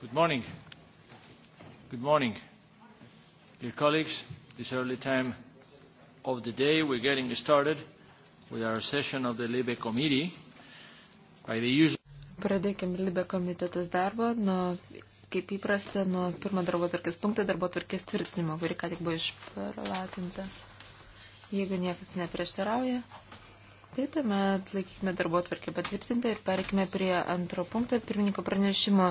Good morning. Good morning. Dear colleagues, this early time of the day, we're getting started with our session of the Libe Committee. By the usual... Pradėkime Libe komitetas darbą nuo, kaip įprasta, nuo pirmo darbo tvarkės punkto darbo tvarkės tvirtinimo, kuri ką tik buvo išplatinta. Jeigu niekas neprieštarauja, Tai tuomet laikykime darbo atvarkę patvirtintą ir perikime prie antro punkto pirmininko pranešimo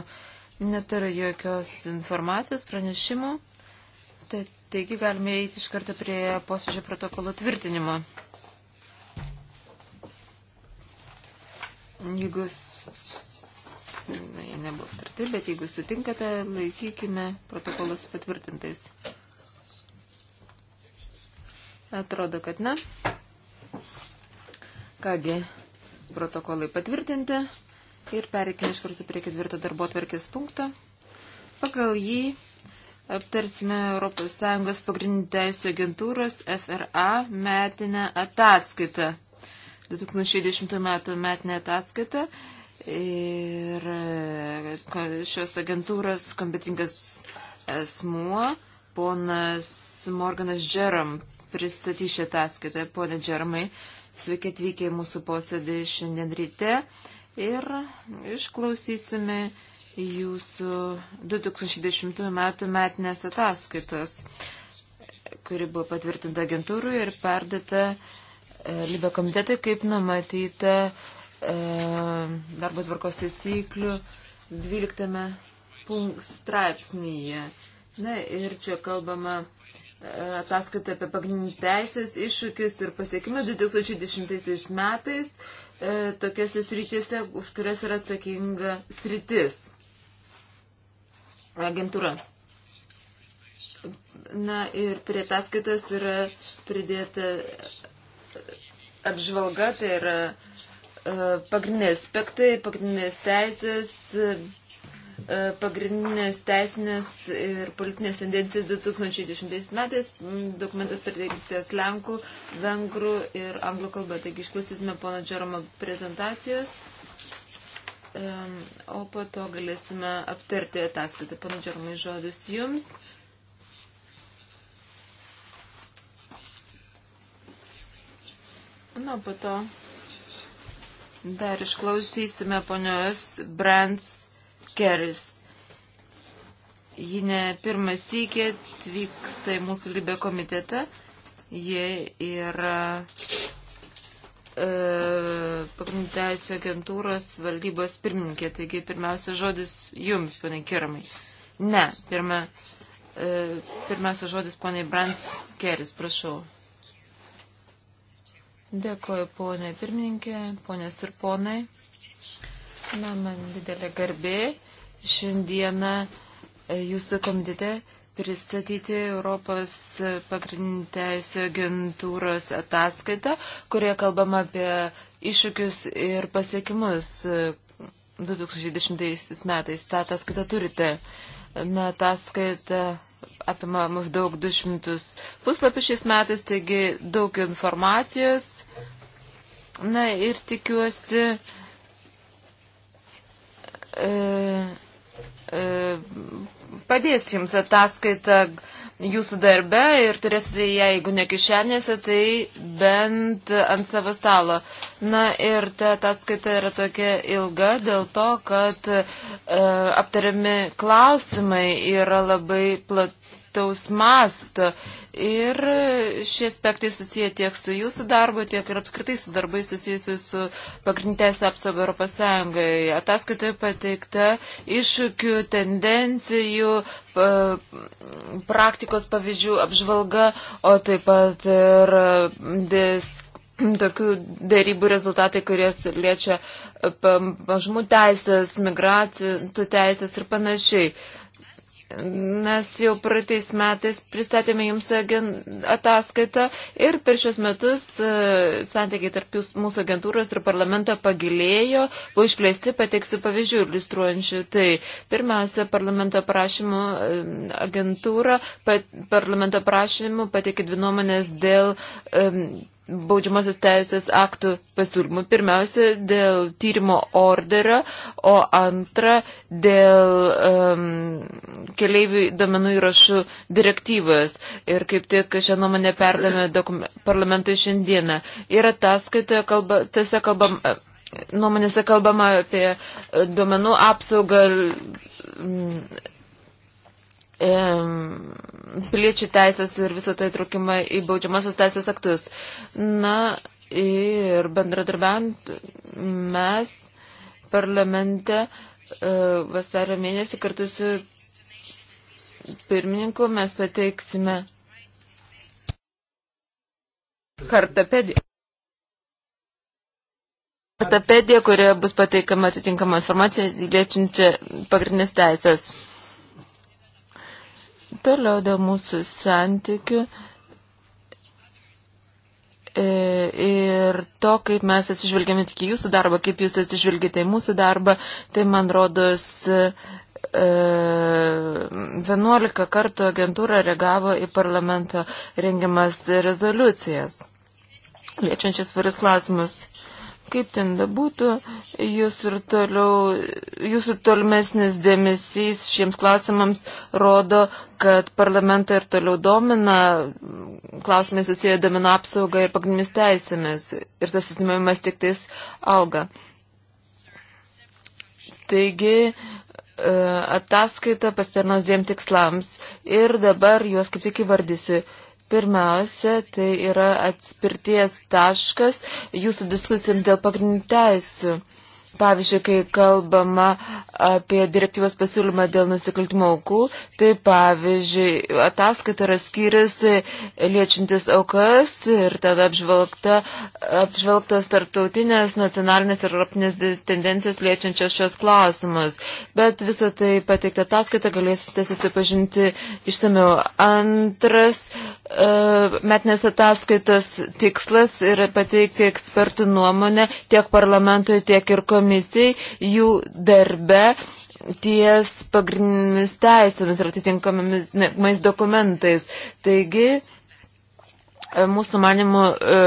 Neturiu jokios informacijos, pranešimų. Tai, taigi galime eiti iš karto prie posėdžio protokolo tvirtinimo. Jeigu, na, jie nebuvo aptarti, bet jeigu sutinkate, laikykime protokolus patvirtintais. Atrodo, kad ne. Kągi, protokolai patvirtinti ir pereikime iš karto prie ketvirto darbo atverkės punkto. Pagal jį aptarsime ES pagrindinį teisų agentūros FRA metinę ataskaitą. 2010 metų metinė ataskaita ir e, šios agentūros kompetingas asmuo, ponas Morganas Džeram, pristatys šią ataskaitą. Pone Džeramai, sveiki atvykę į mūsų posėdį šiandien ryte. Uh, ir išklausysime jūsų 2010 metų metinės ataskaitos, kuri buvo patvirtinta agentūrui ir perdata e, Libė komitetui, kaip numatyta e, darbo tvarkos taisyklių 12 straipsnyje. Na ir čia kalbama e, ataskaita apie pagrindinį teisės iššūkius ir pasiekimus 2010 metais e, tokiuose srityse, už kurias yra atsakinga sritis. Agentūra. Na ir prie taskaitos yra pridėta apžvalga, tai yra e, pagrindiniai aspektai, pagrindinės teisės. E, E, pagrindinės teisinės ir politinės tendencijos 2010 metais. Dokumentas pateiktas Lenkų, Vengrų ir Anglų kalba. Taigi išklausysime pono Džeromo prezentacijos, o po to galėsime aptarti ataskaitą. Pono Džeromai žodis jums. Na, po to dar išklausysime ponios Brands Keris. Ji ne pirmas sykė atvyksta į mūsų Libę komitetą. Ji yra e, pagrindinė teisė agentūros valdybos pirmininkė. Taigi pirmiausia žodis jums, ponai Kirmai. Ne, pirma, e, pirmiausia žodis ponai Brans Keris, prašau. Dėkoju, ponai pirmininkė, ponės ir ponai. Na, man didelė garbė šiandieną e, jūsų komitete pristatyti Europos pagrindinį teisų agentūros ataskaitą, kurioje kalbama apie iššūkius ir pasiekimus 2010 e, metais. Ta ataskaita turite. Na, ataskaita apima maždaug 200 puslapių šiais metais, taigi daug informacijos. Na ir tikiuosi. E, E, padės jums ataskaita jūsų darbe ir turėsite ją, jeigu ne kišenėse, tai bent ant savo stalo. Na ir ta ataskaita yra tokia ilga dėl to, kad e, aptariami klausimai yra labai plataus masto Ir šie aspektai susiję tiek su jūsų darbu, tiek ir apskritai su darbai susijusiu su pagrindinės apsauga Europos Sąjungai. Ataskaitoje pateikta iššūkių, tendencijų, praktikos pavyzdžių apžvalga, o taip pat ir dis, tokių dėrybų rezultatai, kurios liečia mažumų teisės, migracijų teisės ir panašiai. Mes jau praeitais metais pristatėme jums ataskaitą ir per šios metus e, santykiai tarp jūs, mūsų agentūros ir parlamento pagilėjo, buvo išplėsti, pateiksiu pavyzdžių iliustruojančių. Tai pirmiausia, parlamento prašymų e, agentūra, pat, parlamento prašymų pateikė dvi nuomonės dėl um, baudžiamosios teisės aktų pasiūlymų. Pirmiausia, dėl tyrimo orderio, o antra, dėl um, keliaivių domenų įrašų direktyvos. Ir kaip tik šią nuomonę perdame parlamentui šiandieną. Ir ataskaitoje kalba, tiesiog kalbam. Nuomonėse kalbama apie e, duomenų apsaugą piliečių teisės ir viso tai trukimą į baudžiamosios teisės aktus. Na ir bendradarbiant mes parlamente e, vasario mėnesį kartu su pirmininku mes pateiksime kartapediją. Kartapedija, kurioje bus pateikama atitinkama informacija liečiančia pagrindinės teisės. Toliau dėl mūsų santykių e, ir to, kaip mes atsižvelgiame tik į jūsų darbą, kaip jūs atsižvelgite į mūsų darbą, tai man rodos 11 e, kartų agentūra reagavo į parlamento rengiamas rezoliucijas, liečiančias svaris klausimus. Kaip ten bebūtų, jūs ir toliau, jūsų tolmesnis dėmesys šiems klausimams rodo, kad parlamentą ir toliau domina klausimai susiję domino apsauga ir pagrindinis teisėmis ir tas susimėjimas tik tais auga. Taigi, e, ataskaita pasitarnaus dviem tikslams ir dabar juos kaip tik įvardysiu. Pirmiausia, tai yra atspirties taškas jūsų diskusijom dėl pagrindinių teisų. Pavyzdžiui, kai kalbama apie direktyvos pasiūlymą dėl nusikaltimo aukų, tai pavyzdžiui, ataskaita yra skiriasi liečiantis aukas ir tada apžvelgta, apžvelgtas tarptautinės, nacionalinės ir europinės tendencijas liečiančios šios klausimus. Bet visą tai pateiktą ataskaitą galėsite susipažinti išsameu. Antras uh, metinės ataskaitos tikslas yra pateikti ekspertų nuomonę tiek parlamentui, tiek ir komisijai komisijai jų darbe ties pagrindinėmis teisėmis ir atitinkamomis dokumentais. Taigi, e, mūsų manimų e,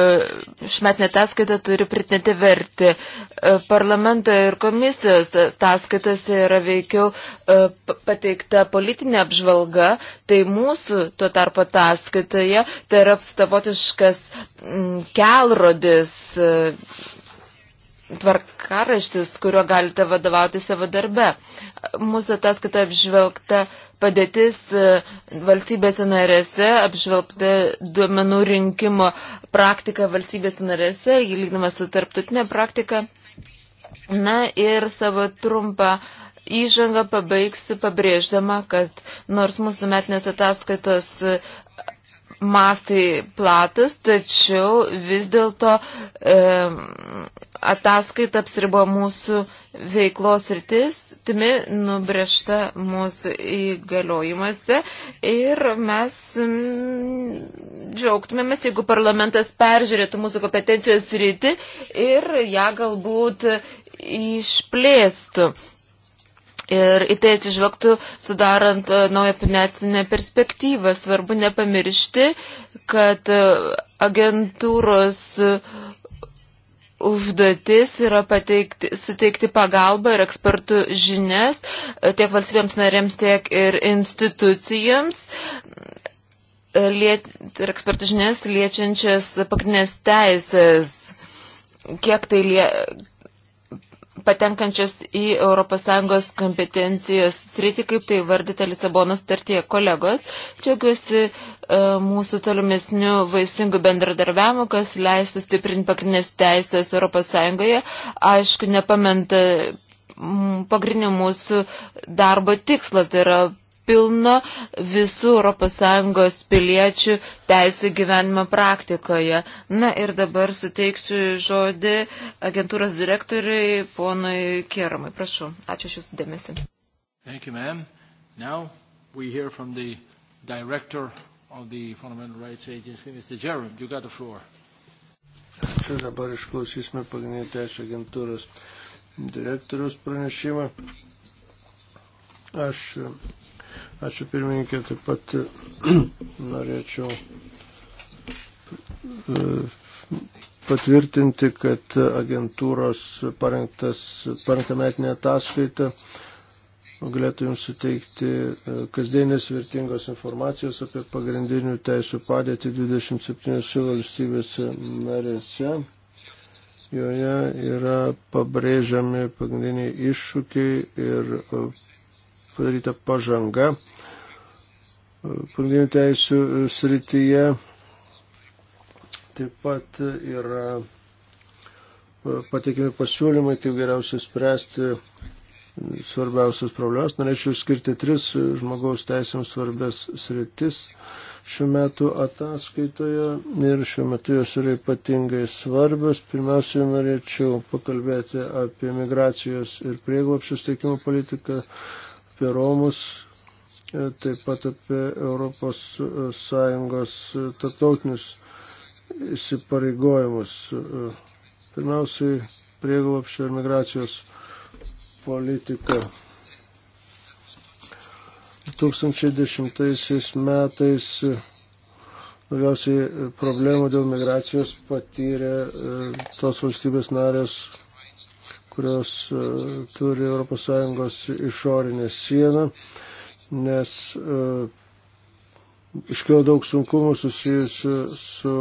šmetinė ataskaita turi pritinėti verti. E, parlamento ir komisijos ataskaitas yra veikiau pateikta politinė apžvalga, tai mūsų tuo tarpu ataskaitoje tai yra stavotiškas kelrodis tvarkaraštis, kuriuo galite vadovauti savo darbe. Mūsų ataskaita apžvelgta padėtis e, valstybėse narėse, apžvelgta duomenų rinkimo praktika valstybėse narėse, lygdama su tarptautinė praktika. Na ir savo trumpą įžangą pabaigsiu pabrėždama, kad nors mūsų metinės ataskaitos mastai platus, tačiau vis dėlto e, ataskaita apsiribo mūsų veiklos rytis, timi nubrėžta mūsų įgaliojimuose ir mes m, džiaugtumėmės, jeigu parlamentas peržiūrėtų mūsų kompetencijos rytį ir ją galbūt išplėstų. Ir į tai atsižvelgtų, sudarant e, naują finansinę perspektyvą. Svarbu nepamiršti, kad e, agentūros e, užduotis yra pateikti, suteikti pagalbą ir ekspertų žinias tiek valstybėms narėms, tiek ir institucijams. Liet, ir ekspertų žinias liečiančias pagrindinės teisės, kiek tai, lie, patenkančios į ES kompetencijos sritį, kaip tai vardyta Lisabonos startie kolegos. Džiaugiuosi e, mūsų tolimesnių vaisingų bendradarbiavimų, kas leistų stiprinti pagrindinės teisės ES. Aišku, nepamenta pagrindinio mūsų darbo tikslo, tai yra pilno visų ES piliečių teisų gyvenimo praktikoje. Na ir dabar suteiksiu žodį agentūros direktoriui ponui Kieramui. Prašau, ačiū iš jūsų dėmesį. Thank you, ma'am. Now we hear from the director of the Fundamental Rights Agency, Mr. Jerome. You got the floor. Ačiū, dabar išklausysime pagrindinį teisų agentūros direktorius pranešimą. Aš Ačiū pirmininkė, taip pat norėčiau e, patvirtinti, kad agentūros parengta metinė ataskaita galėtų jums suteikti e, kasdienės vertingos informacijos apie pagrindinių teisų padėtį 27 valstybėse narėse. Joje yra pabrėžiami pagrindiniai iššūkiai ir e, padaryta pažanga pagrindinių teisų srityje. Taip pat yra pateikimi pasiūlymai, kaip geriausiai spręsti svarbiausias problemas. Norėčiau skirti tris žmogaus teisėms svarbės sritis šiuo metu ataskaitoje ir šiuo metu jos yra ypatingai svarbios. Pirmiausia, norėčiau pakalbėti apie migracijos ir prieglopščių steikimo politiką apie Romus, e, taip pat apie ES e, e, tarptautinius įsipareigojimus. Pirmiausiai prieglopščio ir migracijos politika. 2010 metais daugiausiai problemų dėl migracijos patyrė tos valstybės narės, kurios e, turi ES išorinę sieną, nes e, iškilo daug sunkumų susijusių su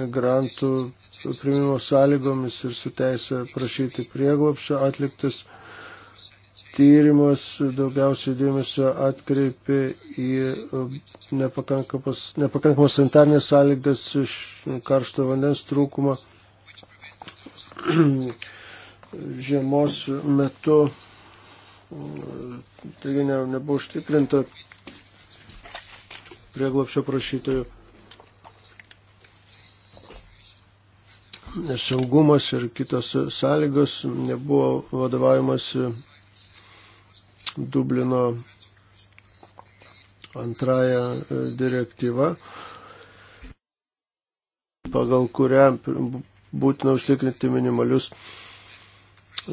migrantų primimo sąlygomis ir su teisė prašyti prieglopščio atliktas tyrimas daugiausiai dėmesio atkreipė į e, nepakankamas sanitarnės sąlygas iš karšto vandens trūkumą, žiemos metu, taigi ne, nebuvo užtikrinta prieglapšio prašytojų saugumas ir kitos sąlygos nebuvo vadovaujamas Dublino antraja direktyva, pagal kurią būtina užtikrinti minimalius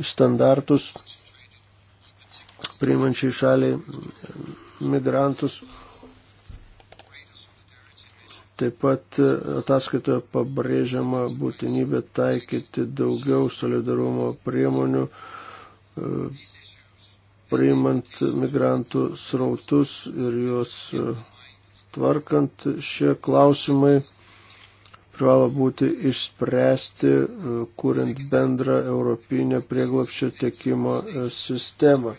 standartus priimančiai šaliai migrantus. Taip pat ataskaitoje pabrėžiama būtinybė taikyti daugiau solidarumo priemonių, priimant migrantų srautus ir juos tvarkant šie klausimai privalo būti išspręsti, e, kuriant bendrą europinę prieglapščio tiekimo e, sistemą.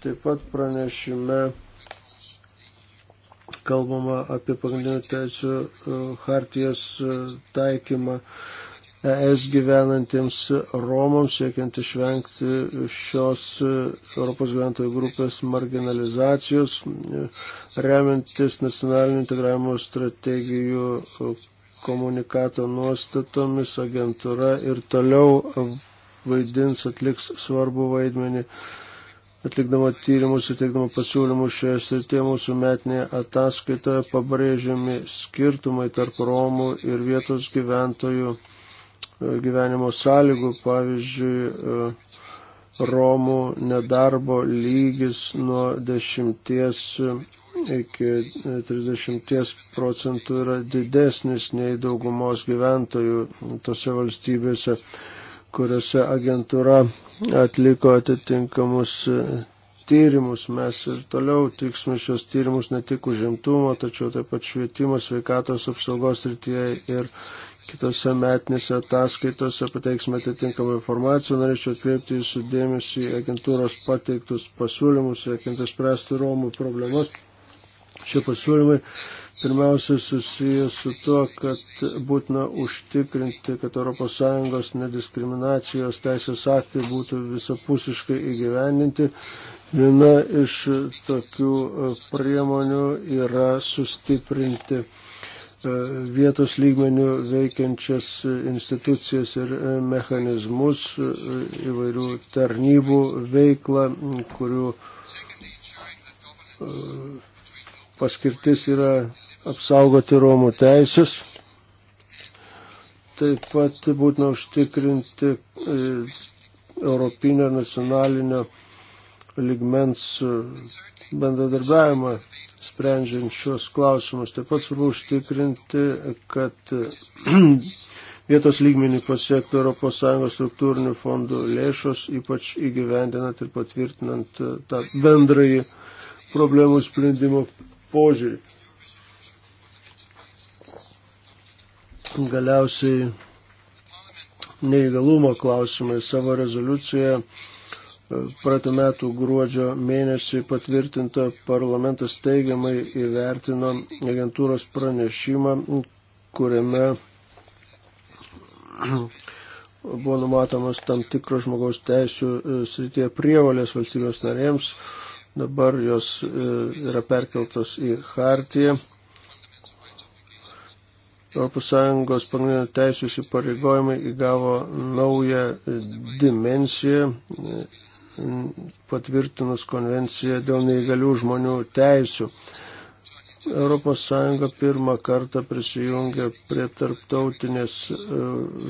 Taip pat pranešime kalbama apie pagrindinių teisų e, hartijos taikymą ES gyvenantiems Romams, siekiant išvengti šios Europos gyventojų grupės marginalizacijos, remiantis nacionalinių integravimo strategijų komunikato nuostatomis agentūra ir toliau vaidins, atliks svarbu vaidmenį, atlikdama tyrimus ir teikdama pasiūlymus šioje srityje mūsų metinėje ataskaitoje pabrėžiami skirtumai tarp Romų ir vietos gyventojų e, gyvenimo sąlygų, pavyzdžiui, e, Romų nedarbo lygis nuo 10 iki 30 procentų yra didesnis nei daugumos gyventojų tose valstybėse, kuriuose agentūra atliko atitinkamus tyrimus. Mes ir toliau tiksime šios tyrimus ne tik užimtumo, tačiau taip pat švietimo, sveikatos apsaugos rytyje ir kitose metinėse ataskaitose pateiksime atitinkamą informaciją. Norėčiau atkreipti jūsų dėmesį į agentūros pateiktus pasiūlymus, siekiant išspręsti Romų problemas. Šie pasiūlymai pirmiausia susijęs su tuo, kad būtina užtikrinti, kad ES nediskriminacijos teisės aktai būtų visapusiškai įgyvendinti. Viena iš tokių e, priemonių yra sustiprinti uh, vietos lygmenių veikiančias institucijas ir e, mechanizmus, e, įvairių tarnybų veiklą, kurių e, paskirtis yra apsaugoti Romų teisės. Taip pat būtina užtikrinti europinio nacionalinio ligmens bendradarbiavimą sprendžiant šios klausimus. Taip pat svarbu užtikrinti, kad vietos lygmenį pasiektų ES struktūrinių fondų lėšos, ypač įgyvendinant ir patvirtinant tą bendrąjį problemų sprendimo požiūrį. Galiausiai neįgalumo klausimai savo rezoliucijoje Praeitų metų gruodžio mėnesį patvirtinta parlamentas teigiamai įvertino agentūros pranešimą, kuriame buvo numatomas tam tikros žmogaus teisų e, srityje prievalės valstybės narėms. Dabar jos e, yra perkeltos į Hartiją. ES pagrindinių teisų įsipareigojimai įgavo naują dimensiją patvirtinus konvenciją dėl neįgalių žmonių teisų. ES pirmą kartą prisijungė prie tarptautinės e,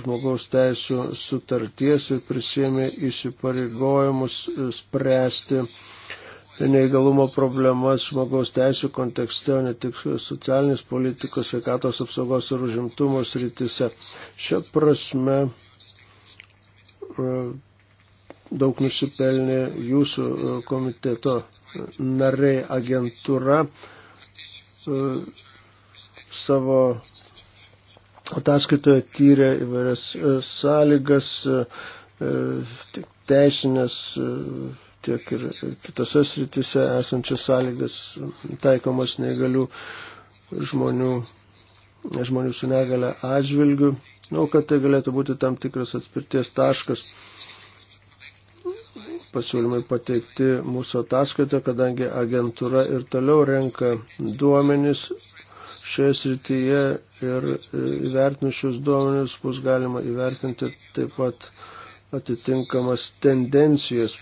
žmogaus teisų sutarties ir prisėmė įsipareigojimus e, spręsti neįgalumo problemas žmogaus teisų kontekste, o ne tik socialinės politikos, sveikatos apsaugos ir užimtumos rytise. Šia prasme e, daug nusipelnė jūsų e, komiteto nariai agentūra e, savo ataskaitoje tyrė įvairias e, sąlygas, tiek teisinės, tiek ir kitose sritise esančias sąlygas taikomas negalių žmonių, žmonių su negale atžvilgiu. Manau, kad tai galėtų būti tam tikras atspirties taškas pasiūlymai pateikti mūsų ataskaitą, kadangi agentūra ir toliau renka duomenis šioje srityje ir e, įvertinus šios duomenis bus galima įvertinti taip pat atitinkamas tendencijas e,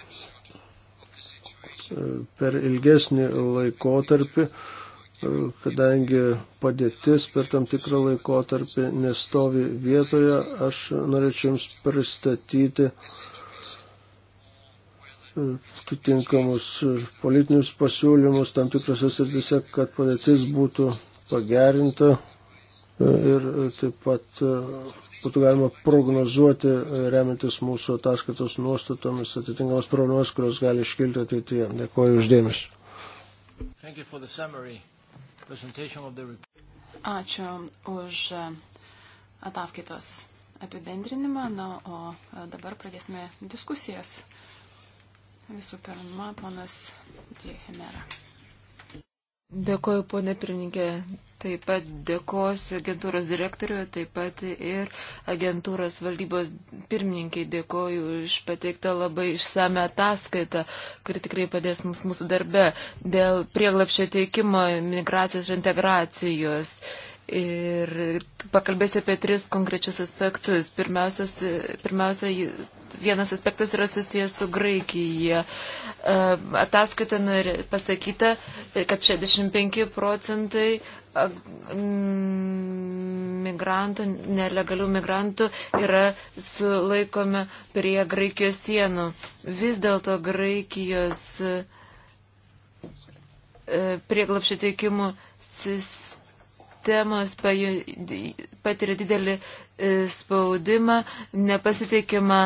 per ilgesnį laikotarpį, e, kadangi padėtis per tam tikrą laikotarpį nestovi vietoje, aš norėčiau Jums pristatyti uh, atitinkamus politinius pasiūlymus tam tikrose srityse, kad padėtis būtų pagerinta ir taip pat e, būtų galima prognozuoti, e, remintis mūsų ataskaitos nuostatomis, atitinkamas problemas, kurios gali iškilti ateityje. Dėkuoju uždėmesi. Ačiū už e, ataskaitos apibendrinimą, na, o dabar pradėsime diskusijas. Visų pirma, ponas Diehemera. Dėkoju, ponė pirmininkė. Taip pat dėkosiu agentūros direktoriui, taip pat ir agentūros valdybos pirmininkiai dėkoju iš pateiktą labai išsame ataskaitą, kuri tikrai padės mums mūsų darbe dėl prieglapščio teikimo, migracijos ir integracijos. Uh, Ir pakalbėsiu apie tris konkrečius aspektus. Pirmiausias, pirmiausia, vienas aspektas yra susijęs su Graikija. Ataskaitoje pasakyta, kad 65 procentai mm, migrantų, nelegalių migrantų yra sulaikome prie Graikijos sienų. Vis dėlto Graikijos e, prieglapšio teikimų sistema sistemos patiria didelį e, spaudimą, nepasitikima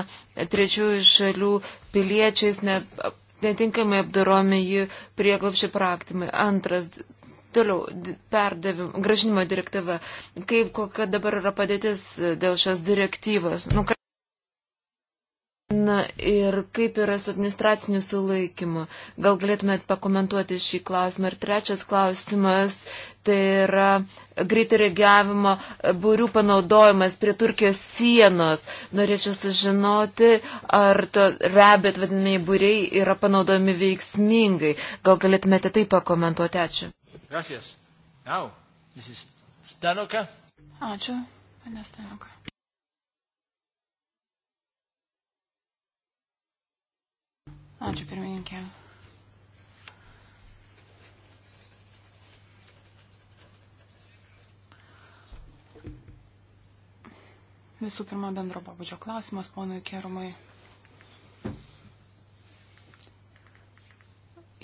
trečiųjų šalių piliečiais, ne, netinkamai apdaromi jų prieglapšį praktimai. Antras, toliau, perdavim, gražinimo direktyva. Kaip, kokia dabar yra padėtis e, dėl šios direktyvos? Nu, Na ir kaip yra su administraciniu sulaikymu? Gal galėtumėt pakomentuoti šį klausimą? Ir trečias klausimas - tai yra greito reagavimo būrių panaudojimas prie Turkijos sienos. Norėčiau sužinoti, ar to rebėt vadinamiai būriai yra panaudojami veiksmingai. Gal galėtumėte tai pakomentuoti? Ačiū. Gracias. Now, Ačiū, pane Stanoka. Ačiū pirmininkė. Visų pirma, bendro pabudžio klausimas, ponui Kerumai.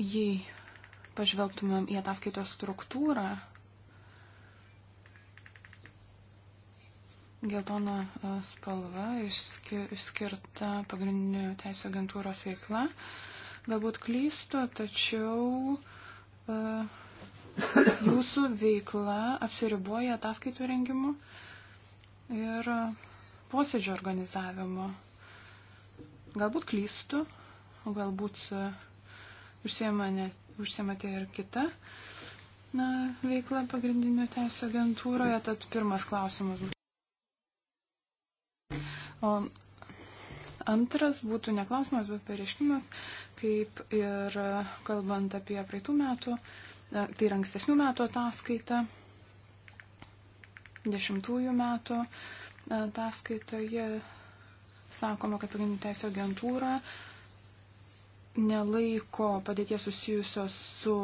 Jei pažvelgtumėm į ataskaitos struktūrą, Geltona e, spalva išskirta pagrindinių teisų agentūros veikla. Galbūt klystu, tačiau e, jūsų veikla apsiriboja ataskaitų rengimu ir posėdžio organizavimu. Galbūt klystu, o galbūt e, užsiemate ir kitą na, veikla pagrindinio teisų agentūroje. Tad pirmas klausimas. O antras būtų neklausimas, bet pareiškimas, kaip ir kalbant apie praeitų metų, e, tai yra ankstesnių metų ataskaita, dešimtųjų metų ataskaitoje sakoma, kad pagrindinė teisė agentūra nelaiko padėties susijusios su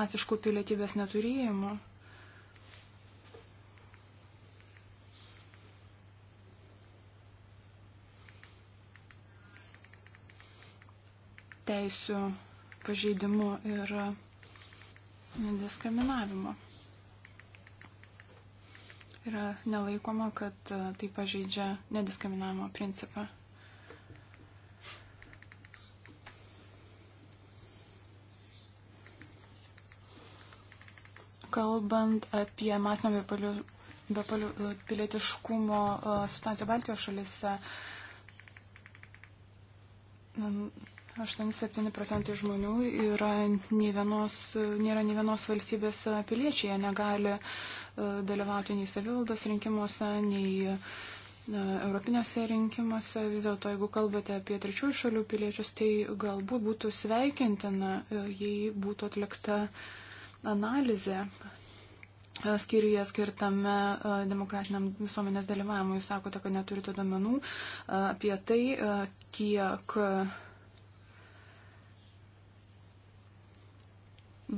masišku pilietybės neturėjimu. teisų pažeidimu ir diskriminavimu. Yra nelaikoma, kad e, tai pažeidžia nediskriminavimo principą. Kalbant apie masinio be e, pilietiškumo e, situaciją Baltijos šalise, 8-7 procentai žmonių yra nei vienos, nėra nei vienos valstybės piliečiai, jie negali e, dalyvauti nei savivaldos rinkimuose, nei e, europinėse rinkimuose. Vis dėlto, jeigu kalbate apie trečiųjų šalių piliečius, tai galbūt būtų sveikintina, e, jei būtų atlikta analizė skyriuje skirtame demokratiniam visuomenės dalyvavimui. Jūs sakote, kad neturite domenų apie tai, kiek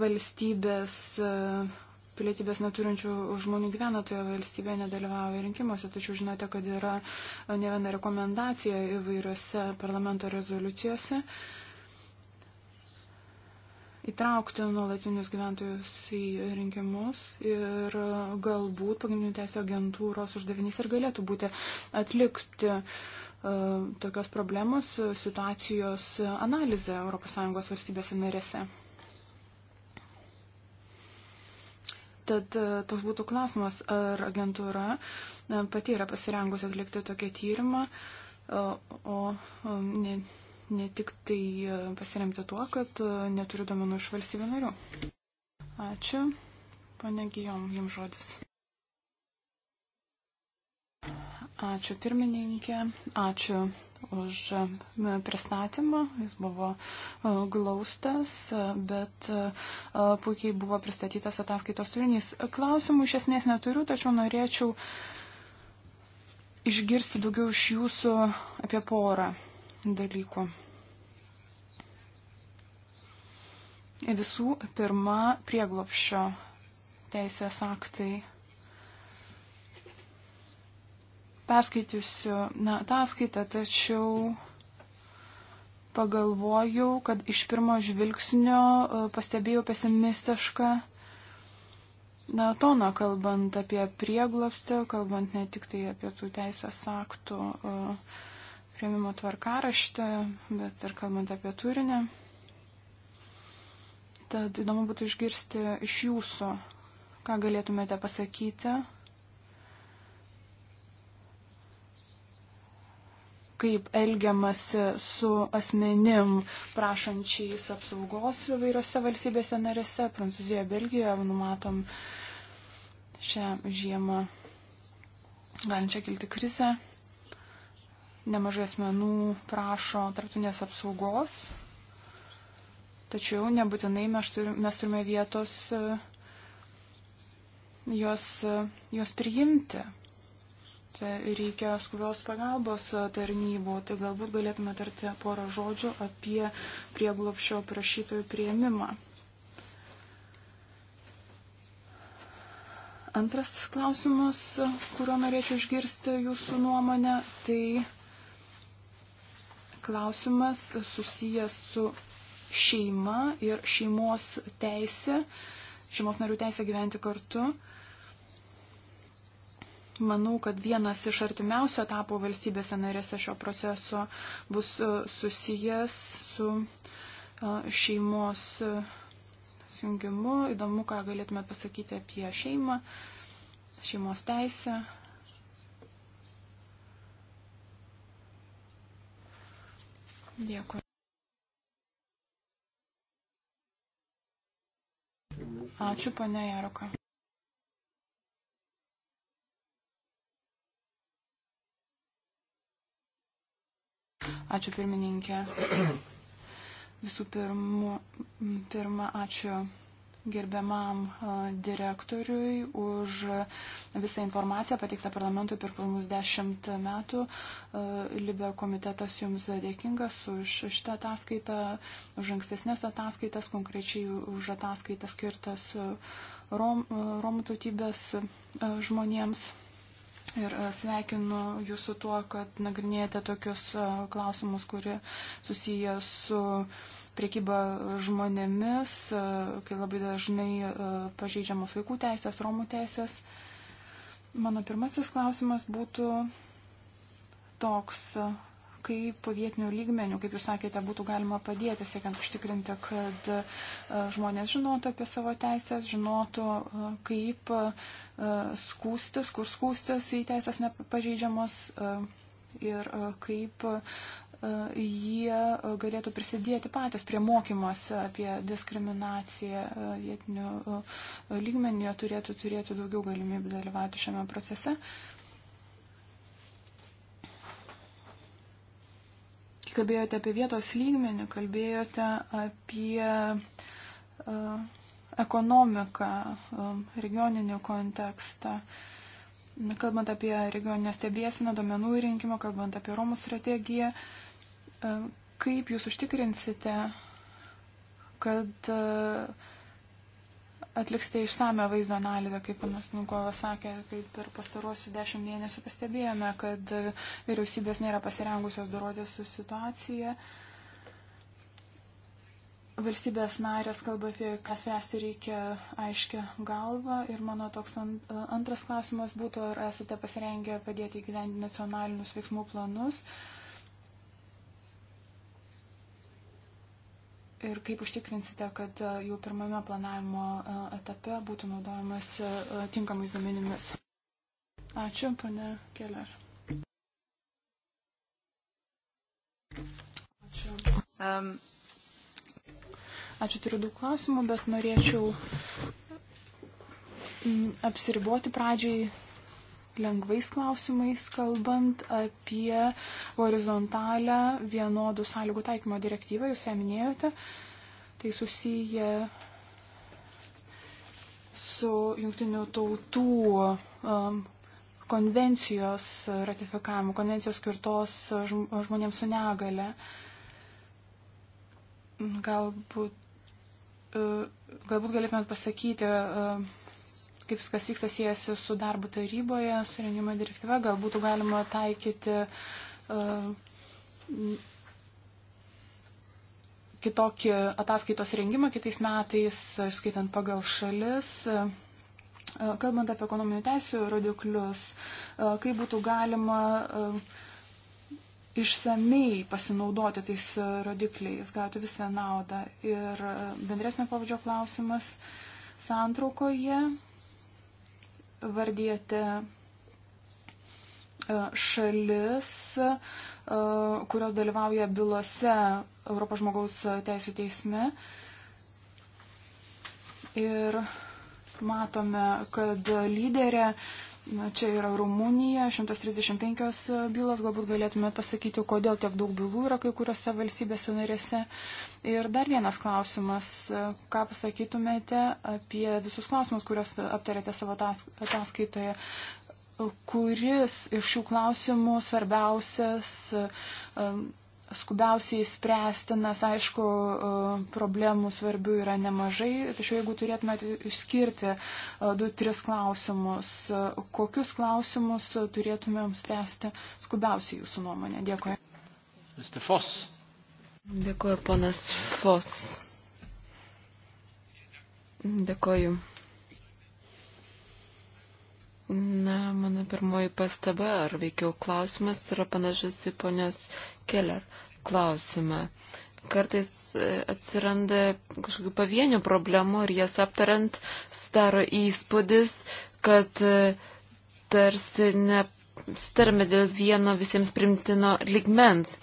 valstybės e, pilietybės neturinčių žmonių gyvena toje valstybėje, nedalyvauja rinkimuose. Tačiau žinote, kad yra ne viena rekomendacija įvairiose parlamento rezoliucijose įtraukti nuolatinius gyventojus į rinkimus ir galbūt pagrindinių teisų agentūros uždavinys ir galėtų būti atlikti uh, tokios problemos situacijos analizę ES valstybėse narėse. Tad e, toks būtų klausimas, ar agentūra e, pati yra pasirengusi atlikti tokį tyrimą, e, o ne, ne tik tai pasiremti tuo, kad neturiu domenų iš valstybių narių. Ačiū. Pane Gijom, jums žodis. Ačiū pirmininkė, ačiū už pristatymą. Jis buvo e, glaustas, bet e, puikiai buvo pristatytas ataskaitos turinys. Klausimų iš esmės neturiu, tačiau norėčiau išgirsti daugiau iš jūsų apie porą dalykų. Visų pirma, prieglopščio teisės aktai perskaitysiu na, ataskaitą, tačiau pagalvojau, kad iš pirmo žvilgsnio e, pastebėjau pesimistišką na, toną, kalbant apie prieglobstį, kalbant ne tik tai apie tų teisės aktų e, prieimimo tvarkaraštį, bet ir kalbant apie turinį. Tad įdomu būtų išgirsti iš jūsų, ką galėtumėte pasakyti kaip elgiamasi su asmenim prašančiais apsaugos įvairiose valstybėse narėse, Prancūzijoje, Belgijoje, numatom šią žiemą galinčią kilti krizę. Nemažai asmenų prašo tarptautinės apsaugos, tačiau nebūtinai mes turime vietos e, juos, e, juos priimti. Čia reikia skubios pagalbos tarnybų, tai galbūt galėtume tarti porą žodžių apie prieglopšio prašytojų prieimimą. Antras klausimas, kuriuo norėčiau išgirsti jūsų nuomonę, tai klausimas susijęs su šeima ir šeimos teisė, šeimos narių teisė gyventi kartu. Uh, Manau, kad vienas iš artimiausių etapų valstybėse narėse šio proceso bus e, susijęs su e, šeimos e, jungimu. Įdomu, ką galėtume pasakyti apie šeimą, šeimos teisę. Dėkui. Ačiū, ponia Jaroka. Ačiū pirmininkė. Visų pirma, pirma ačiū gerbiamam direktoriui už visą informaciją pateiktą parlamentui per pirmus dešimt metų. Libė komitetas jums dėkingas už šitą ataskaitą, už ankstesnės ataskaitas, konkrečiai už ataskaitą skirtas rom, romų tautybės žmonėms. Ir e, sveikinu jūsų tuo, kad nagrinėjate tokius e, klausimus, kurie susiję su priekyba žmonėmis, e, kai labai dažnai pažeidžiamos vaikų teisės, romų teisės. Mano pirmasis klausimas būtų toks, kaip vietinių lygmenių, kaip jūs sakėte, būtų galima padėti, siekiant užtikrinti, kad e, žmonės žinotų apie savo teisės, žinotų, e, kaip e, skūstis, kur skūstis į teisės nepažeidžiamas ir kaip jie galėtų prisidėti patys prie mokymosi apie diskriminaciją vietinių lygmenį, jie turėtų turėti daugiau galimybių dalyvauti šiame procese. Uh, kalbėjote apie vietos lygmenį, kalbėjote apie uh, ekonomiką, um, regioninį kontekstą. Kalbant apie regioninę stebėsiną, domenų rinkimą, kalbant apie Romų strategiją, uh, kaip jūs užtikrinsite, kad uh, atliksite išsame vaizdo analizę, kaip panas Nukovas sakė, kaip per pastaruosius dešimt mėnesių pastebėjome, kad vyriausybės nėra pasirengusios dorodės su situacija. Valstybės narės kalba apie, kas vesti reikia aiškę galvą. Ir mano toks antras klausimas būtų, ar esate pasirengę padėti įgyvendinti nacionalinius veiksmų planus. Uh, Ir kaip užtikrinsite, kad e, jau pirmame planavimo e, etape būtų naudojamas e, tinkamais duomenimis? Ačiū, pane Keller. Ačiū. Um. Ačiū, turiu daug klausimų, bet norėčiau mm, apsiriboti pradžiai lengvais klausimais, kalbant apie horizontalę vienodų sąlygų taikymo direktyvą, jūs ją minėjote, tai susiję su jungtinių tautų um, konvencijos ratifikavimu, konvencijos skirtos žmonėms su negale. Galbūt, uh, galbūt galėtumėt pasakyti, uh, kaip viskas vyksta siejasi su darbo taryboje, su rengimo direktyva, gal būtų galima taikyti uh, kitokį ataskaitos rengimą kitais metais, išskaitant pagal šalis. Uh, kalbant apie ekonominių teisų rodiklius, uh, kaip būtų galima išsamei pasinaudoti tais rodikliais, gauti visą naudą. Ir bendresnio pavadžio klausimas santraukoje vardėte e, šalis, e, kurios dalyvauja bylose Europos žmogaus teisų teisme. Ir matome, kad lyderė Na, čia yra Rumunija, 135 bylos, galbūt galėtumėt pasakyti, kodėl tiek daug bylų yra kai kuriuose valstybėse narėse. Ir dar vienas klausimas, ką pasakytumėte apie visus klausimus, kuriuos aptarėte savo ataskaitoje. Kuris iš šių klausimų svarbiausias um, skubiausiai spręstinas, aišku, e, problemų svarbių yra nemažai, tačiau jeigu turėtumėte išskirti e, du, tris klausimus, e, kokius klausimus turėtumėm spręsti skubiausiai jūsų nuomonė? Dėkuoju. Mr. Foss. Dėkuoju, ponas Foss. Dėkuoju. Na, mano pirmoji pastaba, ar veikiau klausimas yra panašus į ponios Keller klausimą. Kartais e, atsiranda kažkokių pavienių problemų ir jas aptariant staro įspūdis, kad e, tarsi nestarme dėl vieno visiems primtino ligmens.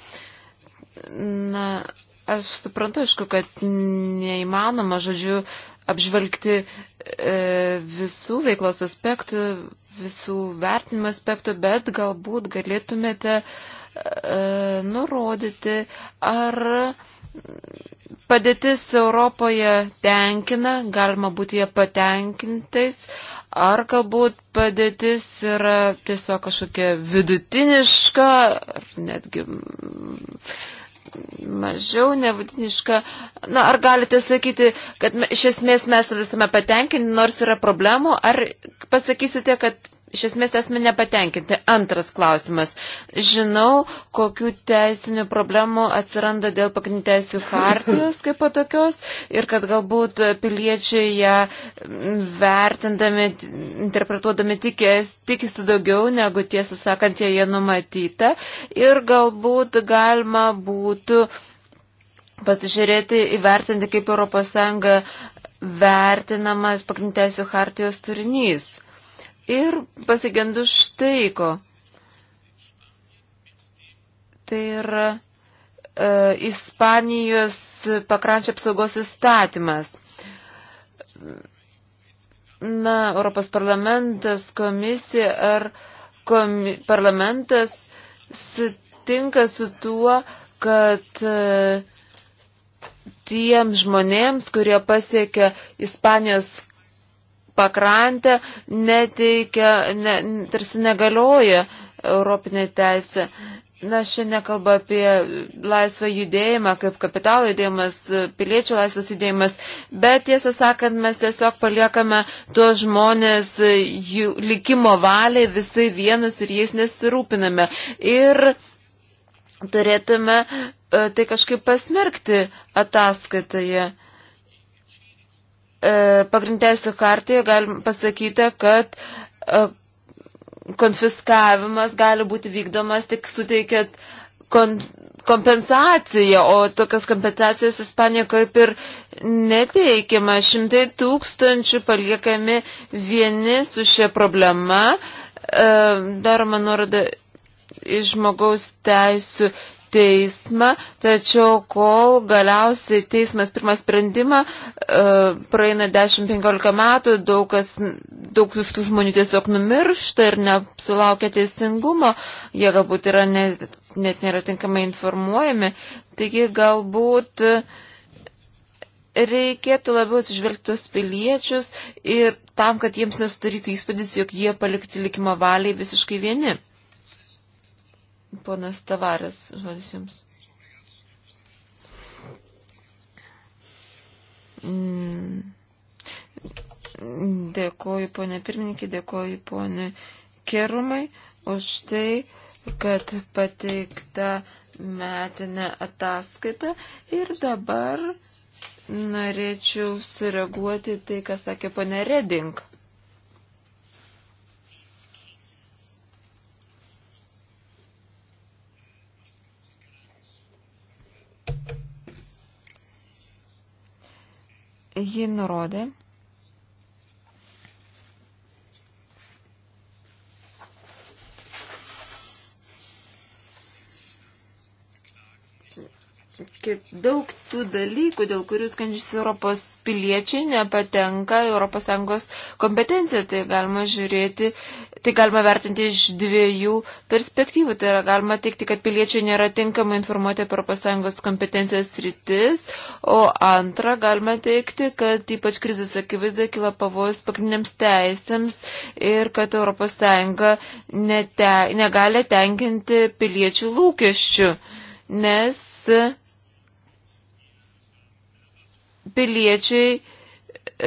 Na, aš suprantu, aišku, kad neįmanoma, žodžiu, apžvelgti e, visų veiklos aspektų, visų vertinimo aspektų, bet galbūt galėtumėte e, E, nurodyti, ar padėtis Europoje tenkina, galima būti jie patenkintais, ar galbūt padėtis yra tiesiog kažkokia vidutiniška, ar netgi mažiau nevadiniška. Na, ar galite sakyti, kad iš esmės mes visame patenkinti, nors yra problemų, ar pasakysite, kad iš esmės esame nepatenkinti. Antras klausimas. Žinau, kokių teisinių problemų atsiranda dėl pagrindinių teisų hartijos kaip patokios ir kad galbūt piliečiai ją vertindami, interpretuodami tikės, tikisi daugiau negu tiesą sakant joje numatyta ir galbūt galima būtų pasižiūrėti, įvertinti, kaip ES vertinamas pagrindinių teisų hartijos turinys. Ir pasigendu štai ko. Tai yra e, Ispanijos pakrančio apsaugos įstatymas. Na, Europos parlamentas, komisija ar komi parlamentas sutinka su tuo, kad e, tiems žmonėms, kurie pasiekia Ispanijos pakrantę neteikia, ne, tarsi negalioja Europinė teisė. Na, šiandien kalba apie laisvą judėjimą, kaip kapitalo judėjimas, piliečių laisvas judėjimas, bet tiesą sakant, mes tiesiog paliekame tuos žmonės jų likimo valiai visai vienus ir jais nesirūpiname. Ir turėtume e, tai kažkaip pasmerkti ataskaitoje. Ja. E, pagrindėsių kartijoje galim pasakyti, kad e, konfiskavimas gali būti vykdomas tik suteikiant kon kompensaciją, o tokios kompensacijos Ispanija kaip ir neteikiama. Šimtai tūkstančių paliekami vieni su šia problema. E, daroma nuoroda iš žmogaus teisų teismą, tačiau kol galiausiai teismas pirmą sprendimą e, praeina 10-15 metų, daug, kas, daug iš tų žmonių tiesiog numiršta ir nesulaukia teisingumo, jie galbūt yra net, net nėra tinkamai informuojami, taigi galbūt reikėtų labiau atsižvelgti tos piliečius ir tam, kad jiems nesudarytų įspūdis, jog jie palikti likimo valiai visiškai vieni. Ponas Tavaras, žodis jums. Mm. Dėkoju ponė pirmininkė, dėkoju ponė Kerumai už tai, kad pateikta metinė ataskaita ir dabar norėčiau sureaguoti tai, ką sakė ponė Reding. ji nurodė, daug tų dalykų, dėl kurių skandžius Europos piliečiai nepatenka ES kompetencija. Tai galima žiūrėti, tai galima vertinti iš dviejų perspektyvų. Tai yra galima teikti, kad piliečiai nėra tinkamai informuoti apie ES kompetencijos rytis, o antra galima teikti, kad ypač krizės akivaizdoje kila pavojus pagrindiniams teisėms ir kad ES nete, negali tenkinti piliečių lūkesčių. Nes piliečiai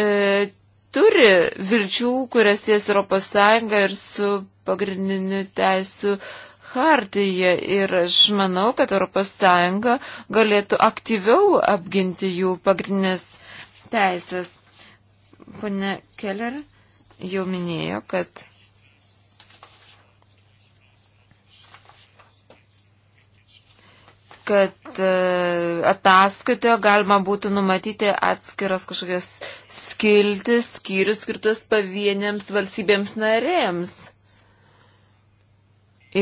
e, turi vilčių, kurias ties Europos Sąjunga ir su pagrindiniu teisų hartyje. Ir aš manau, kad Europos Sąjunga galėtų aktyviau apginti jų pagrindinės teisės. Pone Keller jau minėjo, kad kad e, ataskaitoje galima būtų numatyti atskiras kažkokias skiltis, skyrius skirtus pavieniams valstybėms narėms.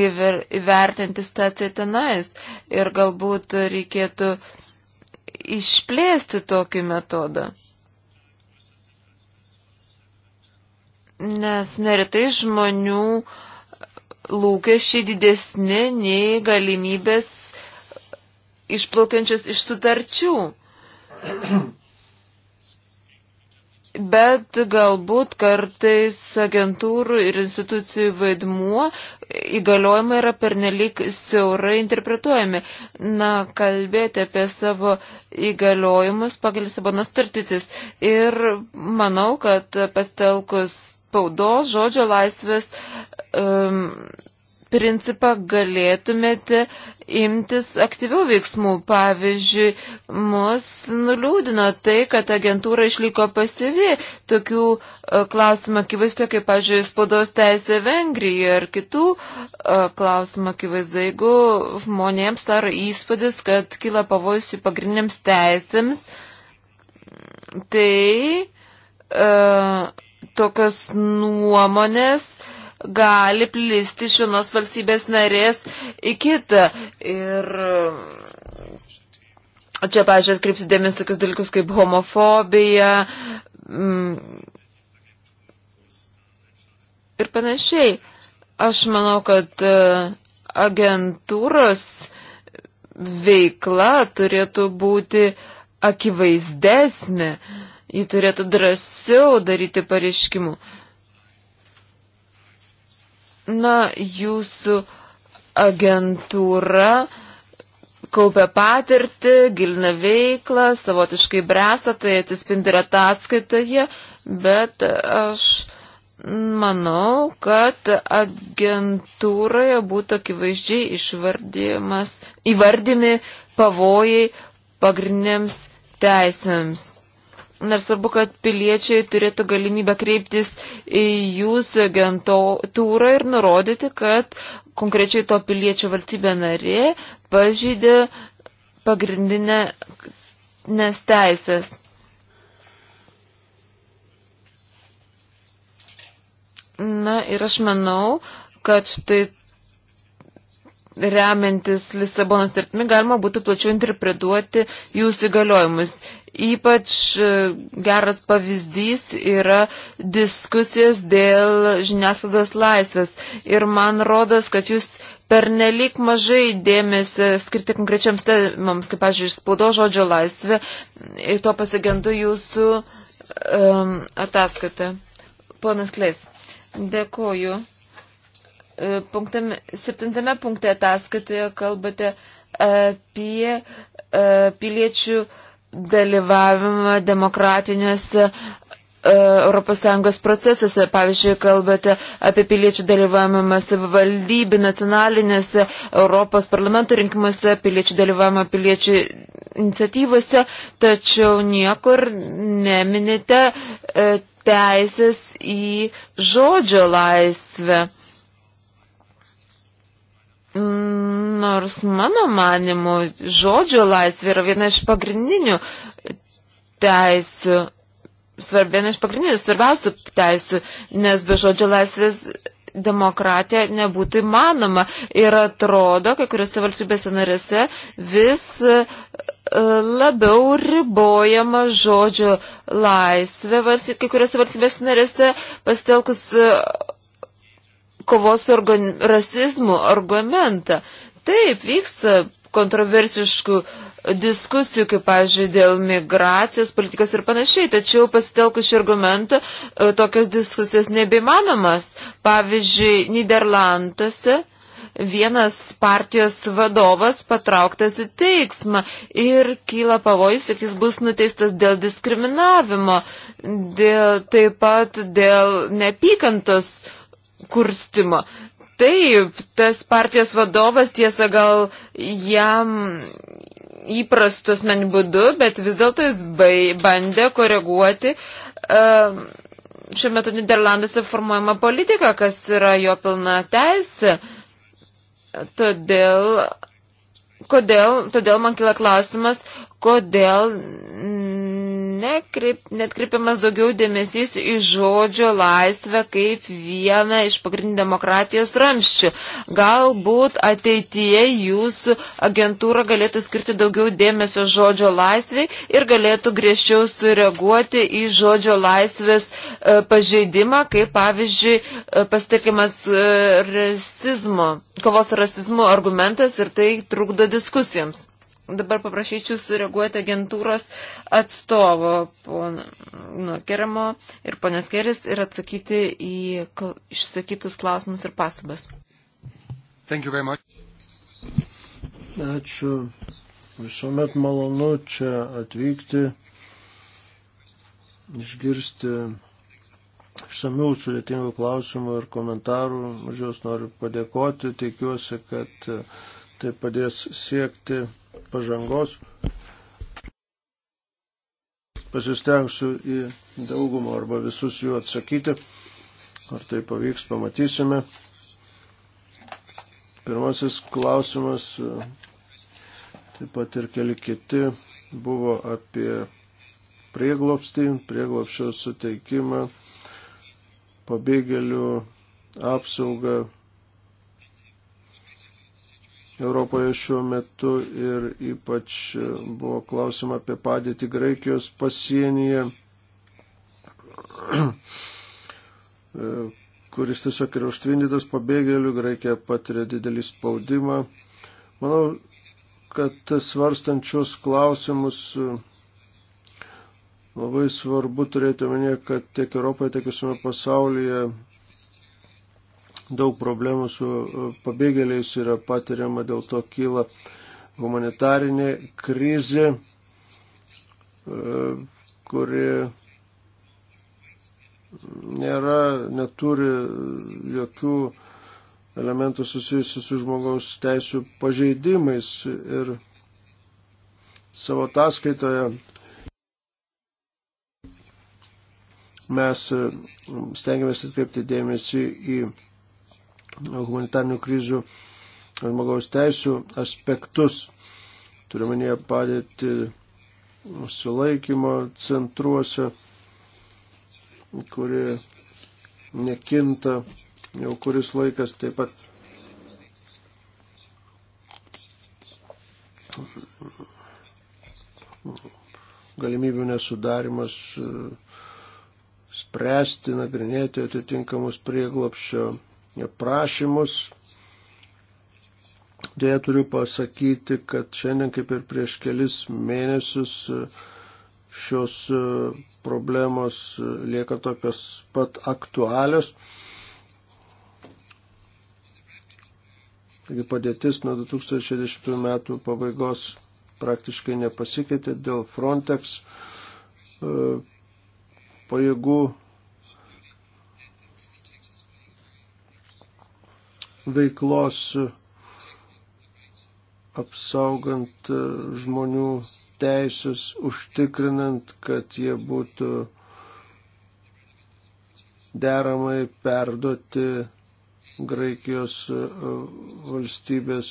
Įver, įvertinti staciją tenais ir galbūt reikėtų išplėsti tokį metodą. Nes neretai žmonių lūkesčiai didesni nei galimybės išplaukiančius iš sutarčių. Bet galbūt kartais agentūrų ir institucijų vaidmuo įgaliojimai yra pernelik siaurai interpretuojami. Na, kalbėti apie savo įgaliojimus pagal Lisabono startytis. Ir manau, kad pastelkus spaudos, žodžio laisvės um, principą galėtumėte imtis aktyvių veiksmų. Pavyzdžiui, mus nuliūdino tai, kad agentūra išliko pasivi tokių e, klausimų akivaizdu, kaip, pavyzdžiui, spaudos teisė Vengrijoje ir kitų e, klausimų akivaizdu, jeigu žmonėms daro įspūdis, kad kyla pavojus jų pagrindiniams teisėms, tai uh, tokios nuomonės uh, gali plisti iš vienos valstybės narės į kitą. Ir e, čia, pažiūrėjau, atkreipsiu dėmesį tokius dalykus kaip homofobija mm, ir panašiai. Aš manau, kad e, agentūros veikla turėtų būti akivaizdesnė, ji turėtų drąsiau daryti pareiškimų na, jūsų agentūra kaupia patirtį, gilina veiklą, savotiškai bręsta, tai atsispindi ir ataskaitoje, bet aš manau, kad agentūroje būtų akivaizdžiai išvardymas, įvardymi pavojai pagrindiniams teisėms. Nors svarbu, kad piliečiai turėtų galimybę kreiptis į jūsų agentūrą ir nurodyti, kad konkrečiai to piliečio valstybė narė pažydė pagrindinę nes teisės. Na ir aš manau, kad štai remiantis Lisabonos tartimi galima būtų plačiau interpretuoti jūsų įgaliojimus. Ypač e, geras pavyzdys yra diskusijos dėl žiniasklaidos laisvės. Ir man rodos, kad jūs pernelik mažai dėmesio skirti konkrečiams temams, kaip, pažiūrėjau, spaudo žodžio laisvė. Ir to pasigendu jūsų um, ataskaitą. Ponas Kleis, dėkoju punktame, septintame punkte ataskaitoje kalbate apie e, piliečių dalyvavimą demokratiniuose ES procesuose. Pavyzdžiui, kalbate apie piliečių dalyvavimą savivaldybių, nacionalinėse Europos parlamento rinkimuose, piliečių dalyvavimą piliečių iniciatyvose, tačiau niekur neminite e, teisės į žodžio laisvę. Nors mano manimu, žodžio laisvė yra viena iš pagrindinių teisių, svarb, viena iš pagrindinių svarbiausių teisių, nes be žodžio laisvės demokratija nebūtų įmanoma. Ir atrodo, kai kuriuose valstybėse narėse vis e, labiau ribojama žodžio laisvė, kai kuriuose valstybėse narėse pastelkus e, kovos su organ, rasizmu argumentą. Taip, vyksta kontroversiškų diskusijų, kaip, pavyzdžiui, dėl migracijos politikos ir panašiai, tačiau pasitelkus šį argumentą e, tokios diskusijos nebeimanumas. Pavyzdžiui, Niderlanduose vienas partijos vadovas patrauktas į teiksmą ir kyla pavojus, jog jis bus nuteistas dėl diskriminavimo, dėl, taip pat dėl nepykantos kurstimo. Taip, tas partijos vadovas tiesa gal jam įprastu asmeniu būdu, bet vis dėlto jis bai, bandė koreguoti uh, šiuo metu Niderlanduose formuojama politika, kas yra jo pilna teisė. Todėl, kodėl, todėl man kila klausimas, kodėl nekreip, netkreipiamas daugiau dėmesys į žodžio laisvę kaip vieną iš pagrindinių demokratijos ramščių. Galbūt ateityje jūsų agentūra galėtų skirti daugiau dėmesio žodžio laisvai ir galėtų griežčiau sureaguoti į žodžio laisvės e, pažeidimą, kaip pavyzdžiui e, pasitikimas e, rasizmo, kovos rasizmo argumentas ir tai trukdo diskusijoms dabar paprašyčiau sureaguoti agentūros atstovo, pono Keramo ir ponios Keris, ir atsakyti į kl išsakytus klausimus ir pastabas. Ačiū. Visuomet malonu čia atvykti, išgirsti išsamių sudėtingų klausimų ir komentarų. Už juos noriu padėkoti. Tikiuosi, kad tai padės siekti pažangos. Pasistengsiu į daugumą arba visus jų atsakyti. Ar tai pavyks, pamatysime. Pirmasis klausimas, taip pat ir keli kiti, buvo apie prieglopstį, prieglopščio suteikimą, pabėgėlių apsaugą Europoje šiuo metu ir ypač e, buvo klausima apie padėtį Graikijos pasienyje, e, kuris tiesiog yra užtvindytas pabėgėlių, Graikija patiria didelį spaudimą. Manau, kad svarstančius klausimus e, labai svarbu turėti omenyje, kad tiek Europoje, tiek visame pasaulyje daug problemų su e, pabėgėliais yra patiriama, dėl to kyla humanitarinė krizė, e, kuri nėra, neturi jokių elementų susijusių su žmogaus teisų pažeidimais ir savo ataskaitoje mes e, stengiamės atkreipti dėmesį į humanitarnių krizių žmogaus teisų aspektus. Turiuomenėje padėti sulaikymo centruose, kurie nekinta jau kuris laikas taip pat. Galimybių nesudarimas e, spręsti, nagrinėti atitinkamus prieglopščio prašymus. Dėja turiu pasakyti, kad šiandien kaip ir prieš kelis mėnesius šios e, problemos e, lieka tokios pat aktualios. Taigi padėtis nuo 2060 metų pabaigos praktiškai nepasikeitė dėl Frontex e, pajėgų veiklos apsaugant e, žmonių teisės, užtikrinant, kad jie būtų deramai perduoti Graikijos e, valstybės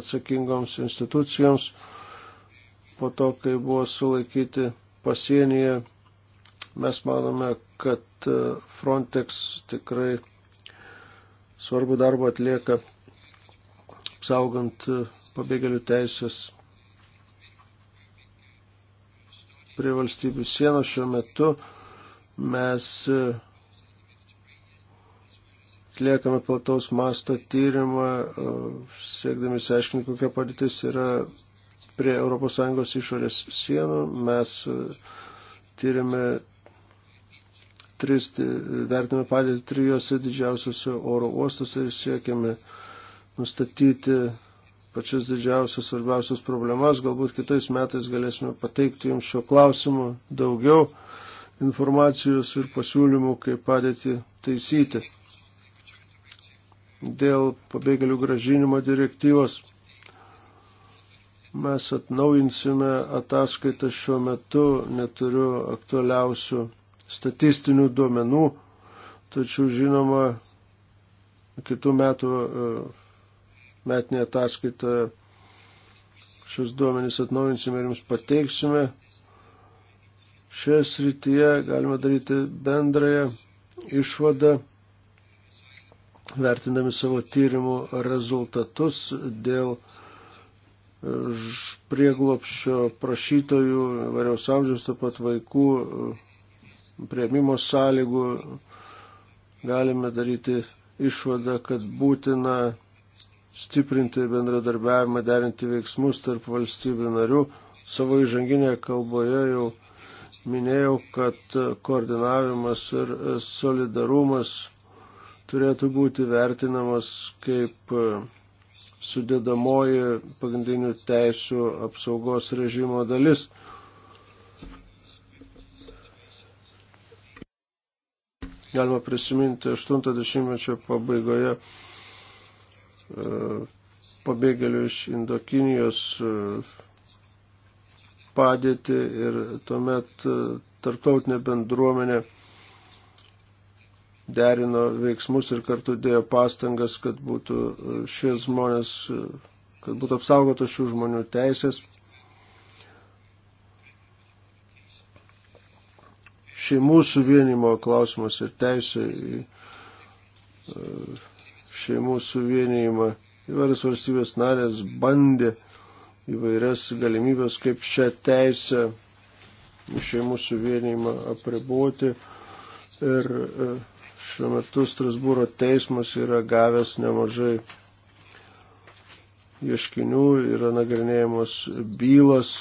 atsakingoms institucijoms po to, kai buvo sulaikyti pasienyje. Mes manome, kad e, Frontex tikrai svarbu darbą atlieka apsaugant e, pabėgėlių teisės prie valstybių sienos šiuo metu mes e, atliekame plataus masto tyrimą, e, siekdami išsiaiškinti, kokia padėtis yra prie ES išorės sienų. Mes tyrime tris, vertiname padėtį trijose didžiausiose oro uostose ir siekiame nustatyti pačias didžiausias svarbiausias problemas. Galbūt kitais metais galėsime pateikti jums šio klausimu daugiau informacijos ir pasiūlymų, kaip padėti taisyti. Dėl pabėgėlių gražinimo direktyvos mes atnaujinsime ataskaitą šiuo metu, neturiu aktualiausių statistinių duomenų, tačiau žinoma, kitų metų e, metinė ataskaita šios duomenys atnaujinsime ir jums pateiksime. Šioje srityje galima daryti bendrąją išvadą, vertindami savo tyrimų rezultatus dėl e, prieglopščio prašytojų, variaus amžiaus, taip pat vaikų e, prieimimo sąlygų galime daryti išvadą, kad būtina stiprinti bendradarbiavimą, derinti veiksmus tarp valstybių narių. Savo įžanginėje kalboje jau minėjau, kad koordinavimas ir solidarumas turėtų būti vertinamas kaip sudėdamoji pagrindinių teisų apsaugos režimo dalis. Galima prisiminti 80-mečio pabaigoje e, pabėgėlių iš Indokinijos e, padėtį ir tuomet e, tarptautinė bendruomenė derino veiksmus ir kartu dėjo pastangas, kad būtų šie žmonės, kad būtų apsaugotos šių žmonių teisės. šeimų suvienimo klausimas ir teisė į e, šeimų suvienijimą. Įvairias valstybės narės bandė įvairias galimybės, kaip šią teisę į šeimų suvienijimą apriboti. Ir e, šiuo metu Strasbūro teismas yra gavęs nemažai ieškinių, yra nagrinėjamos bylos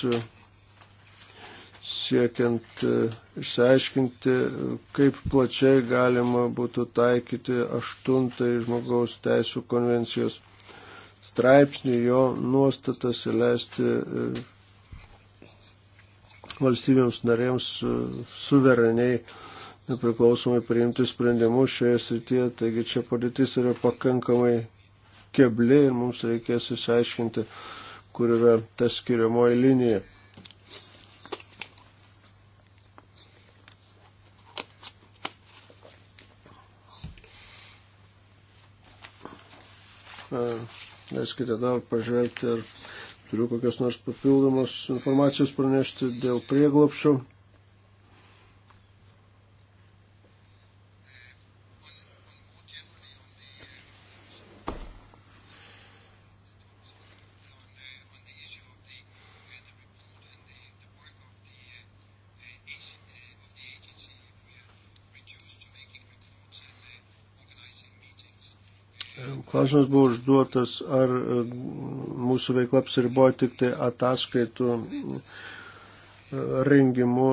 siekiant e, išsiaiškinti, kaip plačiai galima būtų taikyti aštuntąjį žmogaus teisų konvencijos straipsnį, jo nuostatas ir leisti e, valstybėms narėms e, suvereniai nepriklausomai priimti sprendimus šioje srityje. Taigi čia padėtis yra pakankamai kebli ir mums reikės išsiaiškinti, kur yra ta skiriamoji linija. Leiskite dar pažvelgti, ar turiu kokios nors papildomos informacijos pranešti dėl prieglopšio. Klausimas buvo užduotas, ar e, mūsų veikla apsiriboja tik tai ataskaitų e, rengimu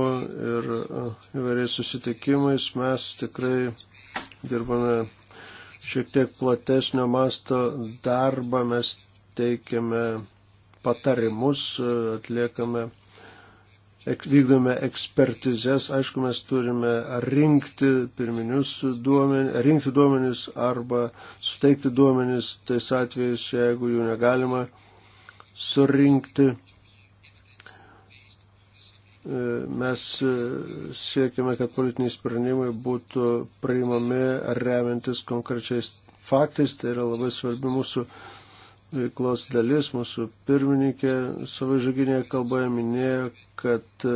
ir e, įvairiais susitikimais. Mes tikrai dirbame šiek tiek platesnio masto darbą, mes teikiame patarimus, atliekame vykdome ekspertizes, aišku, mes turime rinkti pirminius duomenis, rinkti duomenis arba suteikti duomenis tais atvejais, jeigu jų negalima surinkti. E, mes e, siekime, kad politiniai sprendimai būtų priimami remiantis konkrečiais faktais, tai yra labai svarbi mūsų veiklos dalis. Mūsų pirmininkė savo žaginėje kalboje minėjo, kad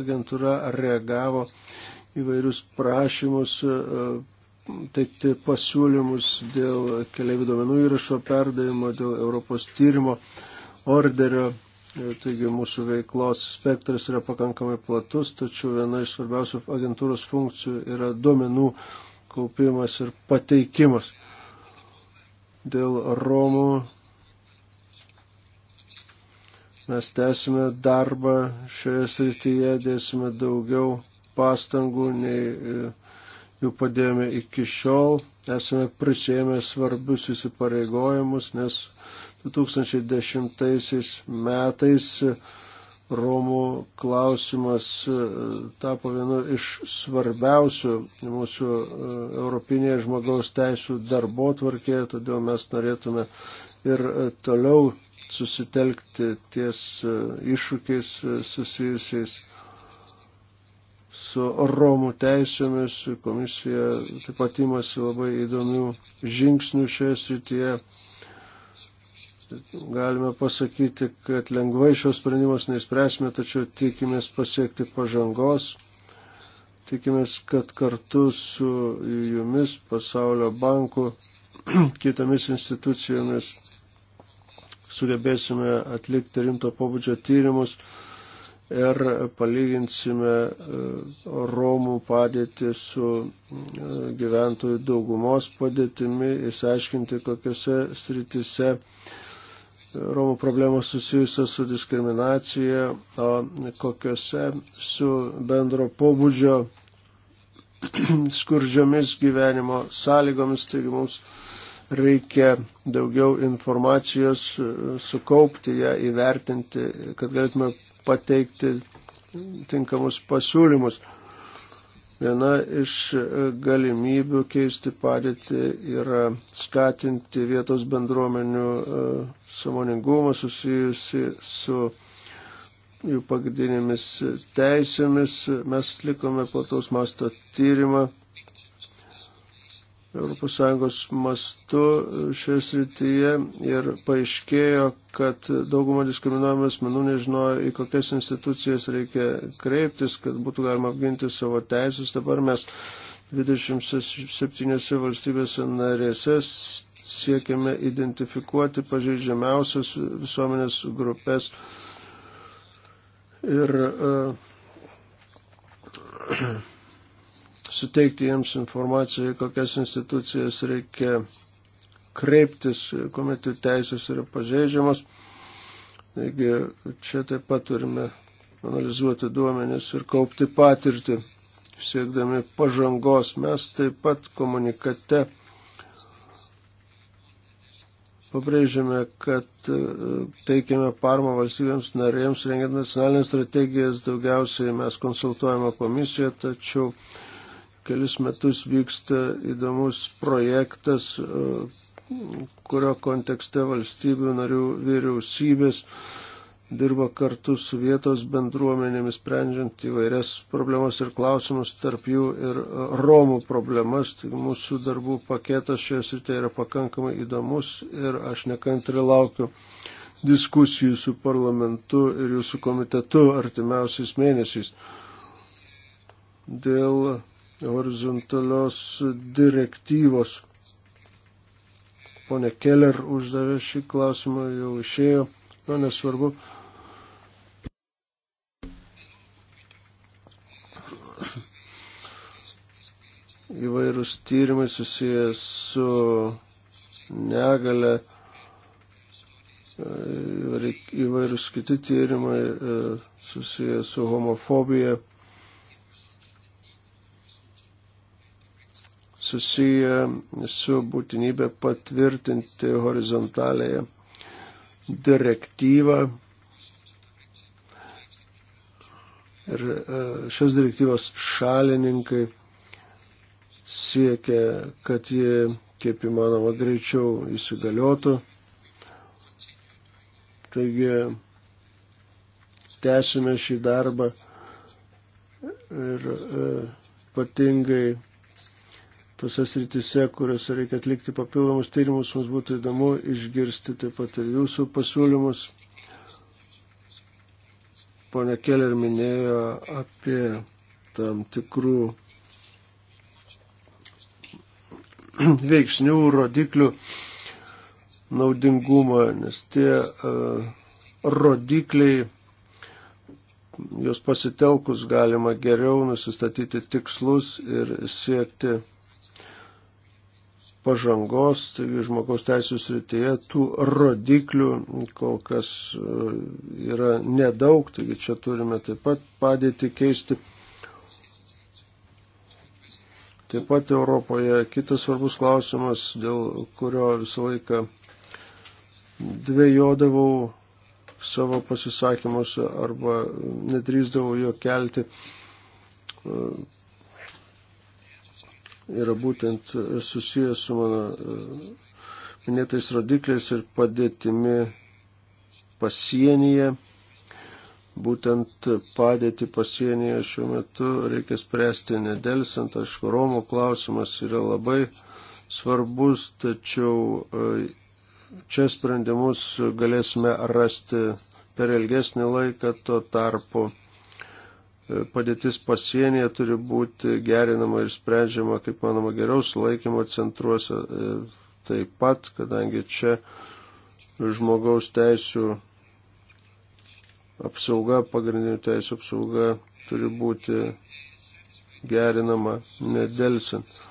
agentūra reagavo įvairius prašymus e, teikti pasiūlymus dėl keliaivių duomenų įrašo perdavimo, dėl Europos tyrimo orderio. E, taigi mūsų veiklos spektras yra pakankamai platus, tačiau viena iš svarbiausių agentūros funkcijų yra duomenų kaupimas ir pateikimas dėl Romų. Mes tęsime darbą šioje srityje, dėsime daugiau pastangų, nei e, jų padėjome iki šiol. Esame prisėmę svarbius įsipareigojimus, nes 2010 metais Romų klausimas e, tapo vienu iš svarbiausių mūsų e, Europinėje žmogaus teisų darbo tvarkėje, todėl mes norėtume ir e, toliau susitelkti ties iššūkiais susijusiais su Romų teisėmis. Komisija taip pat imasi labai įdomių žingsnių šioje srityje Galime pasakyti, kad lengvai šios sprendimus neįspręsime, tačiau tikimės pasiekti pažangos. Tikimės, kad kartu su jumis, pasaulio banku, kitomis institucijomis sugebėsime atlikti rimto pobūdžio tyrimus ir palyginsime e, Romų padėtį su e, gyventojų daugumos padėtimi, įsiaiškinti, kokiuose sritise Romų problemos susijusios su diskriminacija, o kokiuose su bendro pobūdžio skurdžiomis gyvenimo sąlygomis, taigi mums reikia daugiau informacijos sukaupti ją, įvertinti, kad galėtume pateikti tinkamus pasiūlymus. Viena iš e, galimybių keisti padėtį yra skatinti vietos bendruomenių e, samoningumą susijusi su jų pagrindinėmis teisėmis. Mes likome plataus masto tyrimą ES mastu šioje srityje ir paaiškėjo, kad dauguma diskriminuojamų asmenų nežinojo, į kokias institucijas reikia kreiptis, kad būtų galima apginti savo teisės. Dabar mes 27 valstybėse narėse siekiame identifikuoti pažeidžiamiausias visuomenės grupės ir uh, suteikti jiems informaciją, kokias institucijas reikia kreiptis, kuomet jų teisės yra pažeidžiamos. Taigi čia taip pat turime analizuoti duomenis ir kaupti patirtį, siekdami pažangos. Mes taip pat komunikate pabrėžiame, kad e, teikiame parmą valstybėms narėms, rengiant nacionalinės strategijas, daugiausiai mes konsultuojame komisiją, tačiau kelis metus vyksta įdomus projektas, kurio kontekste valstybių narių vyriausybės dirba kartu su vietos bendruomenėmis, sprendžiant įvairias problemas ir klausimus, tarp jų ir Romų problemas. Tai mūsų darbų paketas šioje srityje yra pakankamai įdomus ir aš nekantri laukiu diskusijų su parlamentu ir jūsų komitetu artimiausiais mėnesiais. Dėl horizontalios direktyvos. Pone Keller uždavė šį klausimą, jau išėjo, nu nesvarbu. Įvairūs tyrimai susijęs su negale, įvairūs kiti tyrimai e, susijęs su homofobija. susiję su būtinybė patvirtinti horizontalėje direktyvą. Ir e, šios direktyvos šalininkai siekia, kad ji kaip įmanoma greičiau įsigaliotų. Taigi tęsime šį darbą ir e, ypatingai tose sritise, kuriuose reikia atlikti papildomus tyrimus, mums būtų įdomu išgirsti taip pat ir jūsų pasiūlymus. Pone Keller minėjo apie tam tikrų veiksnių, rodiklių naudingumą, nes tie uh, rodikliai, juos pasitelkus galima geriau nusistatyti tikslus ir siekti pažangos žmogaus teisų srityje, tų rodiklių kol kas e, yra nedaug, taigi čia turime taip pat padėti keisti. Taip pat Europoje kitas svarbus klausimas, dėl kurio visą laiką dvėjodavau savo pasisakymuose arba nedrįzdavau jo kelti e, yra būtent susijęs su mano e, minėtais rodikliais ir padėtimi pasienyje. Būtent padėti pasienyje šiuo metu reikia spręsti nedelsant. Aišku, Romo klausimas yra labai svarbus, tačiau e, čia sprendimus galėsime rasti per ilgesnį laiką, tuo tarpu padėtis pasienyje turi būti gerinama ir sprendžiama, kaip manoma, geriau sulaikymo centruose e, taip pat, kadangi čia žmogaus teisų apsauga, pagrindinių teisų apsauga turi būti gerinama nedelsint.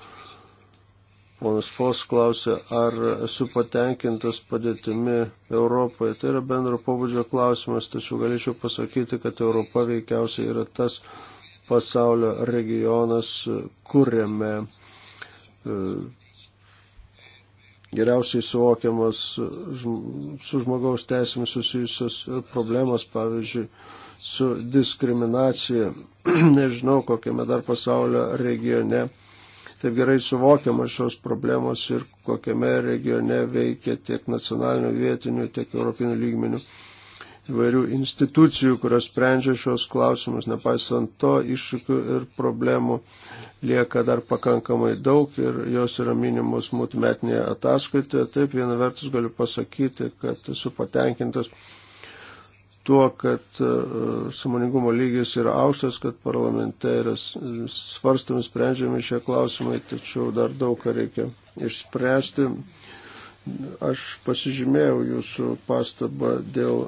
Ponas Fos klausė, ar esu patenkintas padėtimi Europoje. Tai yra bendro pobūdžio klausimas, tačiau galėčiau pasakyti, kad Europa veikiausiai yra tas pasaulio regionas, kuriame e, geriausiai suvokiamas su žmogaus teisėmis susijusios problemos, pavyzdžiui, su diskriminacija. Nežinau, kokiame dar pasaulio regione taip gerai suvokiama šios problemos ir kokiame regione veikia tiek nacionalinių, vietinių, tiek europinių lygmenių įvairių institucijų, kurios sprendžia šios klausimus. Nepaisant to, iššūkių ir problemų lieka dar pakankamai daug ir jos yra minimos mūtų metinėje ataskaitoje. Taip, viena vertus galiu pasakyti, kad esu patenkintas tuo, kad e, samoningumo lygis yra aukštas, kad parlamente yra svarstami, sprendžiami šie klausimai, tačiau dar daug ką reikia išspręsti. Aš pasižymėjau jūsų pastabą dėl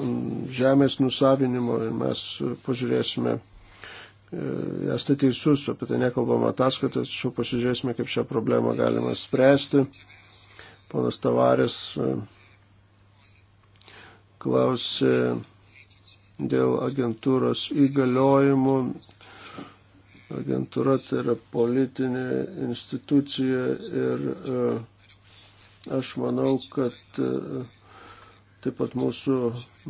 žemės nusavinimo ir mes pažiūrėsime, esate teisus, apie tai nekalbama ataskaitą, tačiau pasižiūrėsime, kaip šią problemą galima spręsti. Ponas Tavarės e, klausė dėl agentūros įgaliojimų. Agentūra tai yra politinė institucija ir e, aš manau, kad e, taip pat mūsų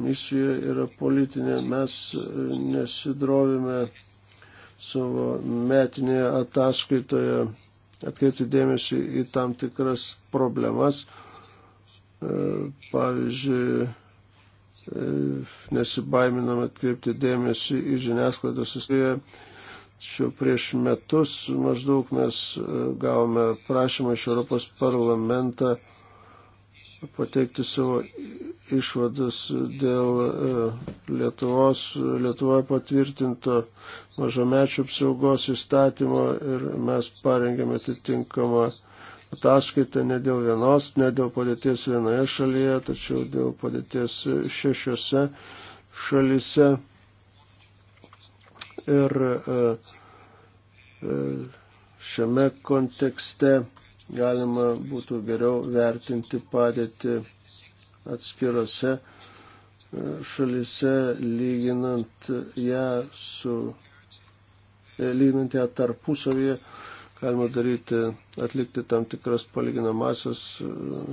misija yra politinė. Mes e, nesidrovime savo metinėje ataskaitoje atkreipti dėmesį į tam tikras problemas. Pavyzdžiui, E, nesibaiminam atkreipti dėmesį į žiniasklaidos istoriją. Tačiau prieš metus maždaug mes e, gavome prašymą iš Europos parlamentą pateikti savo išvadas dėl e, Lietuvos, Lietuvoje patvirtinto mažamečių apsaugos įstatymo ir mes parengėme atitinkamą ataskaitą ne dėl vienos, ne dėl padėties vienoje šalyje, tačiau dėl padėties šešiose šalyse. Ir e, e, šiame kontekste galima būtų geriau vertinti padėtį atskirose e, šalyse, lyginant ją su, lyginant ją tarpusavyje galima daryti, atlikti tam tikras palyginamasias e,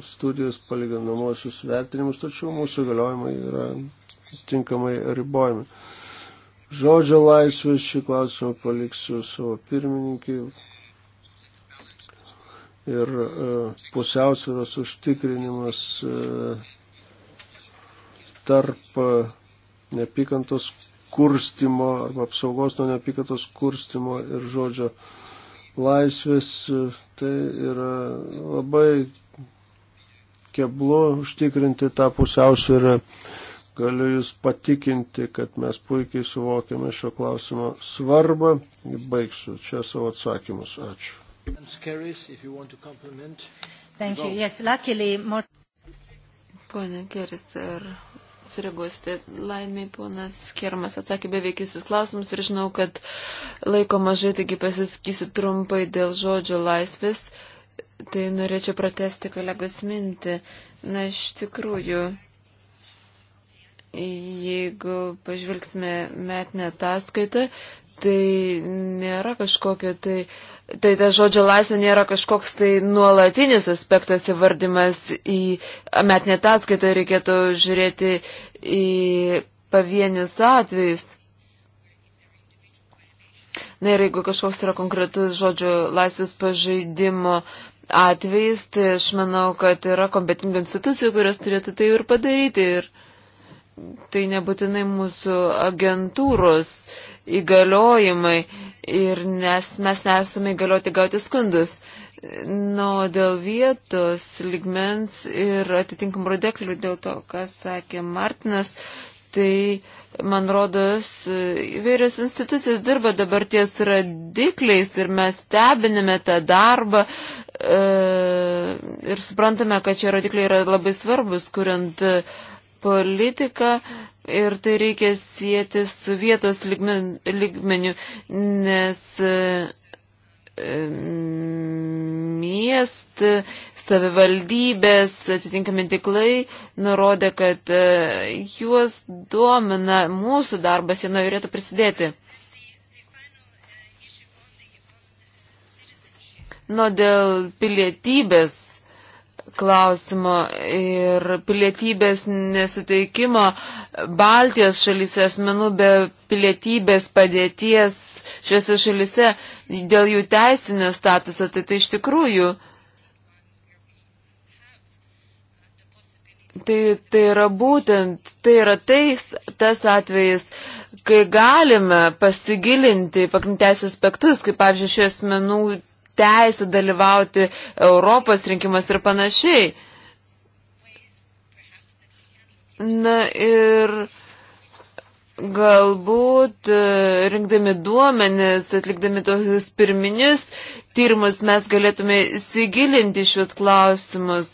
studijas, palyginamosius vertinimus, tačiau mūsų galiojimai yra tinkamai ribojami. Žodžio laisvės šį klausimą paliksiu savo pirmininkai ir e, pusiausvėros užtikrinimas e, tarp neapykantos kurstimo arba apsaugos nuo neapykantos kurstimo ir žodžio laisvės laisvės, tai yra labai keblu užtikrinti tą pusiausvyrą. Galiu Jūs patikinti, kad mes puikiai suvokiame šio klausimo svarbą. Baigsiu čia savo atsakymus. Ačiū. Pone Geris, ar sureaguosite. Laimiai, ponas Kermas atsakė beveik visus klausimus ir žinau, kad laiko mažai, taigi pasisakysiu trumpai dėl žodžio laisvės. Tai norėčiau pratesti kolegos mintį. Na, iš tikrųjų, jeigu pažvelgsime metinę ataskaitą, tai nėra kažkokio tai uh, Tai ta žodžio laisvė nėra kažkoks tai nuolatinis aspektas įvardimas į metinę ataskaitą, reikėtų žiūrėti į pavienius atvejus. Na ir jeigu kažkoks yra konkretus žodžio laisvės pažeidimo atvejis, tai aš manau, kad yra kompetingų institucijų, kurios turėtų tai ir padaryti. Ir tai nebūtinai mūsų agentūros įgaliojimai ir nes mes nesame įgalioti gauti skundus. Nu, dėl vietos ligmens ir atitinkamų rodiklių, dėl to, kas sakė Martinas, tai man rodos, įvairios institucijos dirba dabar ties radikliais ir mes stebinime tą darbą e, ir suprantame, kad šie radikliai yra labai svarbus, kuriant politiką. E, ir tai reikia sieti su vietos ligmen, ligmeniu, nes e, e, miest, savivaldybės, atitinkami tiklai nurodė, kad e, juos domina mūsų darbas, jie norėtų prisidėti. Nuo dėl pilietybės klausimo ir pilietybės nesuteikimo Baltijos šalyse asmenų be pilietybės padėties šiuose šalyse dėl jų teisinio statuso, tai tai iš tikrųjų tai, tai yra būtent, tai yra tais, tas atvejis, kai galime pasigilinti pagrindinės aspektus, kaip pavyzdžiui, šios menų teisę dalyvauti Europos rinkimas ir panašiai. Na ir galbūt e, rinkdami duomenis, atlikdami tokius pirminius tyrimus, mes galėtume įsigilinti šiuos klausimus.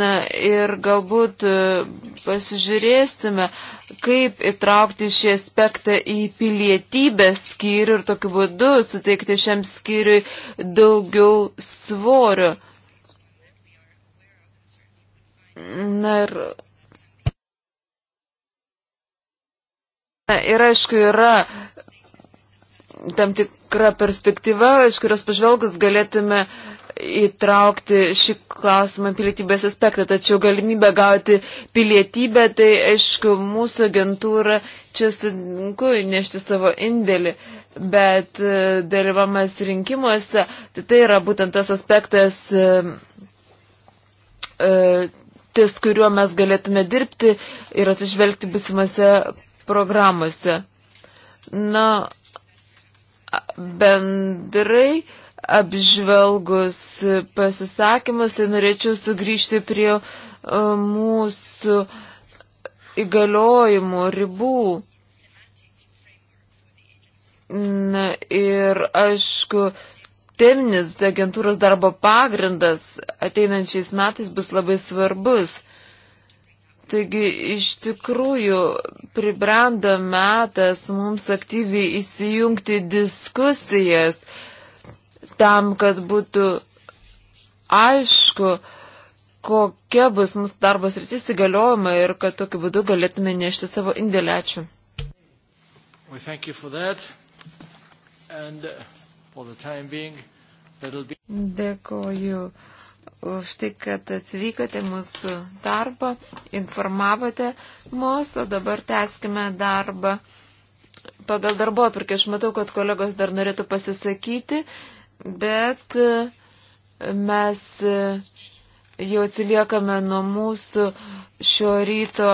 Na ir galbūt e, pasižiūrėsime, kaip įtraukti šį aspektą į pilietybės skyrių ir tokiu būdu suteikti šiam skyriui daugiau svorio. Na ir. Ir aišku, yra tam tikra perspektyva, iš kurios pažvelgus galėtume uh, įtraukti šį klausimą pilietybės aspektą, tačiau galimybę gauti pilietybę, tai aišku, mūsų agentūra čia sunku nešti savo indėlį, bet e, dalyvamas rinkimuose, tai tai yra būtent tas aspektas, e, e, ties kuriuo mes galėtume dirbti ir atsižvelgti busimose programuose. Na, bendrai apžvelgus pasisakymus, tai norėčiau sugrįžti prie e, mūsų įgaliojimų ribų. Na, ir aišku, teminis agentūros darbo pagrindas ateinančiais metais bus labai svarbus. Taigi iš tikrųjų pribrendo metas mums aktyviai įsijungti diskusijas, uh, tam, kad būtų aišku, kokia bus mūsų darbos rytis įgaliojama ir kad tokiu būdu galėtume nešti savo indėlį. Ačiū. Uh, Dėkoju už tai, kad atvykote mūsų darbą, informavote mus, o dabar tęskime darbą. Pagal darbo atvarkį aš matau, kad kolegos dar norėtų pasisakyti bet e, mes e, jau atsiliekame nuo mūsų šio ryto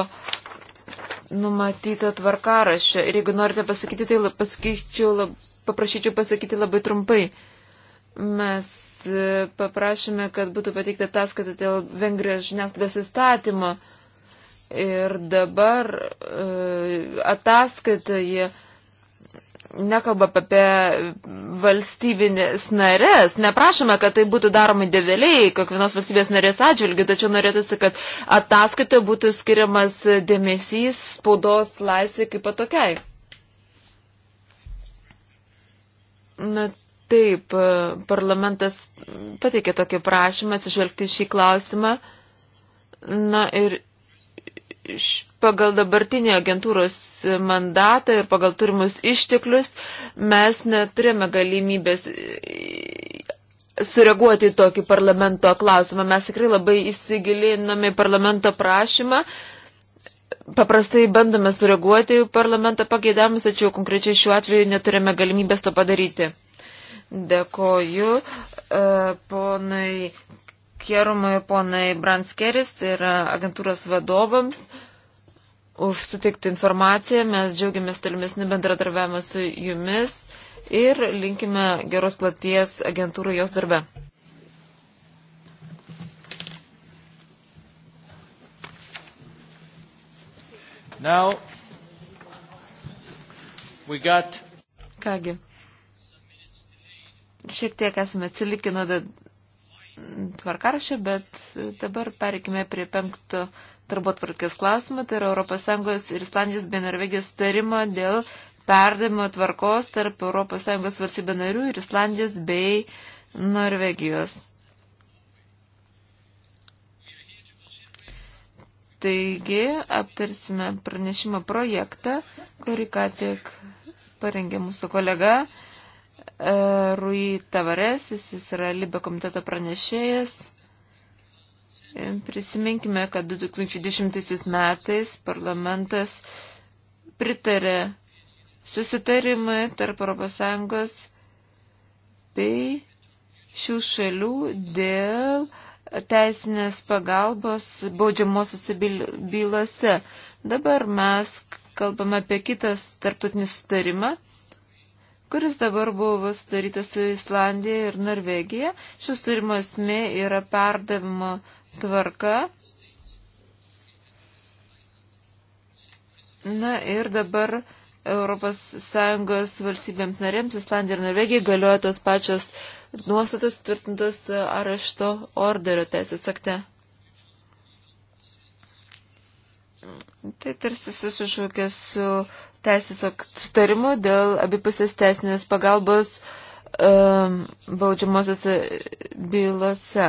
numatyto tvarkarašio. Ir jeigu norite pasakyti, tai lab, paprašyčiau pasakyti labai trumpai. Mes e, paprašėme, kad būtų pateikta ataskaita dėl Vengrijos žiniasklaidos įstatymo. Ir dabar e, ataskaitoje. E, nekalba apie valstybinės narės. Neprašome, kad tai būtų daromi dėvėliai kiekvienos valstybės narės atžvilgių, tačiau norėtųsi, kad ataskaitoje būtų skiriamas dėmesys spaudos laisvė kaip patokiai. Na taip, parlamentas pateikė tokį prašymą atsižvelgti šį klausimą. Na ir pagal dabartinį agentūros mandatą ir pagal turimus išteklius mes neturime galimybės e, sureaguoti į tokį parlamento klausimą. Mes tikrai labai įsigilinome į parlamento prašymą. Paprastai bandome sureaguoti į parlamento pageidavimus, tačiau konkrečiai šiuo atveju neturime galimybės to padaryti. Dėkoju e, ponai Kierumui ponai Branskeris, tai yra agentūros vadovams, už sutikti informaciją. Mes džiaugiamės tolimesnį bendradarbiavimą su jumis ir linkime geros platies agentūrų jos darbe. Now, got... Kągi, šiek tiek esame atsilikę nuo tvarkarašio, bet dabar pereikime prie penkto darbo tvarkės klausimą, tai yra ES ir Islandijos bei Norvegijos sutarimo dėl perdavimo tvarkos tarp ES valstybė narių ir Islandijos bei Norvegijos. Taigi, aptarsime pranešimo projektą, kurį ką tik parengė mūsų kolega. E, Rui Tavares, jis yra Libė komiteto pranešėjas. E, prisiminkime, kad 2010 metais parlamentas pritarė susitarimui tarp ES bei šių šalių dėl teisinės pagalbos baudžiamosiose bylose. Dabar mes kalbame apie kitą tarptautinį sutarimą kuris dabar buvo sudarytas su Islandija ir Norvegija. Šios tarimo esmė yra perdavimo tvarka. Na ir dabar ES valstybėms narėms, Islandija ir Norvegija galioja tos pačios nuostatos tvirtintos arešto orderio teisės akte. Tai tarsi susišaukė su teisės sutarimu dėl abipusės teisinės pagalbos um, baudžiamosiose bylose.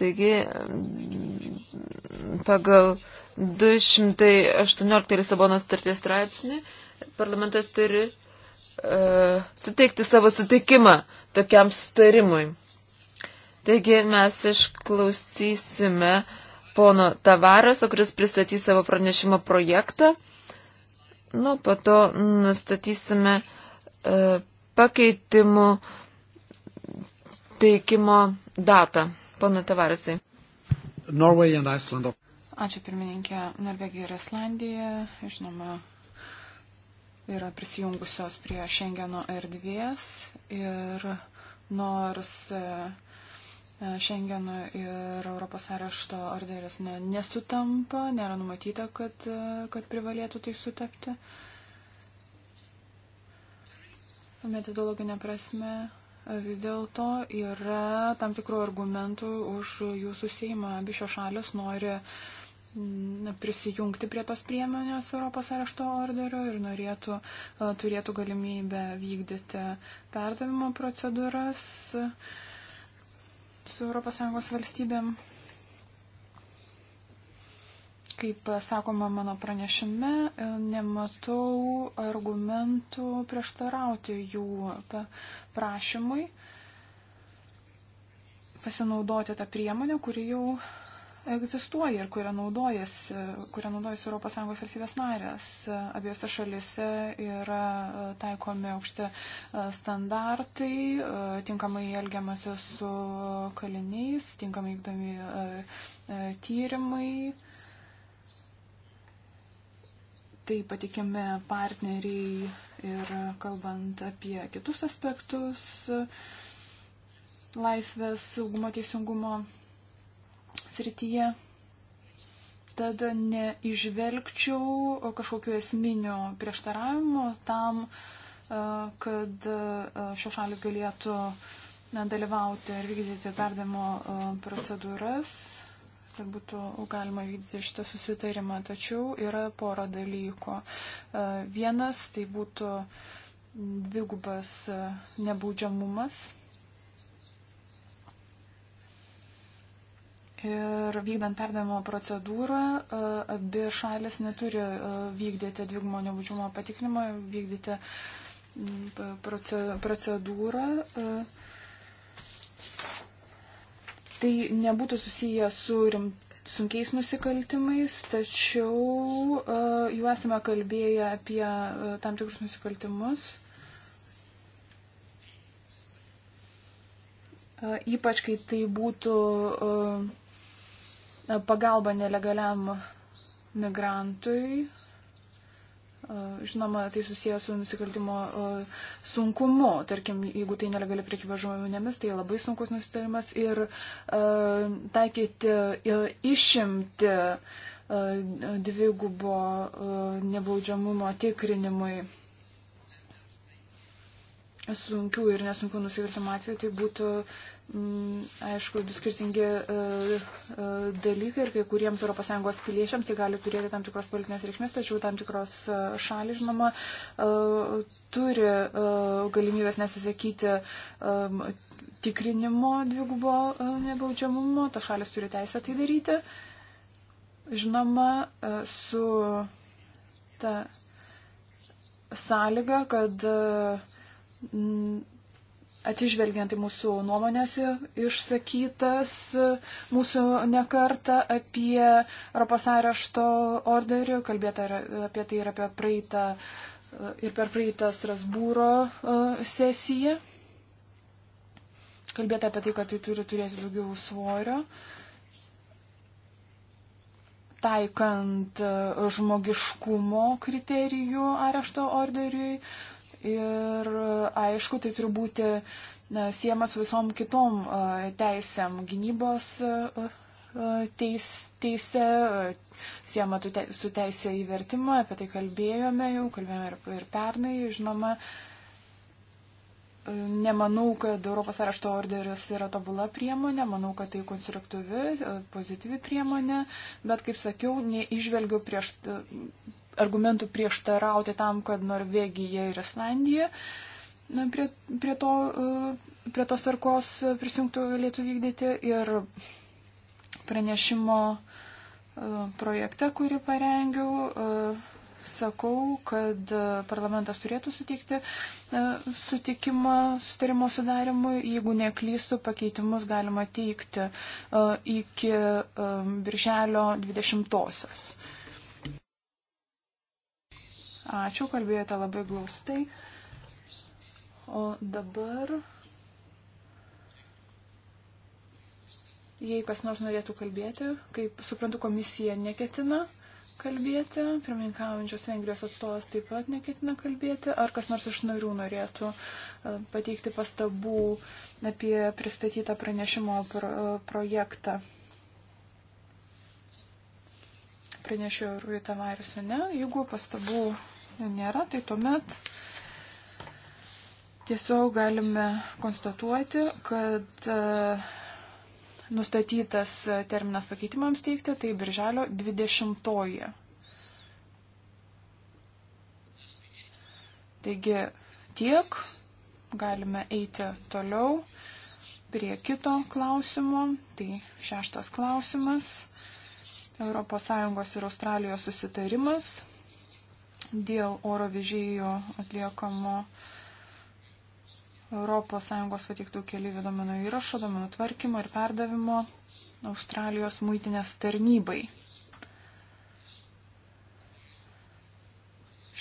Taigi, mm, pagal 218 Lisabonos starties straipsnį parlamentas turi uh, suteikti savo sutikimą tokiam sustarimui. Taigi mes išklausysime pono Tavaras, o kuris pristatys savo pranešimo projektą. Nu, po to nustatysime e, pakeitimų teikimo datą. Pono Tavarasai. Ačiū pirmininkė. Norvegija ir Islandija, žinoma, yra prisijungusios prie Šengeno erdvės ir nors. E, E, Šengeno ir Europos arešto orderis ne, nesutampa, nėra numatyta, kad, e, kad privalėtų tai sutapti. Metodologinė prasme e, vis dėlto yra tam tikrų argumentų už jų susėjimą. Abi šios šalis nori prisijungti prie tos priemonės Europos arešto orderio ir norėtų, turėtų galimybę vykdyti perdavimo procedūras. Uh, su ES valstybėm. Kaip sakoma mano pranešime, nematau argumentų prieštarauti jų prašymui pasinaudoti tą priemonę, kuri jau egzistuoja ir kuria naudojasi, kuria naudojasi ES valstybės narės. Abiejose šalise yra e, taikomi aukšti e, standartai, e, tinkamai elgiamasi su kaliniais, tinkamai vykdomi tyrimai tai patikimi partneriai ir kalbant apie kitus aspektus laisvės saugumo teisingumo srityje. Tad neižvelgčiau kažkokio esminio prieštaravimo tam, kad šios šalis galėtų dalyvauti ir vykdyti perdavimo procedūras, kad būtų galima vykdyti šitą susitarimą. Tačiau yra pora dalykų. Vienas tai būtų dvigubas nebaudžiamumas Ir vykdant perdavimo procedūrą, e, abi šalis neturi e, vykdyti dvigumo nebaudžiamo patikrinimo, vykdyti procedūrą. E. Tai nebūtų susiję su rimtu sunkiais nusikaltimais, tačiau uh, jų esame kalbėję apie uh, tam tikrus nusikaltimus. Uh, ypač, kai tai būtų uh, pagalba nelegaliam migrantui. E, žinoma, tai susijęs su nusikaltimo e, sunkumu. Tarkim, jeigu tai nelegali priekyba žmonėmis, tai labai sunkus nusitarimas. Ir e, taikyti išimti dvigubo nebaudžiamumo tikrinimui sunkių ir nesunkių nusikaltimų atveju, tai būtų Mm, aišku, du skirtingi e, e, dalykai ir kai kuriems ES piliečiams tai gali turėti tam tikros politinės reikšmės, tačiau tam tikros e, šalis, žinoma, turi galimybės nesisakyti tikrinimo dvigubo nebaudžiamumo, ta šalis turi teisę tai daryti. Žinoma, su ta sąlyga, kad Atižvelgiant į mūsų nuomonės išsakytas mūsų nekarta apie Europos arešto orderį, kalbėta apie tai ir apie praeitą ir per praeitą Strasbūro e, sesiją. Kalbėta apie tai, kad tai turi turėti daugiau svorio taikant e, žmogiškumo kriterijų arešto orderiui, ir aišku, tai turi būti siema su visom kitom teisėm gynybos teis, teise, siema su teisė į vertimą, apie tai kalbėjome jau, kalbėjome ir, ir pernai, žinoma. Nemanau, kad Europos arešto orderis yra tobula priemonė, manau, kad tai konstruktyvi, pozityvi priemonė, bet, kaip sakiau, neižvelgiu prieš, argumentų prieštarauti tam, kad Norvegija ir Islandija na, prie, prie, to, e, prie tos tvarkos prisijungtų galėtų vykdyti. Ir pranešimo e, projekte, kurį parengiau, e, sakau, kad parlamentas turėtų suteikti sutikimą sutarimo sudarimui. Jeigu neklystų, pakeitimus galima teikti iki birželio 20-osios. Ačiū, kalbėjote labai glaustai. O dabar, jei kas nors norėtų kalbėti, kaip suprantu, komisija neketina kalbėti, pirmininkaujančios Vengrijos atstovas taip pat neketina kalbėti, ar kas nors iš narių norėtų e, pateikti pastabų apie pristatytą pranešimo pro e, projektą pranešėjo Rui Tavarisiu, ne. Jeigu pastabų nėra, tai tuomet tiesiog galime konstatuoti, kad e, nustatytas terminas pakeitimams teikti, tai birželio 20. -oji. Taigi tiek, galime eiti toliau prie kito klausimo. Tai šeštas klausimas. ES ir Australijos susitarimas dėl oro vežėjų atliekamo ES pateiktų keliaivių domenų įrašo, domenų tvarkymo ir perdavimo Australijos muitinės tarnybai.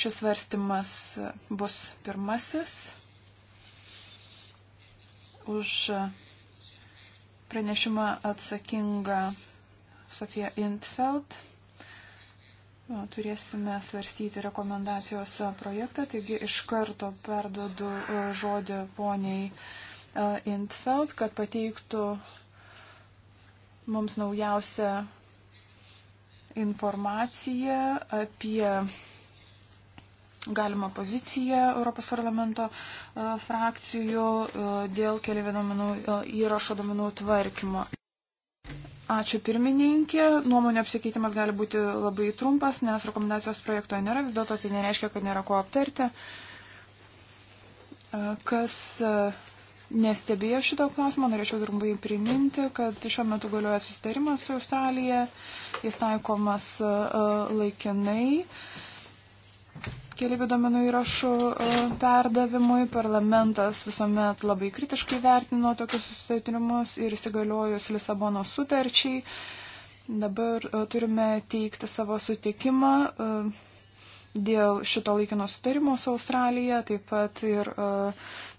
Šis svarstymas bus pirmasis už pranešimą atsakinga Sofija Intfeld. Turėsime svarstyti rekomendacijos projektą, taigi iš karto perdodu e, žodį poniai e, Intfeld, kad pateiktų mums naujausią informaciją apie galimą poziciją Europos parlamento e, frakcijų dėl kelių duomenų įrašo duomenų tvarkymo. Ačiū pirmininkė. Nuomonio apsikeitimas gali būti labai trumpas, nes rekomendacijos projekto nėra, vis dėlto tai nereiškia, kad nėra ko aptarti. Kas nestebėjo šito klausimo, norėčiau trumpai priminti, kad šiuo metu galioja susitarimas su Australija, jis taikomas laikinai. Uh, keliaivių domenų įrašų e, perdavimui. Parlamentas visuomet labai kritiškai vertino tokius susitarimus ir įsigaliojus Lisabono sutarčiai. Dabar e, turime teikti savo sutikimą e, dėl šito laikino sutarimo su Australija, taip pat ir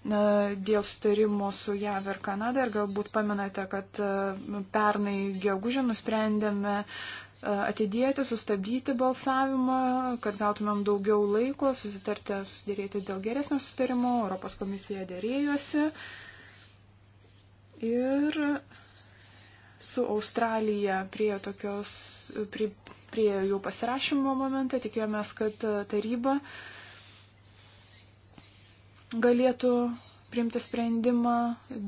dėl sutarimo su JAV ir Kanada. Ir galbūt pamenate, kad pernai gegužę nusprendėme E, atidėti, sustabdyti balsavimą, kad gautumėm daugiau laiko, susitarti, susidėrėti dėl geresnio sutarimo, Europos komisija dėrėjosi. Ir su Australija prie tokios, prie, prie jų pasirašymo momentą tikėjomės, kad taryba galėtų priimti sprendimą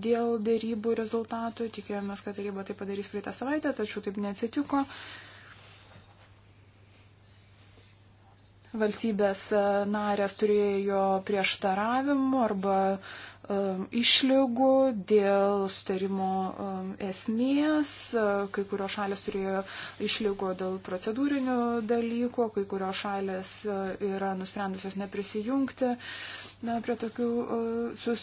dėl dėrybų rezultatų. Tikėjomės, kad taryba tai padarys praeitą savaitę, tačiau taip neatsitiko. Uh, valstybės e, narės turėjo prieštaravimų arba uh, Um, išlygų, dėl sutarimo um, esmės, uh, kai kurios šalės turėjo išlygų dėl procedūrinių dalykų, kai kurios šalės uh, yra nusprendusios neprisijungti. Na, prie tokių uh, sus,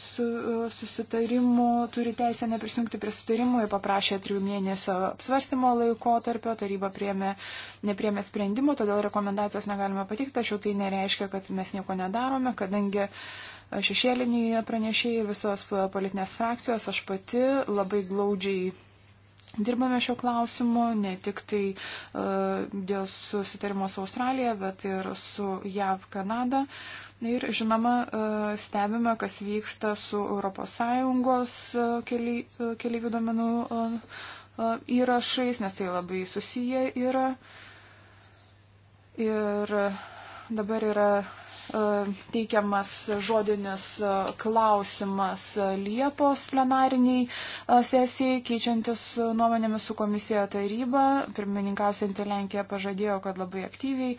susitarimų turi teisę neprisijungti prie sutarimų ir paprašė trijų mėnesio apsvarstymo laiko tarpio, taryba priemė, nepriemė sprendimo, todėl rekomendacijos negalime patikti, tačiau tai nereiškia, kad mes nieko nedarome, kadangi uh, šešėliniai pranešėjai ir visos politinės frakcijos, aš pati labai glaudžiai Dirbame šio klausimu ne tik tai uh, dėl susitarimo su Australija, bet ir su JAV Kanada. Ir žinoma, uh, stebime, kas vyksta su ES uh, e, keli, uh, keliaivių domenų uh, uh, įrašais, nes tai labai susiję yra. Ir dabar yra E, teikiamas žodinis e, klausimas e, Liepos plenariniai sesijai, keičiantis nuomonėmis su komisija taryba. Pirmininkausianti Lenkija pažadėjo, kad labai aktyviai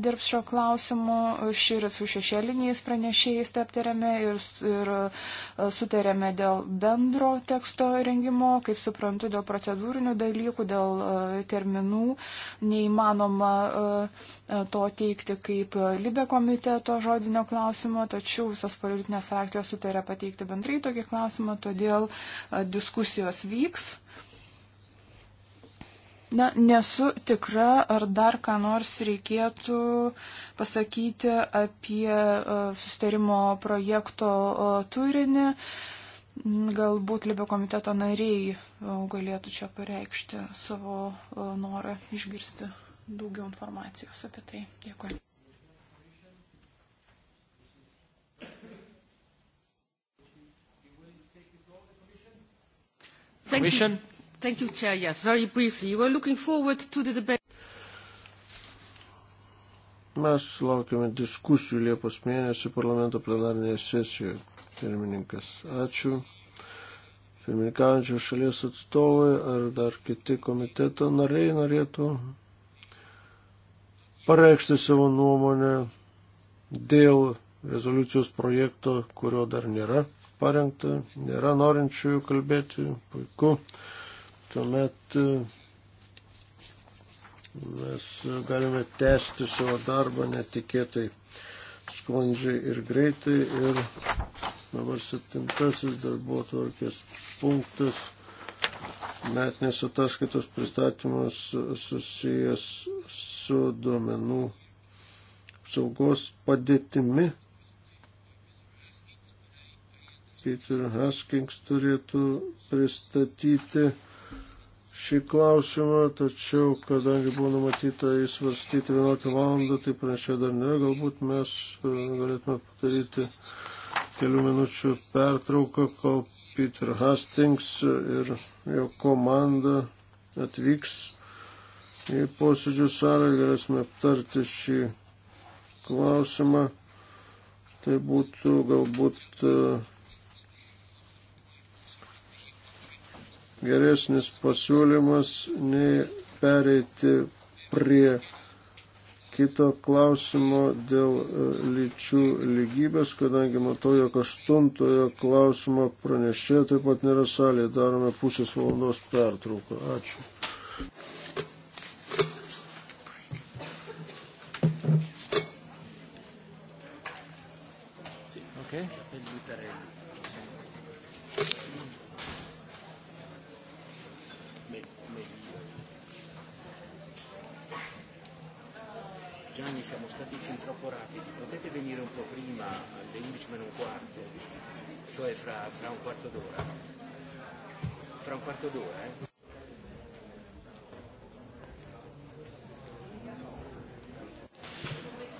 dirbs šio klausimu. Šįryt su šešėliniais pranešėjais aptarėme ir, ir sutarėme dėl bendro teksto rengimo, kaip suprantu, dėl procedūrinių dalykų, dėl terminų. Neįmanoma E, to teikti kaip Libė komiteto žodinio klausimo, tačiau visos politinės frakcijos sutarė pateikti bendrai tokį klausimą, todėl e, diskusijos vyks. Na, nesu tikra, ar dar ką nors reikėtų pasakyti apie e, sustarimo projekto turinį. Galbūt Libio komiteto nariai galėtų čia pareikšti savo norą išgirsti daugiau informacijos apie tai. Dėkui. Thank you. Thank you, Chair. Yes, very briefly. We're looking forward to the debate. Mes laukiame diskusijų Liepos mėnesį parlamento plenarinėje sesijoje. Pirmininkas, ačiū. Pirmininkaujančių šalies atstovai ar dar kiti komiteto nariai norėtų pareikšti savo nuomonę dėl rezoliucijos projekto, kurio dar nėra parengta, nėra norinčiųjų kalbėti, puiku. Tuomet e, mes galime tęsti savo darbą netikėtai sklandžiai ir greitai. Ir dabar septintasis darbo tvarkės punktas metinės ataskaitos pristatymas susijęs su duomenų saugos padėtimi. Peter Haskings turėtų pristatyti šį klausimą, tačiau kadangi buvo numatyta įsvarstyti 11 valandą, tai pranešė dar ne, galbūt mes e, galėtume padaryti kelių minučių pertrauką, kol Peter Hastings ir jo komanda atvyks į posėdžių salę ir galėsime aptarti šį klausimą. Tai būtų galbūt e, geresnis pasiūlymas nei pereiti prie kito klausimo dėl e, lyčių lygybės, kadangi matau, jog aštuntojo klausimo pranešėjo taip pat nėra salėje. Darome pusės valandos pertrauką. Ačiū. Okay. quindi siamo stati fin troppo rapidi. Potete venire un po' prima, alle 11 meno un quarto, cioè fra, fra un quarto d'ora? Fra un quarto d'ora, eh?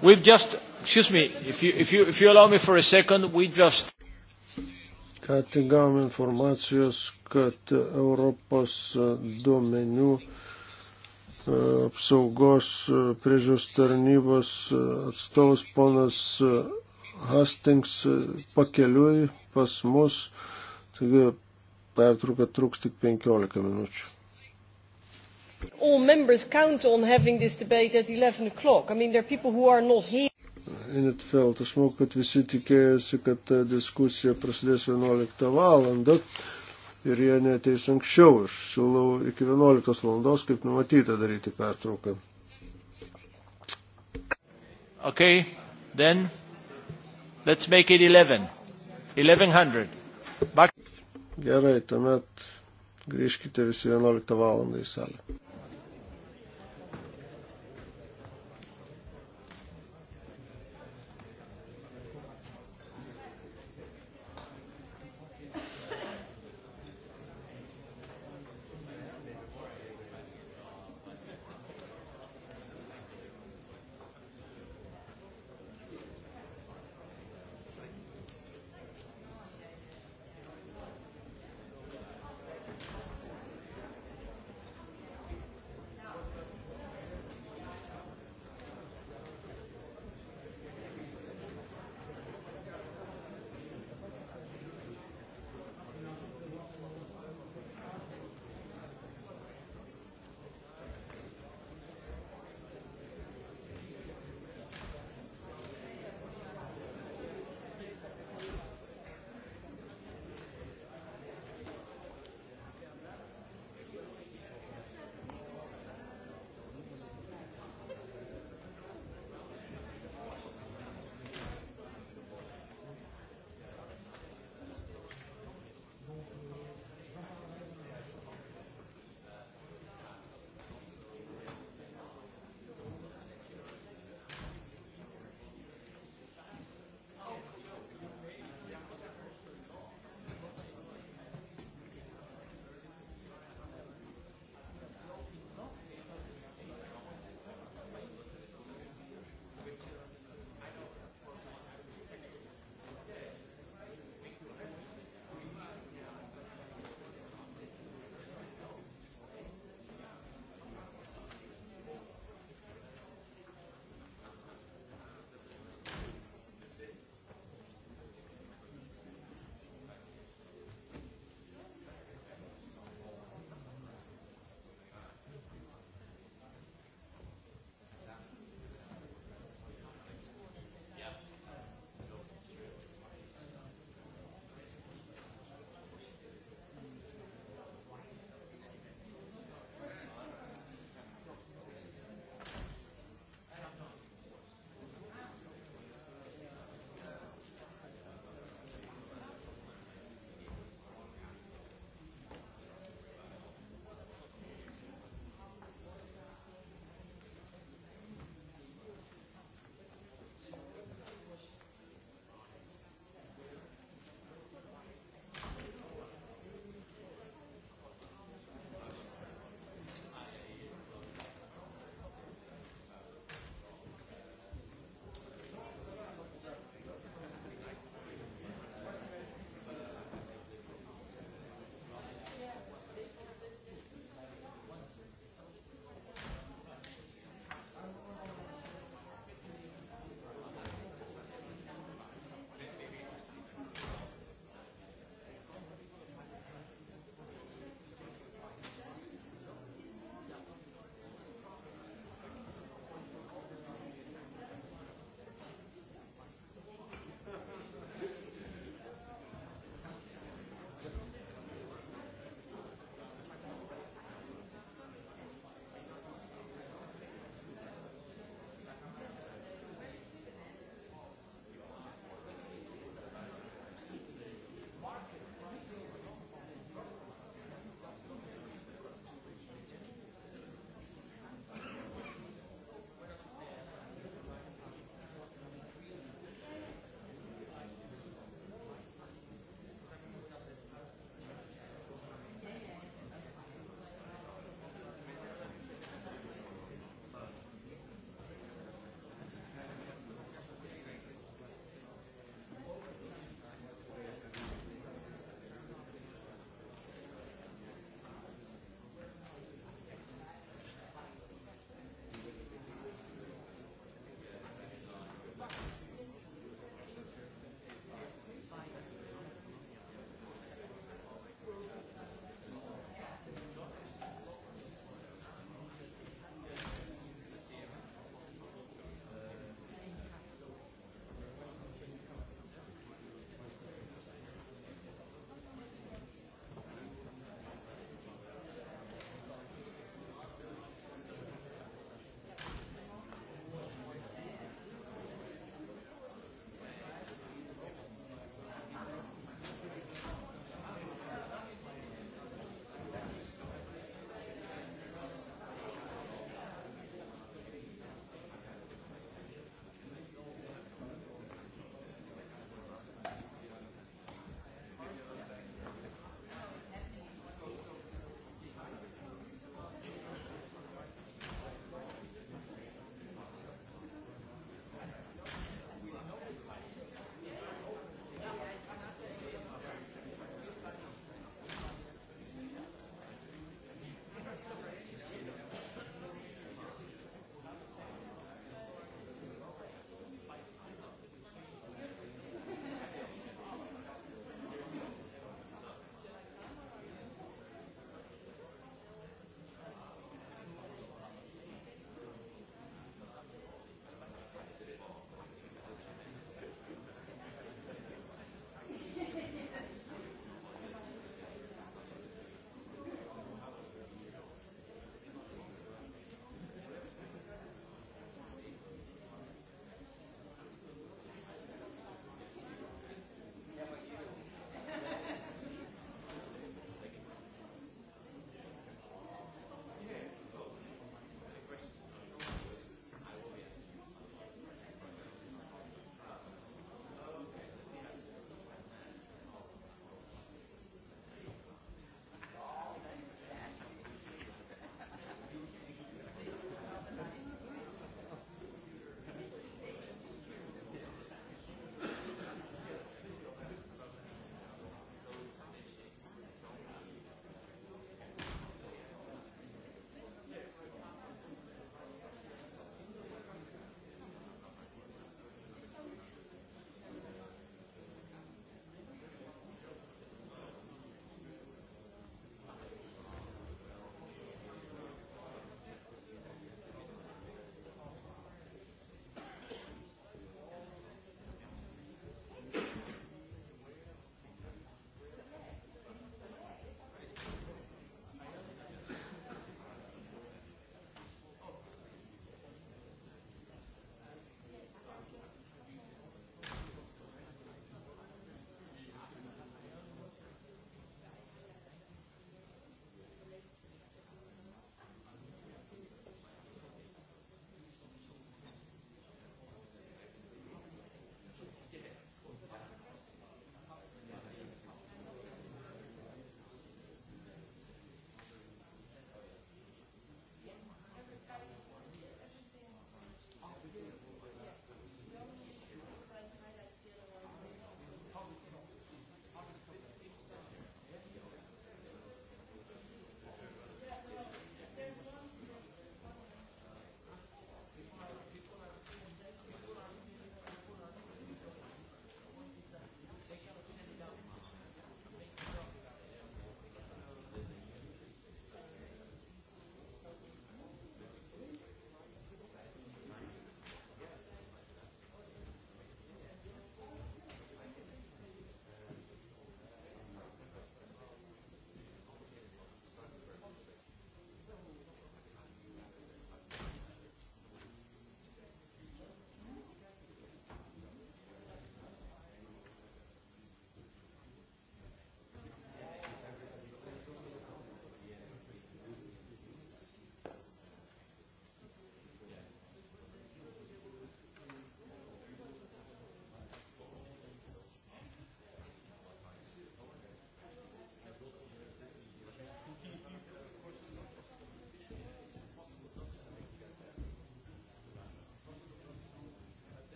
We've just, excuse me, if you, if you, if you allow me for a second, we just. Ką tik gavom informacijos, kad Europos duomenų E, apsaugos e, priežiūros tarnybos e, atstovas ponas Hastings pakeliui pas mus. Taigi pertrauka truks tik 15 minučių. All members count on having this debate at 11 o'clock. I mean, there are people who are not here. Inetfeld, aš manau, kad visi tikėjosi, kad diskusija prasidės 11 valandą ir jie neteis anksčiau. Aš siūlau iki 11 valandos, kaip numatyta, daryti pertrauką. Okay, then let's make it 11. 1100. Back. Gerai, tuomet grįžkite visi 11 valandą į salę.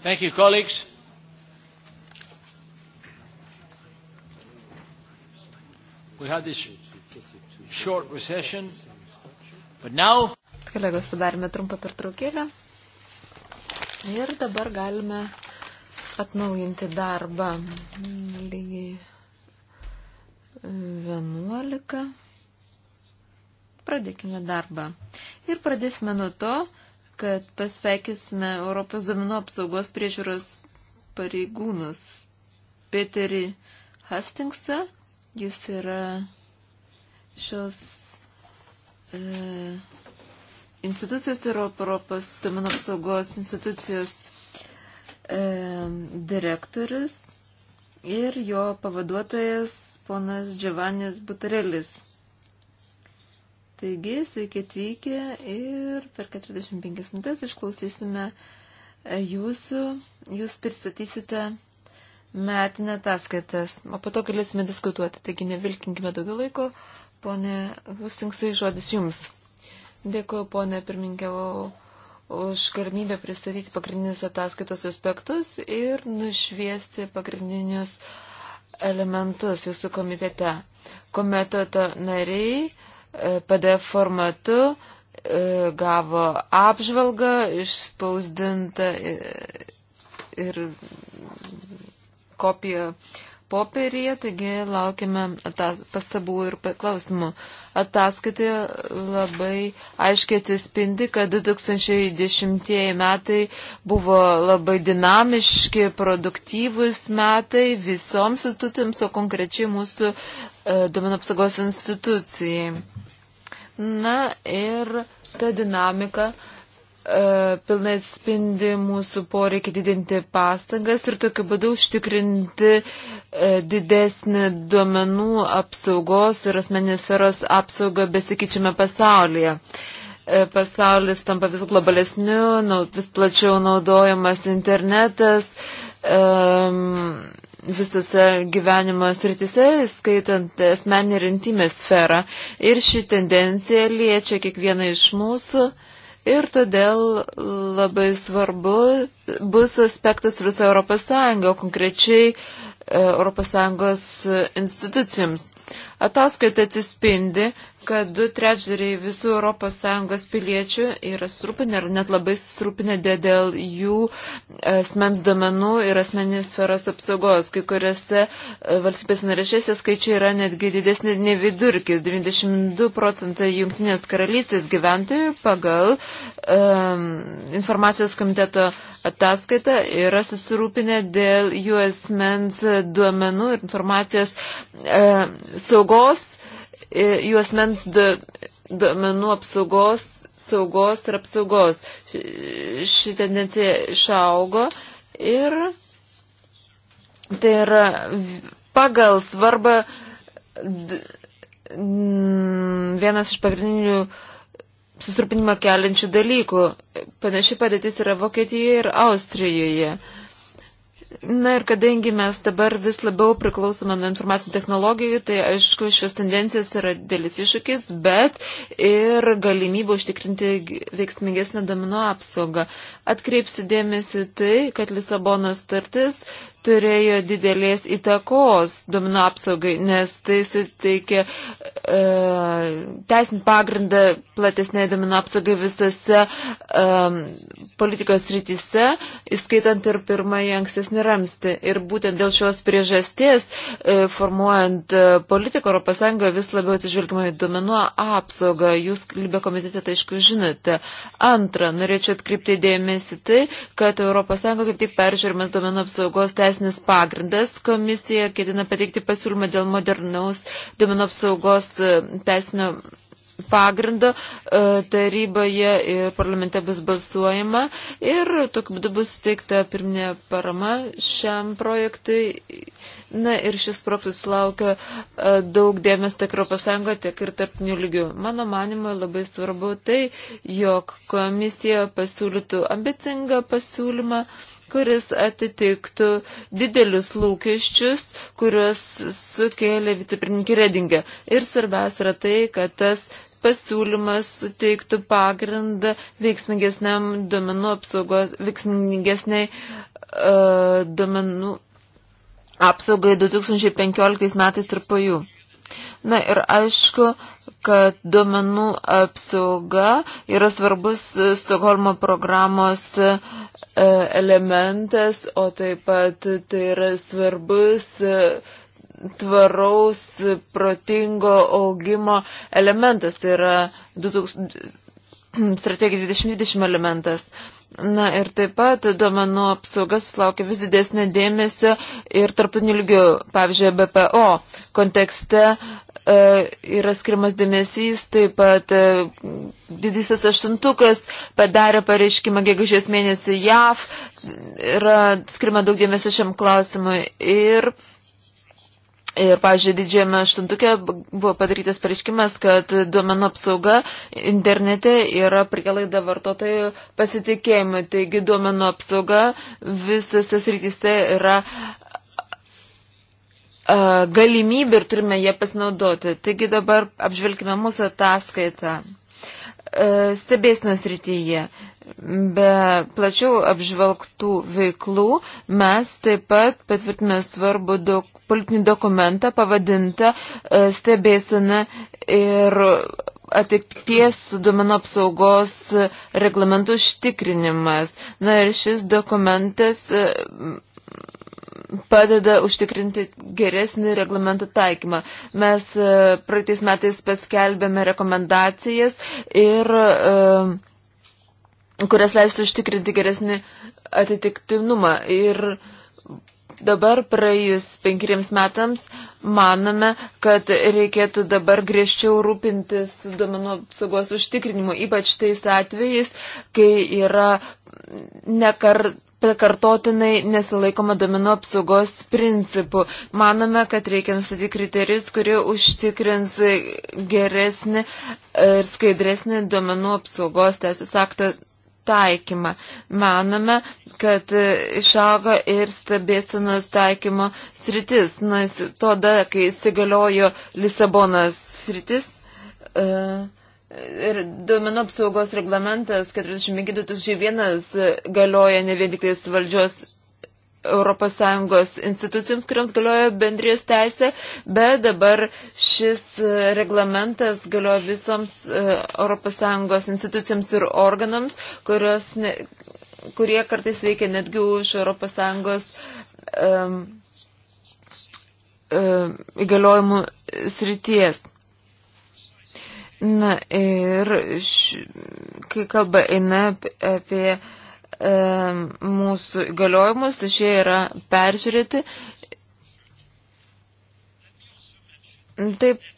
Thank you, colleagues. We had this short recession, but now... Kolegos, padarėme trumpą pertraukėlę ir dabar galime atnaujinti darbą lygiai 11. E, Pradėkime darbą. Ir pradėsime nuo to, kad pasveikisime Europos domino apsaugos priežiūros pareigūnus Peterį Hastingsą. Jis yra šios e, institucijos ir Europos domino apsaugos institucijos e, direktorius ir jo pavaduotojas ponas Džiovanis Butarelis. Taigi, sveiki atvykę ir per 45 minutės išklausysime e, jūsų, jūs pristatysite metinę ataskaitas, o po to galėsime diskutuoti. Taigi, nevilkinkime daugiau laiko, ponė Hustingsai, žodis jums. Dėkuoju, ponė pirminkiavau už galimybę pristatyti pagrindinius ataskaitos aspektus ir nušviesti pagrindinius elementus jūsų komitete. Komiteto nariai E, PDF formatu, e, gavo apžvalgą išspausdintą e, ir kopiją popierėje, taigi laukime pastabų ir klausimų. Ataskaitoje labai aiškiai atsispindi, kad 2010 metai buvo labai dinamiški, produktyvus metai visoms institutėms, o konkrečiai mūsų E, duomenų apsaugos institucijai. Na ir ta dinamika e, pilnai atspindi mūsų poreikį didinti pastangas ir tokiu būdu užtikrinti e, didesnį duomenų apsaugos ir asmeninės sferos apsaugą besikeičiame pasaulyje. Pasaulis tampa vis globalesniu, vis plačiau naudojamas internetas. Um, visose gyvenimo sritise, skaitant asmenį ir intimę sferą. Ir ši tendencija liečia kiekvieną iš mūsų. Ir todėl labai svarbu bus aspektas visą Europos Sąjungą, konkrečiai e, Europos Sąjungos institucijoms. Ataskaita atsispindi, kad du trečdaliai visų ES piliečių yra surūpinę ar net labai surūpinę dėl jų asmens domenų ir asmeninės sferos apsaugos. Kai kuriuose e, valstybės narešėse skaičiai yra netgi didesnė nei vidurkis. 92 procentai Junktinės karalystės gyventojų pagal um, informacijos komiteto ataskaita yra susirūpinę dėl jų asmens duomenų ir informacijos e, um, saugos E, juosmens duomenų apsaugos, saugos ir apsaugos. Ši tendencija išaugo ir tai yra pagal svarbą vienas iš pagrindinių susirūpinimą keliančių dalykų. Panaši padėtis yra Vokietijoje ir Austrijoje. Na ir kadangi mes dabar vis labiau priklausome nuo informacinių technologijų, tai aišku, šios tendencijos yra dėlis iššūkis, bet ir galimybė užtikrinti veiksmingesnę domino apsaugą. Atkreipsiu dėmesį tai, kad Lisabonos startis turėjo didelės įtakos domino apsaugai, nes tai suteikė e, teisinį pagrindą platesnė domino apsaugai visose e, politikos rytise, įskaitant ir pirmąjį ankstesnį ramstį. Ir būtent dėl šios priežasties, e, formuojant e, politiką Europos Sąjungoje, vis labiau atsižvelgiama į domino apsaugą. Jūs, Libė komitete, tai aišku, žinote. Antra, norėčiau atkreipti dėmesį tai, kad Europos Sąjunga kaip tik peržiūrimas domino apsaugos teisės teisinis pagrindas. Komisija ketina pateikti pasiūlymą dėl modernaus duomenų apsaugos e, teisinio pagrindu e, taryboje ir parlamente bus balsuojama ir tokiu būdu bus suteikta pirminė parama šiam projektui. Na ir šis projektas laukia e, daug dėmesio tiek Europos Sąjungoje, tiek ir tarpnių lygių. Mano manimo labai svarbu tai, jog komisija pasiūlytų ambicingą pasiūlymą. Uh, kuris atitiktų didelius lūkesčius, kuriuos sukėlė vicepirinkė Redingė. Ir svarbiausia yra tai, kad tas pasiūlymas suteiktų pagrindą veiksmingesniam duomenų apsaugos, veiksmingesniai uh, duomenų apsaugai 2015 metais ir po jų. Na ir aišku, kad duomenų apsauga yra svarbus e, Stokholmo programos e, elementas, o taip pat tai yra svarbus e, tvaraus, protingo augimo elementas, tai yra 2000, strategija 2020 elementas. Na ir taip pat duomenų apsaugas susilaukia vis didesnio dėmesio ir tarptautinių lygių, pavyzdžiui, BPO kontekste e, yra skirimas dėmesys, taip pat e, didysis aštuntukas padarė pareiškimą gegužės mėnesį JAV, yra skirima daug dėmesio šiam klausimui ir. E, Ir, pavyzdžiui, didžiame aštuntukė buvo padarytas pareiškimas, kad duomenų apsauga internete yra prikelaida vartotojų pasitikėjimui. Taigi duomenų apsauga visose srityse yra a, galimybė ir turime ją pasinaudoti. Taigi dabar apžvelgime mūsų ataskaitą e, stebėsinos rytyje. Be plačiau apžvelgtų veiklų mes taip pat patvirtime svarbu dok, politinį dokumentą pavadintą e, stebėsena ir atikties duomenų apsaugos reglamentų užtikrinimas. Na ir šis dokumentas e, padeda užtikrinti geresnį reglamento taikymą. Mes e, praeitais metais paskelbėme rekomendacijas ir uh, kurias leistų užtikrinti geresnį atitiktinumą. Ir dabar praėjus penkeriems metams manome, kad reikėtų dabar griežčiau rūpintis duomenų apsaugos užtikrinimu, ypač tais atvejais, kai yra nekar. Pakartotinai nesilaikoma domino apsaugos principų. Manome, kad reikia nustatyti kriterijus, kurie užtikrins geresnį ir skaidresnį domenų apsaugos teisės aktos taikymą. Manome, kad išaugo ir stebėsinos taikymo sritis. Nors tada, kai įsigaliojo Lisabonos sritis, uh, Ir duomenų apsaugos reglamentas 45.2001 galioja ne vien tik tais valdžios ES institucijoms, kuriams galioja bendrijos teisė, bet dabar šis e, reglamentas galioja visoms e, ES institucijoms ir organams, kurios, ne, kurie kartais veikia netgi už ES um, um, įgaliojimų srities. Na ir š, kai kalba eina apie, apie E, mūsų įgaliojimus, tai šie yra peržiūrėti. Taip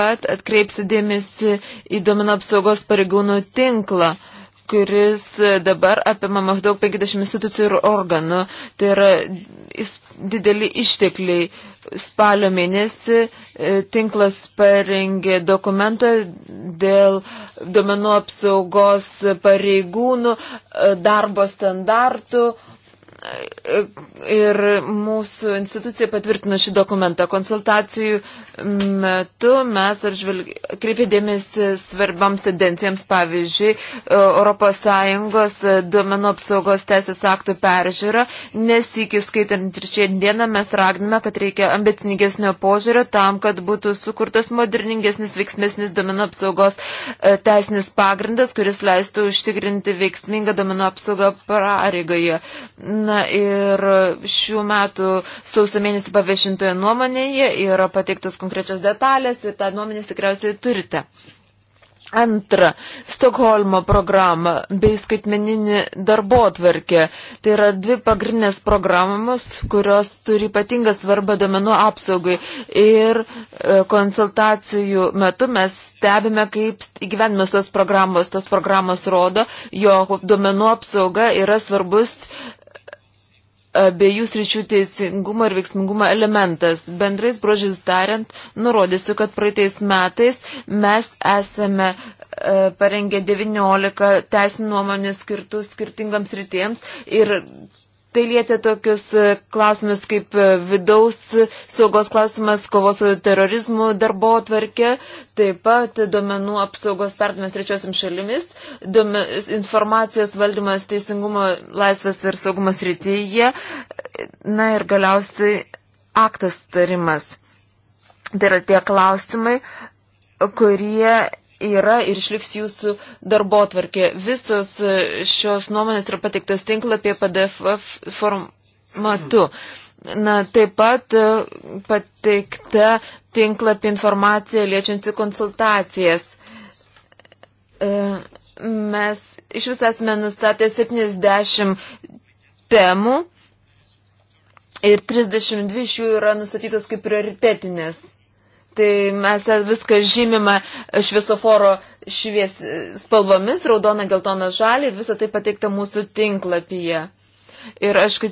pat atkreipsi dėmesį į domino apsaugos pareigūnų tinklą. Uh, kuris dabar apima maždaug 50 institucijų ir organų. Tai yra dideli ištekliai. Spalio mėnesį e, tinklas parengė dokumentą dėl duomenų apsaugos pareigūnų e, darbo standartų Ir mūsų institucija patvirtino šį dokumentą. Konsultacijų metu mes kreipėdėmėsi svarbiams tendencijams, pavyzdžiui, ES duomenų apsaugos teisės aktų peržiūra, nesikis skaitant ir šiandieną mes ragname, kad reikia ambicingesnio požiūrio tam, kad būtų sukurtas moderningesnis, veiksmesnis duomenų apsaugos e, teisinis pagrindas, kuris leistų užtikrinti veiksmingą duomenų apsaugą pareigoje patvirtina ir šių metų sausio mėnesį paviešintoje nuomonėje yra pateiktos konkrečios detalės ir tą nuomonę tikriausiai turite. Antra, Stokholmo programa bei skaitmeninė darbo atverkė. Tai yra dvi pagrindinės programos, kurios turi ypatingą svarbą domenų apsaugai. Ir e, konsultacijų metu mes stebime, kaip įgyvenimas tos programos. Tos programos rodo, jog domenų apsauga yra svarbus abiejų sričių teisingumo ir veiksmingumo elementas. Bendrais brožiais tariant, nurodysiu, kad praeitais metais mes esame e, parengę 19 teisinių nuomonių skirtų skirtingams rytiems ir Tai lietė tokius e, klausimus kaip e, vidaus saugos klausimas, kovos su terorizmu darbo atvarkė, taip pat duomenų apsaugos perdimas trečiosiam šalimis, duomenys, informacijos valdymas teisingumo, laisvės ir saugumos rytyje, na ir galiausiai aktas tarimas. Tai yra tie klausimai, kurie yra ir išliks jūsų darbo tvarkė. Visos e, šios nuomonės yra pateiktos tinklapė PDF formatu. Na, taip pat e, pateikta tinklapį informacija liečianti konsultacijas. E, mes iš vis esame nustatę 70 temų ir 32 iš jų yra nustatytos kaip prioritetinės. Tai mes viską žymime šviesoforo švies spalvomis, raudona, geltona, žalia ir visą tai pateikta mūsų tinklapyje. Ir aišku,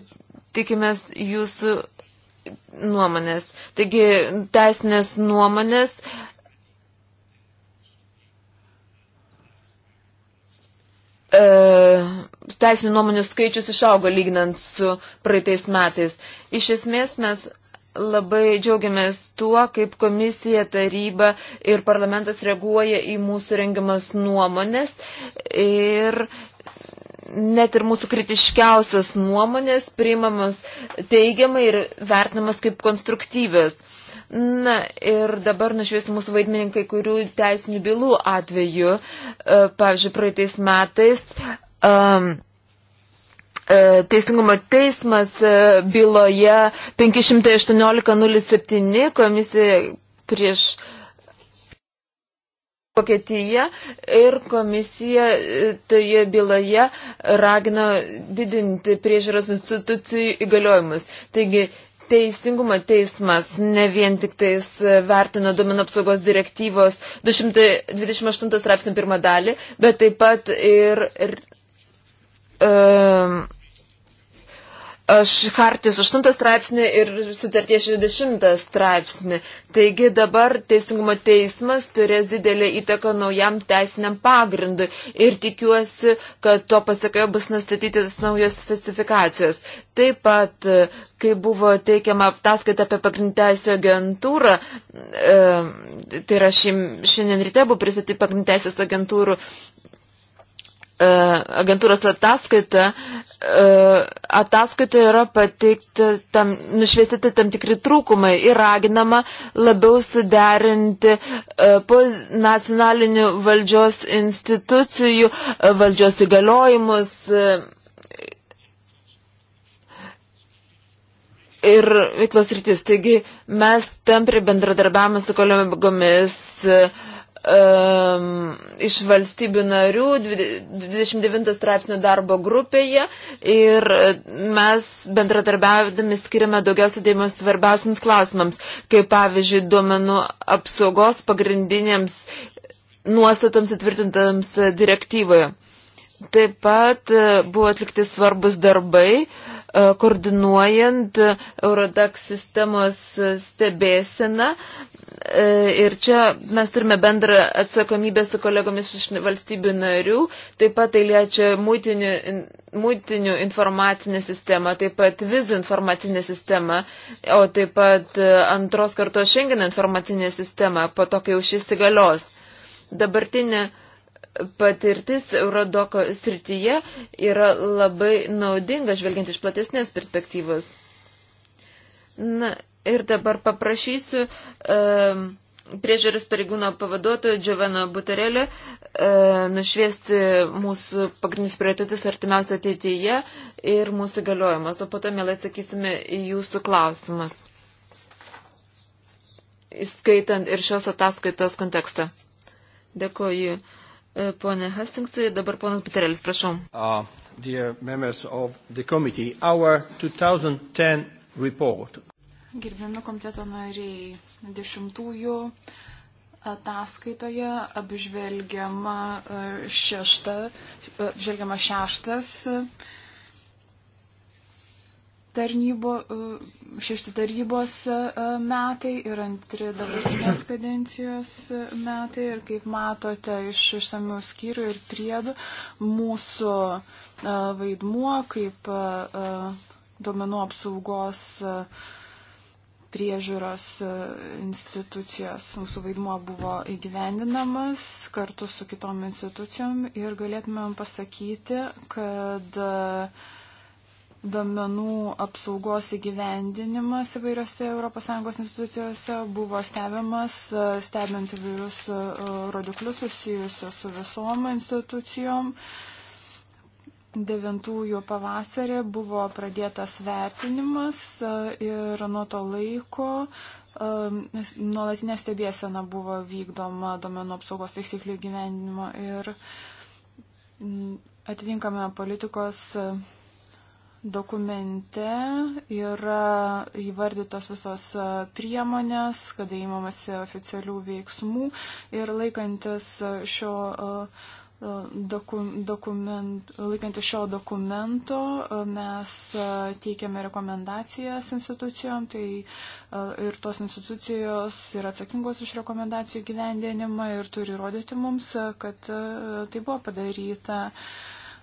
tikimės jūsų nuomonės. Taigi, teisinės nuomonės. E, teisinių nuomonių skaičius išaugo lyginant su praeitais metais. Iš esmės mes labai džiaugiamės tuo, kaip komisija, taryba ir parlamentas reaguoja į mūsų rengiamas nuomonės. Ir net ir mūsų kritiškiausias nuomonės priimamas teigiamai ir vertinamas kaip konstruktyvės. Na ir dabar nušviesiu mūsų vaidmeninkai, kurių teisinių bylų atveju, e, pavyzdžiui, praeitais metais um, E, Teisingumo teismas e, byloje 518.07 komisija prieš Vokietija ir komisija e, toje byloje ragina didinti priežiūros institucijų įgaliojimus. Taigi, Teisingumo teismas ne vien tik tais vertino domino apsaugos direktyvos 228 straipsnių pirmą dalį, bet taip pat ir, ir um, Aš Hartijos 8 straipsnį ir sutarties 60 straipsnį. Taigi dabar Teisingumo teismas turės didelį įtaką naujam teisiniam pagrindui ir tikiuosi, kad to pasakoje bus nustatytas naujos specifikacijos. Taip pat, e, kai buvo teikiama aptaskaita apie pagrindteisio agentūrą, e, tai yra šiandien ryte buvo pristatyti pagrindteisės agentūrų E, agentūros ataskaita, e, ataskaitoje yra pateikti, tam, nušviesyti tam tikri trūkumai ir raginama labiau suderinti e, nacionalinių valdžios institucijų, valdžios įgaliojimus. Ir veiklos rytis. Taigi mes tam prie bendradarbiavimą su kolegomis uh, um, iš valstybių narių 29 straipsnių darbo grupėje ir mes bendradarbiaudami skiriame daugiausia dėmesio svarbiausiams klausimams, kaip pavyzdžiui duomenų apsaugos pagrindinėms nuostatams įtvirtintams direktyvoje. Taip pat e, buvo atlikti svarbus darbai, uh, E, koordinuojant Eurodax sistemos stebėseną. E, ir čia mes turime bendrą atsakomybę su kolegomis iš valstybių narių, taip pat tai liečia mūtinių, mūtinių informacinę sistemą, taip pat vizų informacinę sistemą, o taip pat e, antros kartos šengino informacinę sistemą po to, kai jau šis įgalios. Dabartinė uh, patirtis Eurodoko srityje yra labai naudinga, žvelgiant iš platesnės perspektyvos. Na, ir dabar paprašysiu um, priežiūros pareigūno pavaduotojo Džioveno Butarelio uh, nušviesti mūsų pagrindinius prioritetus artimiausią ateityje ir mūsų galiojimas, o po to mielai atsakysime į jūsų klausimus, įskaitant ir šios ataskaitos kontekstą. Dėkuoju. E, pone Hastingsai, dabar ponas Piterelis, prašau. Uh, Our 2010 report. Gerbiami komiteto nariai, dešimtųjų ataskaitoje apžvelgiama, e, šešta, e, apžvelgiama šeštas tarnybo, e, šešti tarybos e, metai ir antri dabartinės kadencijos e, metai. Ir kaip matote iš išsamių skyrių ir priedų, mūsų vaidmuo kaip duomenų apsaugos priežiūros institucijos mūsų vaidmuo buvo įgyvendinamas kartu su kitom institucijom ir galėtumėm pasakyti, kad uh, Domenų apsaugos įgyvendinimas įvairiose ES institucijose buvo stebimas, stebint įvairius e, rodiklius susijusios su visom institucijom. Devintųjų pavasarį buvo pradėtas vertinimas e, ir nuo to laiko e, nuolatinė stebėsena buvo vykdoma domenų apsaugos taisyklių gyvenimo ir atitinkame politikos Dokumente yra įvardytos visos priemonės, kada įmamasi oficialių veiksmų ir laikantis šio e, doku, dokument, laikantis šio dokumento e, mes e, teikiame rekomendacijas institucijom, tai ir tos institucijos yra atsakingos už rekomendacijų gyvendinimą ir turi rodyti mums, kad tai buvo padaryta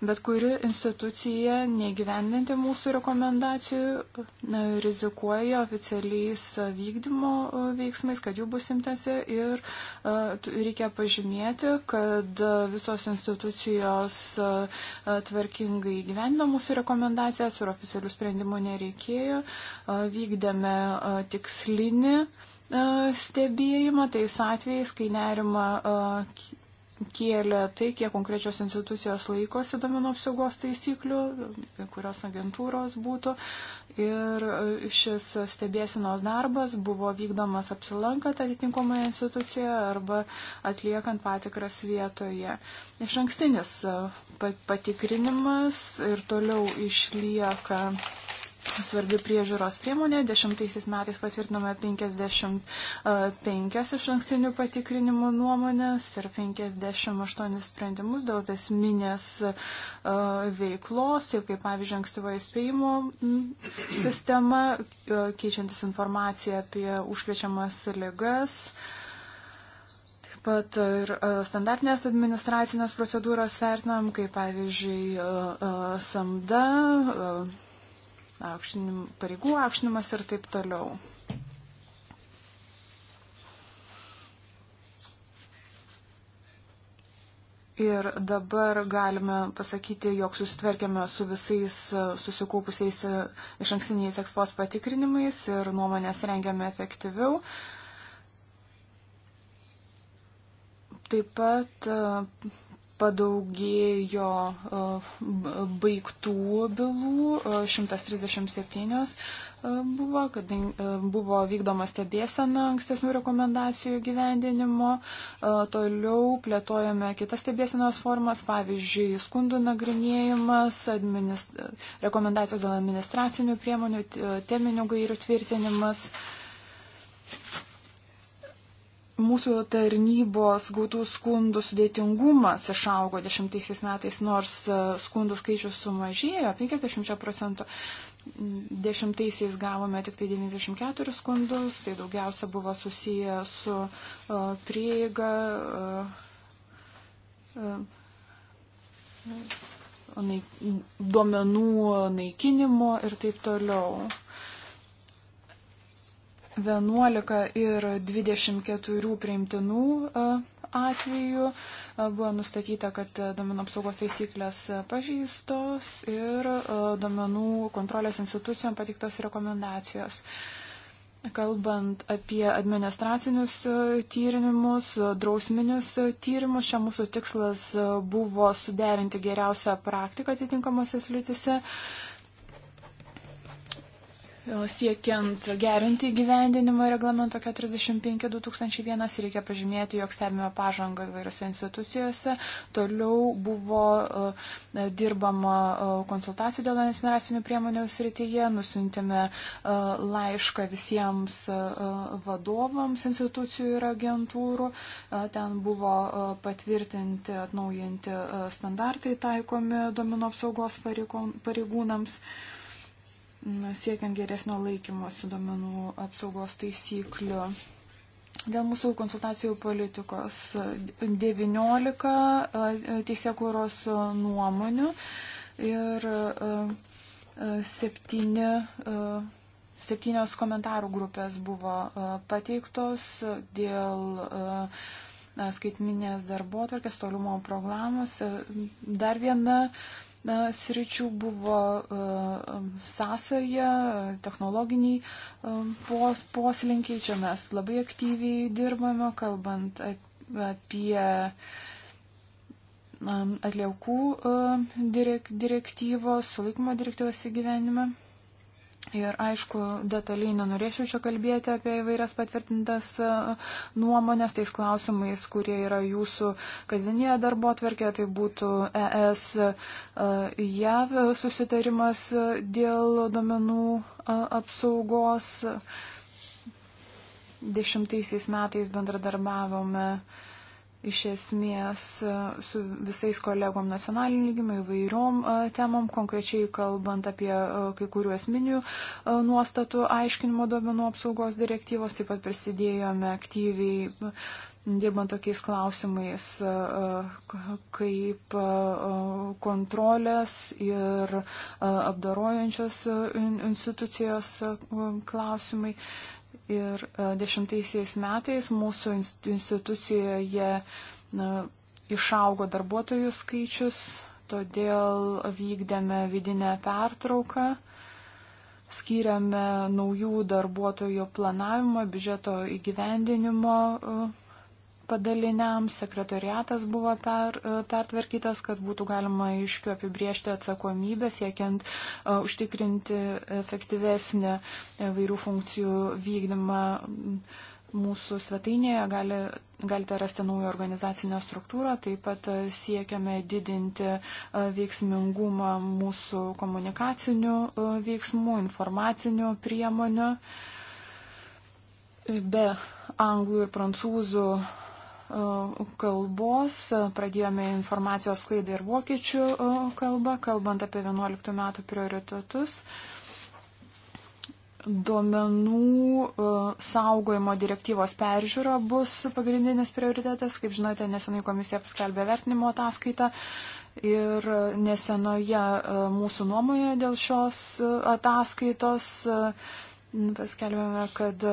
bet kuri institucija negyvendinti mūsų rekomendacijų na, rizikuoja oficialiais vykdymo e, veiksmais, kad jų bus imtasi ir e, reikia pažymėti, kad visos institucijos e, tvarkingai gyvendino mūsų rekomendacijas ir oficialių sprendimų nereikėjo. Vykdėme tikslinį stebėjimą tais atvejais, kai nerima kėlė tai, kiek konkrečios institucijos laikosi domenų apsaugos taisyklių, kurios agentūros būtų. Ir e, šis stebėsinos darbas buvo vykdomas apsilankant atitinkamoje institucijoje arba atliekant patikras vietoje. Iš ankstinis e, patikrinimas ir toliau išlieka svarbi priežiūros priemonė. Dešimtaisiais metais patvirtinome 55 iš ankstinių patikrinimų nuomonės ir 58 sprendimus dėl esminės e, veiklos, taip kaip pavyzdžiui ankstyvo įspėjimo sistema, e, keičiantis informaciją apie užkrečiamas ligas pat ir e, standartinės administracinės procedūros vertinam, kaip pavyzdžiui samda, aukštinim, pareigų aukštinimas ir taip toliau. Ir dabar galime pasakyti, jog susitvarkėme su visais e, susikūpusiais e, iš anksiniais ekspos patikrinimais ir nuomonės rengiame efektyviau. Taip pat e, padaugėjo e, baigtų bylų, 137 e, e, buvo, kadangi buvo vykdoma stebėsena ankstesnių rekomendacijų gyvendinimo. Toliau plėtojame kitas stebėsenos formas, pavyzdžiui, skundų nagrinėjimas, administ... rekomendacijos dėl administracinių priemonių, teminių gairių tvirtinimas. Uh, mūsų tarnybos gautų skundų sudėtingumas išaugo dešimtaisiais metais, nors e, skundų skaičius sumažėjo 50 procentų. Dešimtaisiais gavome tik tai 94 skundus, tai daugiausia buvo susiję su uh, prieiga. Uh, uh, duomenų naikinimu ir taip toliau. 11 ir 24 priimtinų e, atveju e, buvo nustatyta, kad e, domenų apsaugos taisyklės pažįstos ir domenų kontrolės institucijom patiktos rekomendacijos. Kalbant apie administracinius tyrinimus, drausminius tyrimus, čia mūsų tikslas buvo suderinti geriausią praktiką atitinkamose slytise E, siekiant gerinti gyvendinimo reglamento 45-2001 reikia pažymėti, jog stebime pažangą įvairiose institucijose. Toliau buvo e, dirbama e, konsultacijų dėl nesmerasinių priemonių srityje. Nusintėme laišką visiems vadovams institucijų ir agentūrų. Ten buvo patvirtinti, atnaujinti standartai taikomi domino apsaugos pareigūnams. Pareigūn, siekiant geresnio laikymosi duomenų apsaugos taisyklių. Dėl mūsų konsultacijų politikos 19 teisėkūros nuomonių ir 7, 7 komentarų grupės buvo pateiktos dėl skaitminės darbo tarkės tolumo programos. Dar viena sričių buvo e, sąsaja, technologiniai e, poslinkiai. Čia mes labai aktyviai dirbame, kalbant apie atliekų e, direktyvos, sulaikymo direktyvos įgyvenimą. Ir aišku, detaliai nenorėčiau čia kalbėti apie įvairias patvirtintas e, nuomonės, tais klausimais, kurie yra jūsų kasdienėje darbo atverkė, tai būtų ES e, JAV susitarimas e, dėl domenų apsaugos. Dešimtaisiais metais bendradarbavome uh, iš esmės e, su visais kolegom nacionaliniu lygimu įvairiom e, temom, konkrečiai kalbant apie e, kai kurių esminių nuostatų aiškinimo duomenų apsaugos direktyvos, taip pat prisidėjome aktyviai dirbant tokiais klausimais kaip kontrolės ir apdarojančios institucijos klausimai. Ir e, dešimtaisiais metais mūsų institucijoje na, išaugo darbuotojų skaičius, todėl vykdėme vidinę pertrauką, skiriame naujų darbuotojų planavimo, biudžeto įgyvendinimo e, padaliniams, sekretoriatas buvo per, e, pertvarkytas, kad būtų galima aiškiu apibriežti atsakomybę, siekiant uh, užtikrinti efektyvesnį vairių funkcijų vykdymą. Mūsų svetainėje gali, galite rasti naują organizacinę struktūrą, taip pat e, siekiame didinti veiksmingumą mūsų komunikacinių veiksmų, informacinių priemonių be anglų ir prancūzų kalbos, pradėjome informacijos sklaidą ir vokiečių e, kalbą, kalbant apie 11 metų prioritetus. Duomenų e, saugojimo direktyvos peržiūra bus pagrindinis prioritetas. Kaip žinote, nesenai komisija paskelbė vertinimo ataskaitą ir nesenoje e, mūsų nuomoje dėl šios ataskaitos Paskelbėme, kad e,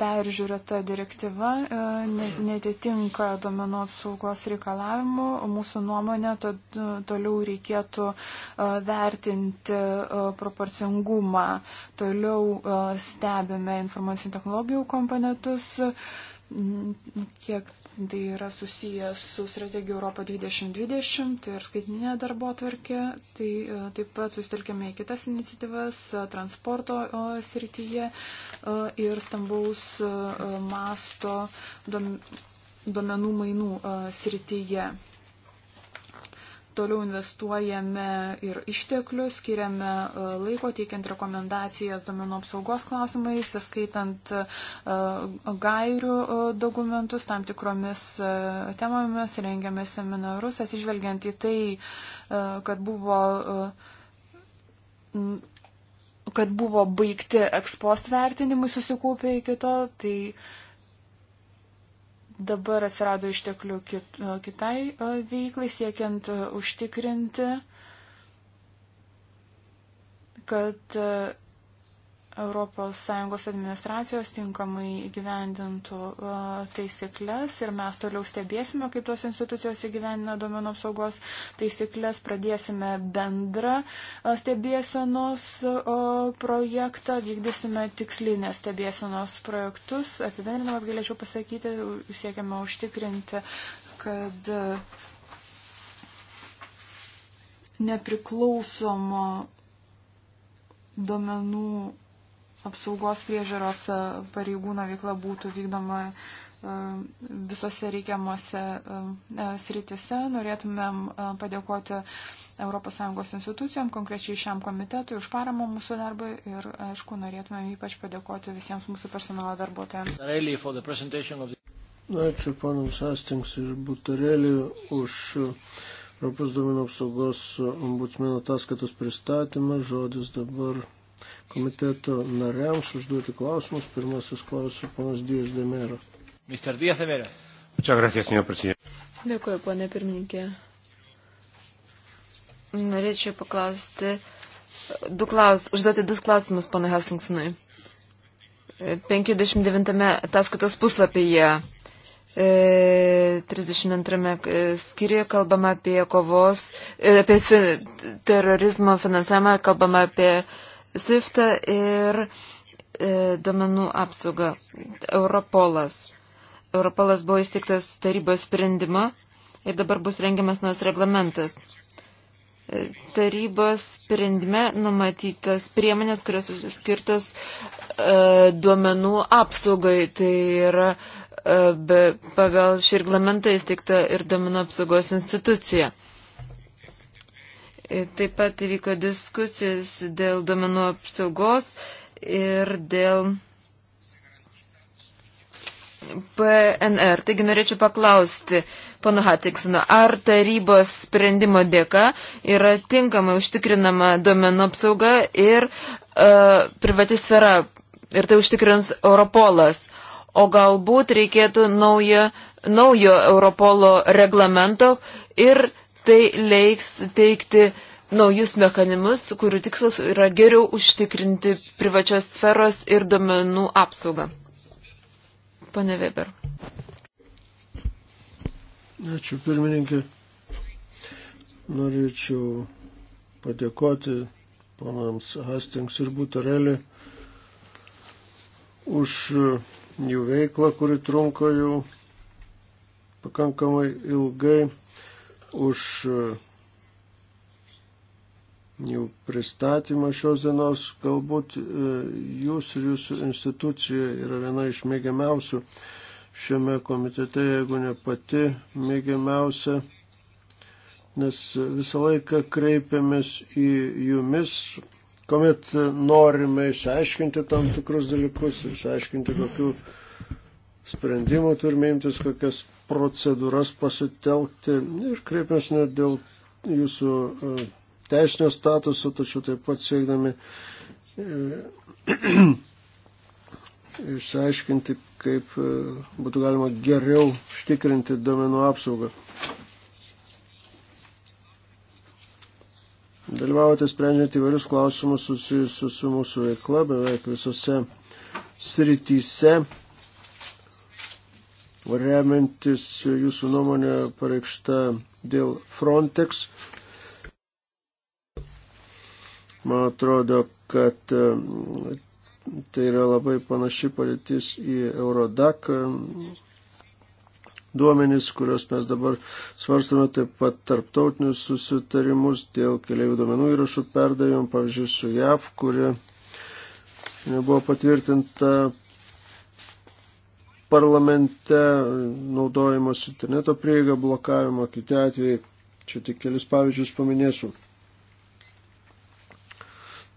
peržiūrėta direktyva e, netitinka domenų apsaugos reikalavimų. Mūsų nuomonė, tad e, toliau reikėtų vertinti proporcingumą. Toliau stebime informacinių technologijų komponentus kiek Tai yra susijęs su strategija Europo 2020 ir skaitinė darbo atvarkė. Tai e, taip pat susitelkėme į kitas iniciatyvas e, transporto e, srityje ir stambaus masto duomenų mainų srityje toliau investuojame ir išteklius, skiriame e, laiko teikiant rekomendacijas domenų apsaugos klausimais, skaitant e, gairių e, dokumentus tam tikromis temomis, rengiame seminarus, atsižvelgiant į tai, kad buvo kad buvo baigti ekspost vertinimai susikaupę iki to, tai uh, Dabar atsirado išteklių kit, e, kitai e, veiklai, siekiant e, užtikrinti, kad ES administracijos tinkamai įgyvendintų e, taisyklės ir mes toliau stebėsime, kaip tos institucijos įgyvendina duomenų apsaugos taisyklės, pradėsime bendrą e, stebėsenos e, projektą, vykdysime tikslinę stebėsenos projektus. Apibendrinamas galėčiau pasakyti, siekiame užtikrinti, kad nepriklausomo duomenų apsaugos priežiūros e, pareigūno veikla būtų vykdoma e, visose reikiamuose sritise. Norėtumėm e, padėkoti ES institucijom, konkrečiai šiam komitetui už paramą mūsų darbui ir, aišku, norėtumėm ypač padėkoti visiems mūsų personalo darbuotojams. Ačiū panams Hastings ir Butarelį už Europos duomenų apsaugos ombudsmeno ataskaitos pristatymą. Žodis dabar komiteto nariams užduoti klausimus. Pirmasis klausimas panas Dijas Demero. Mr. Dijas Demero. Muchas gracias, señor presidente. Dėkuoju, ponė pirmininkė. Norėčiau paklausti, du klaus, užduoti du klausimus ponui Hastingsonui. 59 ataskaitos puslapyje 32 e, skyriuje kalbama apie kovos, e, apie fi, terorizmo finansavimą, kalbama apie uh, SWIFTą ir e, domenų apsaugą. Europolas. Europolas buvo įsteigtas tarybos sprendimo ir dabar bus rengiamas nuos reglamentas. E, tarybos sprendime numatytas priemonės, kurios skirtos e, duomenų apsaugai. Tai yra e, be, pagal šį reglamentą įsteigta ir duomenų apsaugos institucija. E, E, taip pat įvyko diskusijos dėl domenų apsaugos ir dėl PNR. Taigi norėčiau paklausti, pono Hatiksino, ar tarybos sprendimo dėka yra tinkamai užtikrinama domenų apsauga ir uh, privati sfera, ir tai užtikrins Europolas. O galbūt reikėtų naujo, naujo Europolo reglamento ir Tai leiks teikti naujus mechanizmus, kurių tikslas yra geriau užtikrinti privačios sferos ir domenų apsaugą. Pane Weber. Ačiū pirmininkė. Norėčiau padėkoti ponams Hastings ir Butarelį už jų veiklą, kuri trunka jau pakankamai ilgai už e, jau pristatymą šios dienos. Galbūt e, jūs ir jūsų institucija yra viena iš mėgiamiausių šiame komitete, jeigu ne pati mėgiamiausia, nes visą laiką kreipiamės į jumis, kuomet norime išsiaiškinti tam tikrus dalykus, išsiaiškinti kokių sprendimų turime imtis, kokias procedūras pasitelkti ir kreipės ne dėl jūsų e, teisinio statuso, tačiau taip pat siekdami e, išsiaiškinti, kaip e, būtų galima geriau užtikrinti domenų apsaugą. Dalyvaujate sprendžiant įvairius klausimus susijusius su mūsų veikla beveik visose srityse remiantis jūsų nuomonė pareikšta dėl Frontex. Man atrodo, kad e, tai yra labai panaši padėtis į Eurodac e, duomenys, kuriuos mes dabar svarstame, taip pat tarptautinius susitarimus dėl keliaivių duomenų įrašų perdavimų, pavyzdžiui, su JAV, kuri nebuvo patvirtinta parlamente naudojimas interneto prieiga, blokavimo, kiti atvejai. Čia tik kelis pavyzdžius paminėsiu.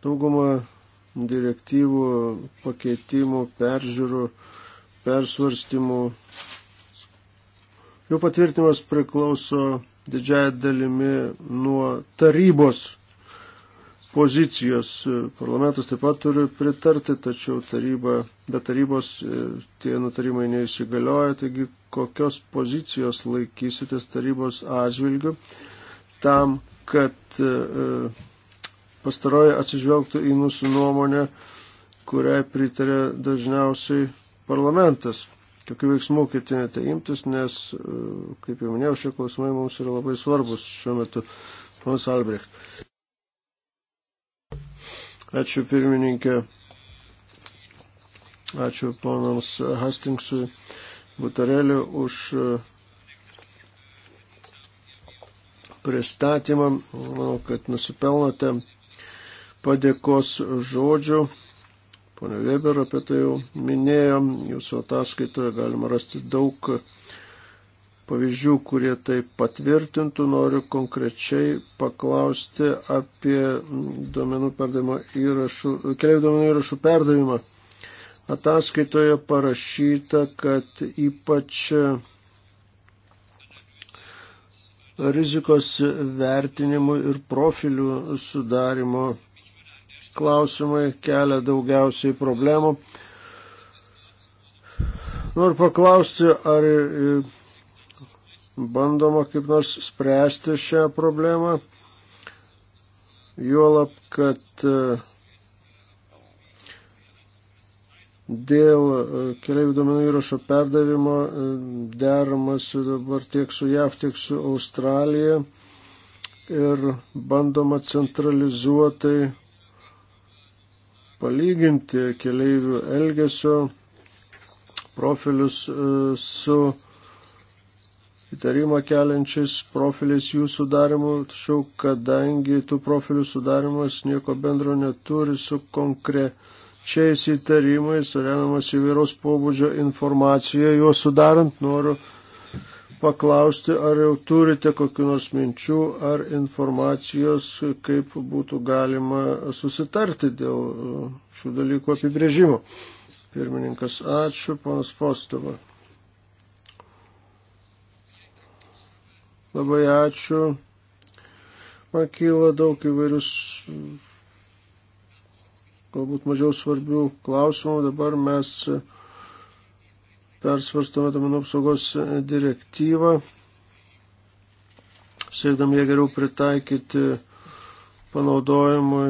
Dauguma direktyvų, pakeitimų, peržiūrų, persvarstymų. Jų patvirtimas priklauso didžiai dalimi nuo tarybos pozicijos. E, parlamentas taip pat turi pritarti, tačiau taryba, be tarybos e, tie nutarimai neįsigalioja, taigi kokios pozicijos laikysitės tarybos atžvilgių tam, kad e, pastaroji atsižvelgtų į mūsų nuomonę, kuriai pritarė dažniausiai parlamentas. Kokių veiksmų ketinate imtis, nes, kaip jau minėjau, šie klausimai mums yra labai svarbus šiuo metu. Ponas Albrecht. Ačiū pirmininkė. Ačiū ponams Hastingsui Butareliu už uh, pristatymą. Manau, kad nusipelnote padėkos žodžių. Pone Weber apie tai jau minėjo, jūsų ataskaitoje galima rasti daug pavyzdžių, kurie tai patvirtintų. Noriu konkrečiai paklausti apie duomenų perdavimo įrašų, keliaivių duomenų įrašų perdavimą. Ataskaitoje parašyta, kad ypač rizikos vertinimų ir profilių sudarimo klausimai kelia daugiausiai problemų. Noriu paklausti, ar bandoma kaip nors spręsti šią problemą. Juolab, kad e, dėl e, keliaivių duomenų įrašo perdavimo e, deramasi dabar tiek su JAV, tiek su Australija ir bandoma centralizuotai palyginti keliaivių elgesio profilius su įtarimą keliančiais profiliais jų sudarimu, tačiau kadangi tų profilių sudarimas nieko bendro neturi su konkrečiais įtarimais, remiamas įvairiaus pobūdžio informacija, juos sudarant noriu paklausti, ar jau turite kokiu nors minčių ar informacijos, kaip būtų galima susitarti dėl šių dalykų apibrėžimo. Pirmininkas, ačiū, ponas Fostova. Labai ačiū. Man kyla daug įvairius, galbūt mažiau svarbių klausimų. Dabar mes persvarstome domenų apsaugos direktyvą, siekdami ją geriau pritaikyti panaudojimui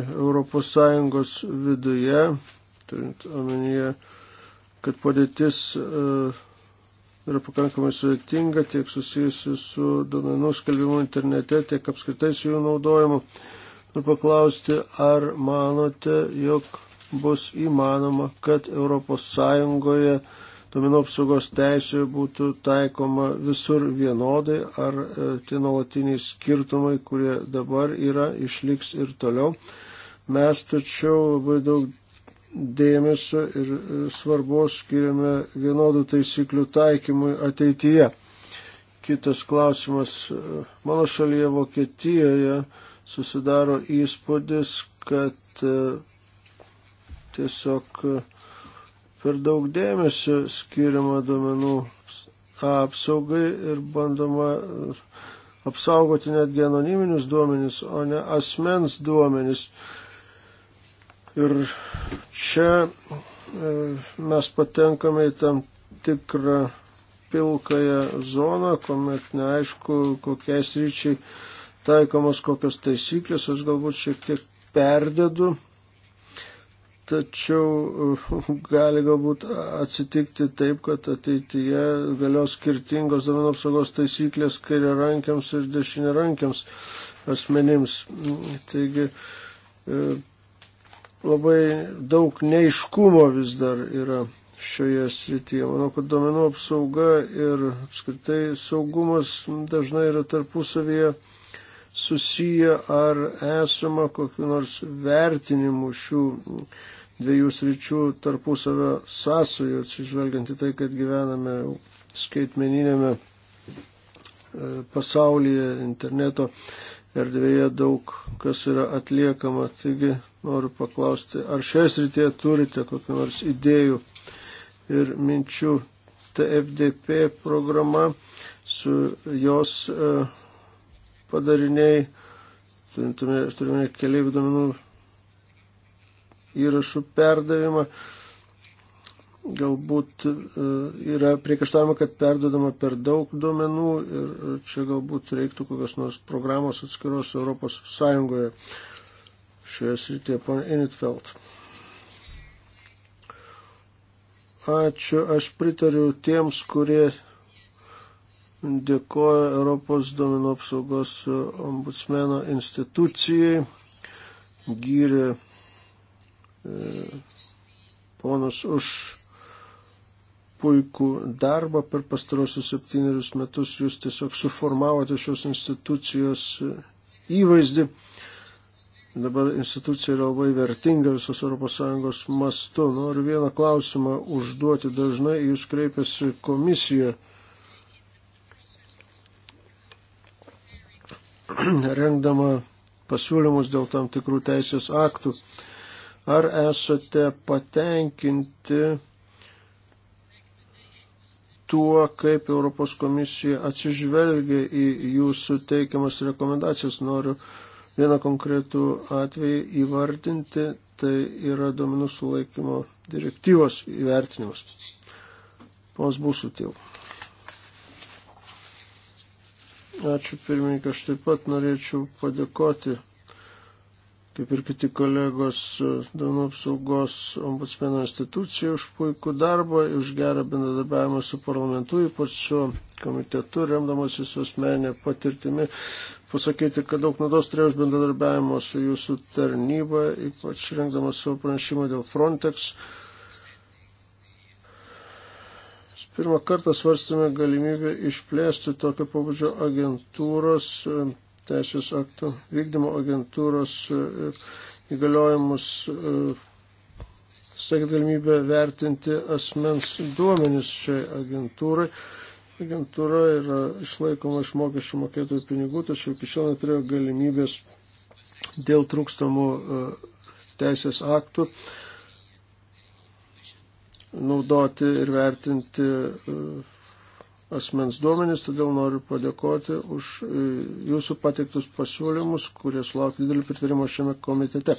ES viduje, turint omenyje, kad padėtis uh, yra pakankamai sudėtinga, tiek susijusi su duomenų skelbimu internete, tiek apskritai su jų naudojimu. Ir paklausti, ar manote, jog bus įmanoma, kad ES duomenų apsaugos teisė būtų taikoma visur vienodai, ar e, tie nuolatiniai skirtumai, kurie dabar yra, išliks ir toliau. Mes tačiau labai daug dėmesio ir e, svarbos skiriame vienodų taisyklių taikymui ateityje. Kitas klausimas. E, mano šalyje Vokietijoje susidaro įspūdis, kad e, tiesiog per daug dėmesio skiriama duomenų apsaugai ir bandoma apsaugoti netgi anoniminius duomenis, o ne asmens duomenis. Ir čia e, mes patenkame į tam tikrą pilkąją zoną, kuomet neaišku, kokiais ryčiai taikomos kokios taisyklės, aš galbūt šiek tiek perdedu, tačiau e, gali galbūt atsitikti taip, kad ateityje galios skirtingos duomenų apsaugos taisyklės kairiarankiams ir dešiniarankiams asmenims. Taigi, e, labai daug neiškumo vis dar yra šioje srityje. Manau, kad domenų apsauga ir apskritai saugumas dažnai yra tarpusavyje susiję ar esama kokiu nors vertinimu šių dviejų sričių tarpusavio sąsojų, atsižvelgiant į tai, kad gyvename skaitmeninėme e, pasaulyje interneto erdvėje daug kas yra atliekama. Taigi noriu paklausti, ar šioje srityje turite kokių nors idėjų ir minčių. TFDP programa su jos e, padariniai, turime, turime keliaivių duomenų įrašų perdavimą galbūt e, yra priekaštavimo, kad perdodama per daug duomenų ir e, čia galbūt reiktų kokios nors programos atskiros Europos Sąjungoje šioje srityje, ponė Enitfeld. Ačiū, aš pritariu tiems, kurie dėkoja Europos duomenų apsaugos ombudsmeno institucijai, gyrė e, ponus už puikų darbą per pastarosius septynerius metus. Jūs tiesiog suformavote šios institucijos įvaizdį. Dabar institucija yra labai vertinga visos ES mastu. Noriu vieną klausimą užduoti. Dažnai jūs kreipiasi komisija. rengdama pasiūlymus dėl tam tikrų teisės aktų. Ar esate patenkinti tuo, kaip Europos komisija atsižvelgia į jūsų teikiamas rekomendacijas. Noriu vieną konkretų atvejį įvardinti, tai yra duomenų sulaikymo direktyvos įvertinimas. Pons būsų tėvų. Ačiū pirmininkai, aš taip pat norėčiau padėkoti kaip ir kiti kolegos, duomenų apsaugos ombudsmeno institucijų už puikų darbą, už gerą bendradarbiavimą su parlamentu, ypač su komitetu, remdamasis asmenė patirtimi. Pasakyti, kad daug naudos turėjau iš bendradarbiavimo su jūsų tarnyba, ypač rengdamas savo pranešimą dėl Frontex. Pirmą kartą svarstame galimybę išplėsti tokio pabudžio agentūros teisės aktų vykdymo agentūros e, įgaliojimus e, suteikia galimybę vertinti asmens duomenis šiai agentūrai. Agentūra yra išlaikoma iš mokesčių mokėtojų pinigų, tačiau iki šiol neturėjo galimybės dėl trūkstamų e, teisės aktų naudoti ir vertinti asmens duomenys, todėl noriu padėkoti už e, jūsų pateiktus pasiūlymus, kurie sulaukia didelį pritarimą šiame komitete.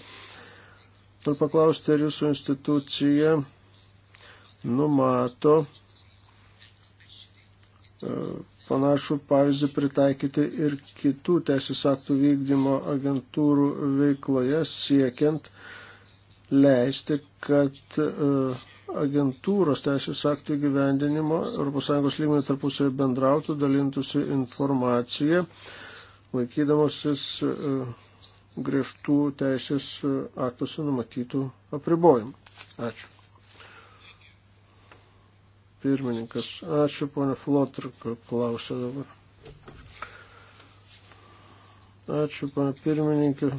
Noriu paklausti, ar jūsų institucija numato e, panašų pavyzdį pritaikyti ir kitų teisės aktų vykdymo agentūrų veikloje siekiant leisti, kad uh, agentūros teisės aktų gyvendinimo ES lygmenį tarpusavį bendrautų, dalintųsi informaciją, laikydamasis e, griežtų teisės e, aktuose numatytų apribojimų. Ačiū. Pirmininkas. Ačiū, ponė Flotrika, klausė dabar. Ačiū, ponė pirmininkė.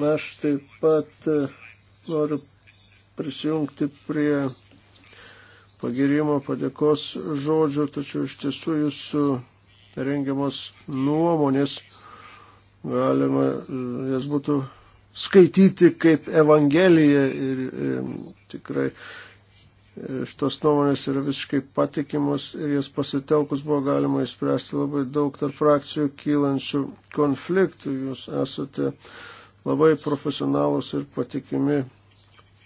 Aš taip pat e, noriu prisijungti prie pagirimo padėkos žodžių, tačiau iš tiesų jūsų rengiamos nuomonės galima, e, jas būtų skaityti kaip Evangeliją ir, ir e, tikrai šitos nuomonės yra visiškai patikimos ir jas pasitelkus buvo galima įspręsti labai daug tarp frakcijų kylančių konfliktų. Jūs esate labai profesionalus ir patikimi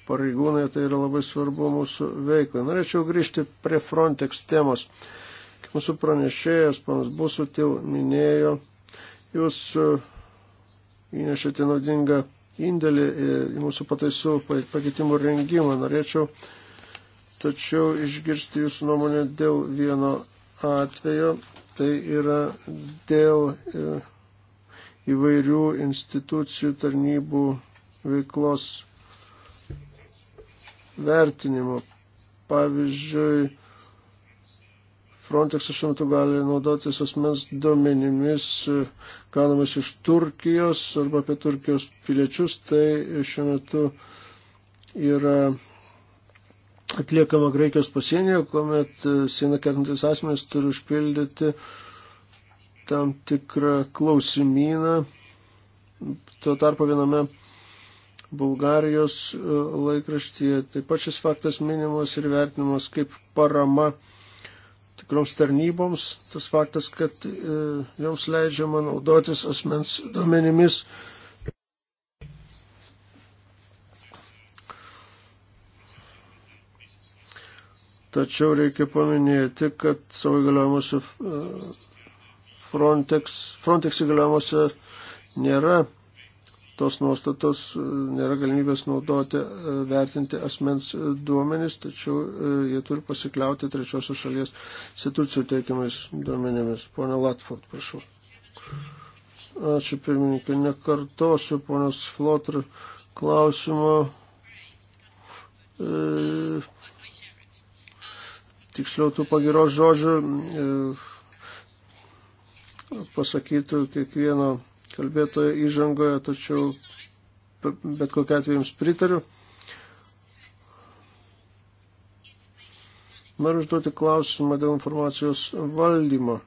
pareigūnai, tai yra labai svarbu mūsų veiklai. Norėčiau grįžti prie Frontex temos. Kaip mūsų pranešėjas, panas Busutil, minėjo, jūs e, įnešėte naudingą indėlį į mūsų pataisų pakeitimų rengimą. Norėčiau tačiau išgirsti jūsų nuomonę dėl vieno atvejo, tai yra dėl e, įvairių institucijų tarnybų veiklos vertinimo. Pavyzdžiui, Frontex šiuo metu gali naudotis asmens duomenimis, gaunamas iš Turkijos arba apie Turkijos piliečius, tai šiuo metu yra atliekama Graikijos pasienyje, kuomet siena kertantis asmenys turi užpildyti uh, tam tikrą klausimyną. Tuo tarpu viename Bulgarijos e, laikraštyje taip pat šis faktas minimas ir vertinamas kaip parama tikroms tarnyboms. Tas faktas, kad e, joms leidžiama naudotis asmens duomenimis. Tačiau reikia paminėti, kad savo įgaliojimus Frontex, Frontex įgaliojimuose nėra tos nuostatos, nėra galimybės naudoti, vertinti asmens duomenis, tačiau e, jie turi pasikliauti trečiosios šalies institucijų teikiamais duomenimis. Pone Latford, prašau. Ačiū pirmininkai, nekartosiu ponios Flotr klausimo. E, tiksliau tų pagiros žodžių. E, pasakytų kiekvieno kalbėtojo įžangoje, tačiau bet kokia atveju jums pritariu. Noriu užduoti klausimą dėl informacijos valdymo.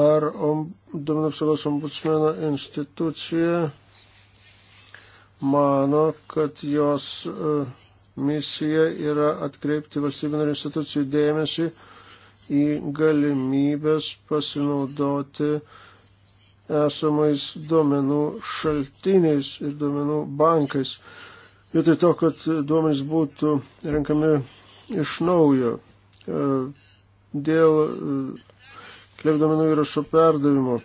Ar duomenų apsaugos ombudsmeno institucija mano, kad jos uh, misija yra atkreipti valstybinio institucijų dėmesį į galimybės pasinaudoti esamais duomenų šaltiniais ir duomenų bankais. Vietoj to, kad duomenys būtų renkami iš naujo e, dėl e, kliek duomenų įrašo perdavimo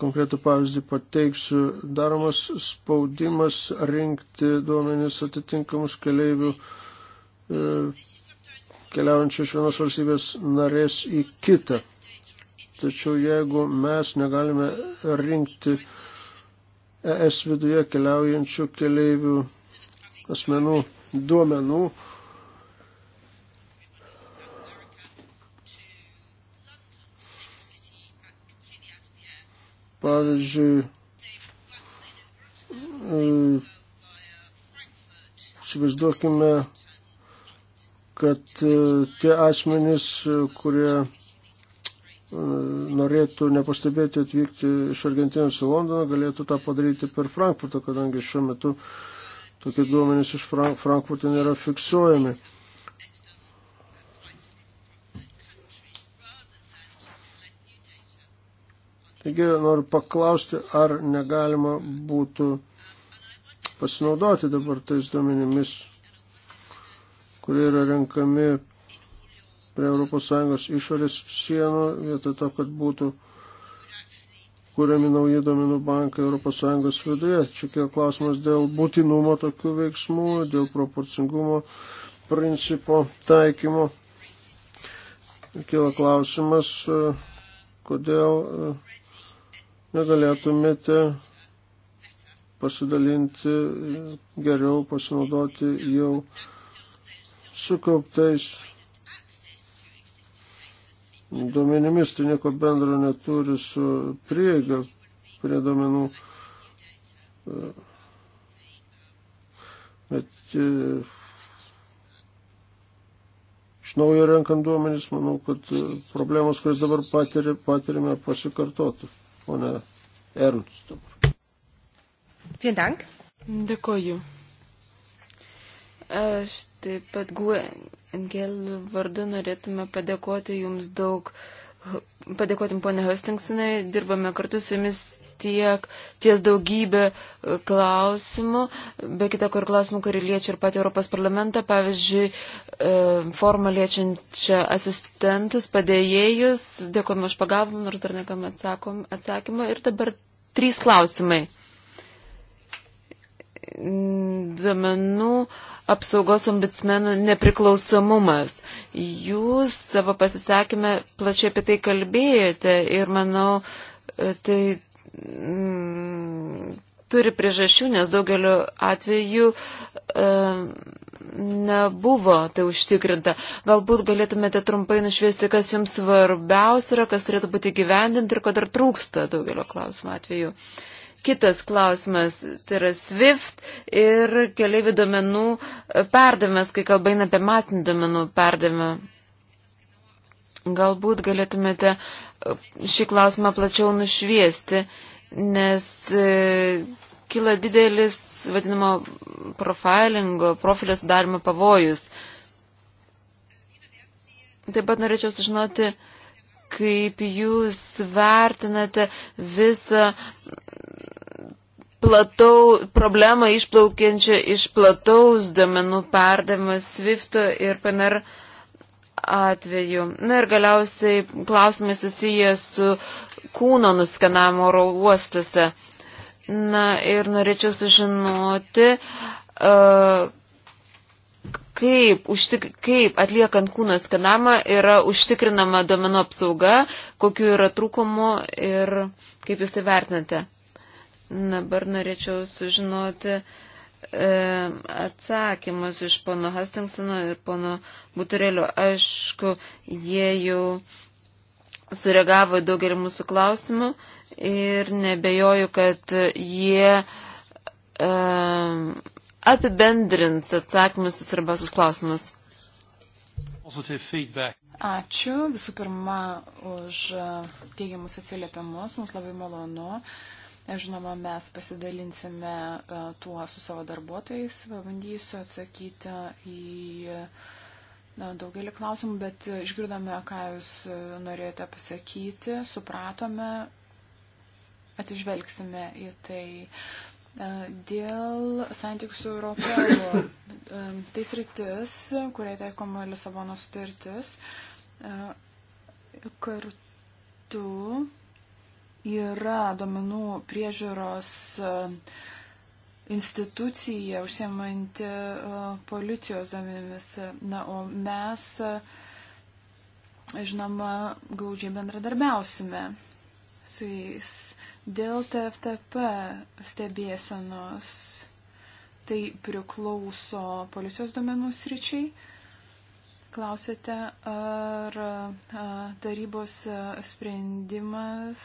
konkretų pavyzdį pateiksiu, daromas spaudimas rinkti duomenis atitinkamus keleivių e, keliaujančių iš vienos valstybės narės į kitą. Tačiau jeigu mes negalime rinkti ES viduje keliaujančių keleivių asmenų duomenų, Pavyzdžiui, e, įsivaizduokime, kad e, tie asmenys, kurie e, norėtų nepastebėti atvykti iš Argentinos į Londoną, galėtų tą padaryti per Frankfurtą, kadangi šiuo metu tokie duomenys iš Frank Frankfurtą nėra fiksuojami. Taigi noriu paklausti, ar negalima būtų pasinaudoti dabar tais duomenimis, kurie yra renkami prie ES išorės sienų, vietoj to, kad būtų kuriami nauji duomenų bankai ES viduje. Čia kiek klausimas dėl būtinumo tokių veiksmų, dėl proporcingumo principo taikymo. Kila klausimas, kodėl negalėtumėte pasidalinti, geriau pasinaudoti jau sukauptais duomenimis, tai nieko bendro neturi su prieiga prie duomenų. Bet e, iš naujo renkant duomenys, manau, kad problemos, kurias dabar patirime, pasikartotų. Pone Ernst. Vielen Dank. Dėkoju. Aš taip pat Gue Angel vardu norėtume padėkoti Jums daug, padėkoti ponė Hostingsonai, dirbame kartu su Jumis tiek ties daugybė e, klausimų, be kita kur klausimų, kurį liečia ir pati Europos parlamentą, pavyzdžiui, e, formą liečiančią asistentus, padėjėjus. Dėkojame už pagalbą, nors dar nekam atsakom atsakymą. Ir dabar trys klausimai. Duomenų apsaugos ombudsmenų nepriklausomumas. Jūs savo pasisakymę plačiai apie tai kalbėjote ir manau, e, tai m, mm, turi priežasčių, nes daugeliu atveju e, nebuvo tai užtikrinta. Galbūt galėtumėte trumpai nušviesti, kas jums svarbiausia yra, kas turėtų būti gyvendinti ir ko dar trūksta daugelio klausimų atveju. Kitas klausimas, tai yra SWIFT ir keliaivių domenų perdavimas, kai kalba eina apie masinį domenų perdavimą. Galbūt galėtumėte uh, šį klausimą plačiau nušviesti, nes e, kyla didelis, vadinamo, profilingo, profilio sudarimo pavojus. Taip pat norėčiau sužinoti, kaip jūs vertinate visą platau, problemą išplaukiančią iš plataus domenų perdavimo SWIFT ir PNR. Uh, atveju. Na ir galiausiai klausimai susiję su kūno nuskenavimo oro uostuose. Na ir norėčiau sužinoti, e, kaip, užtik, kaip atliekant kūno skenamą yra užtikrinama domenų apsauga, kokiu yra trūkumu ir kaip jūs tai vertinate. Dabar norėčiau sužinoti, uh, E, atsakymus iš pono Hastingsono ir pono Buturėlio. Aišku, jie jau sureagavo daugelį mūsų klausimų ir nebejoju, kad jie um, apibendrins atsakymus į svarbiausius klausimus. Ačiū visų pirma už e, teigiamus atsiliepimus, mums labai malonu. Uh, Žinoma, mes pasidalinsime e, tuo su savo darbuotojais, bandysiu atsakyti į na, daugelį klausimų, bet išgirdome, ką Jūs e, norėjote pasakyti, supratome, atsižvelgsime į tai. E, dėl santykių su Europolu, tai sritis, kuriai taikoma Lisabono sutartis, kartu yra domenų priežiūros e, institucija užsiemanti e, policijos duomenimis. Na, o mes, e, žinoma, glaudžiai bendradarbiausime su jais dėl TFTP stebėsenos. Tai priklauso policijos duomenų sričiai. Klausėte, ar tarybos sprendimas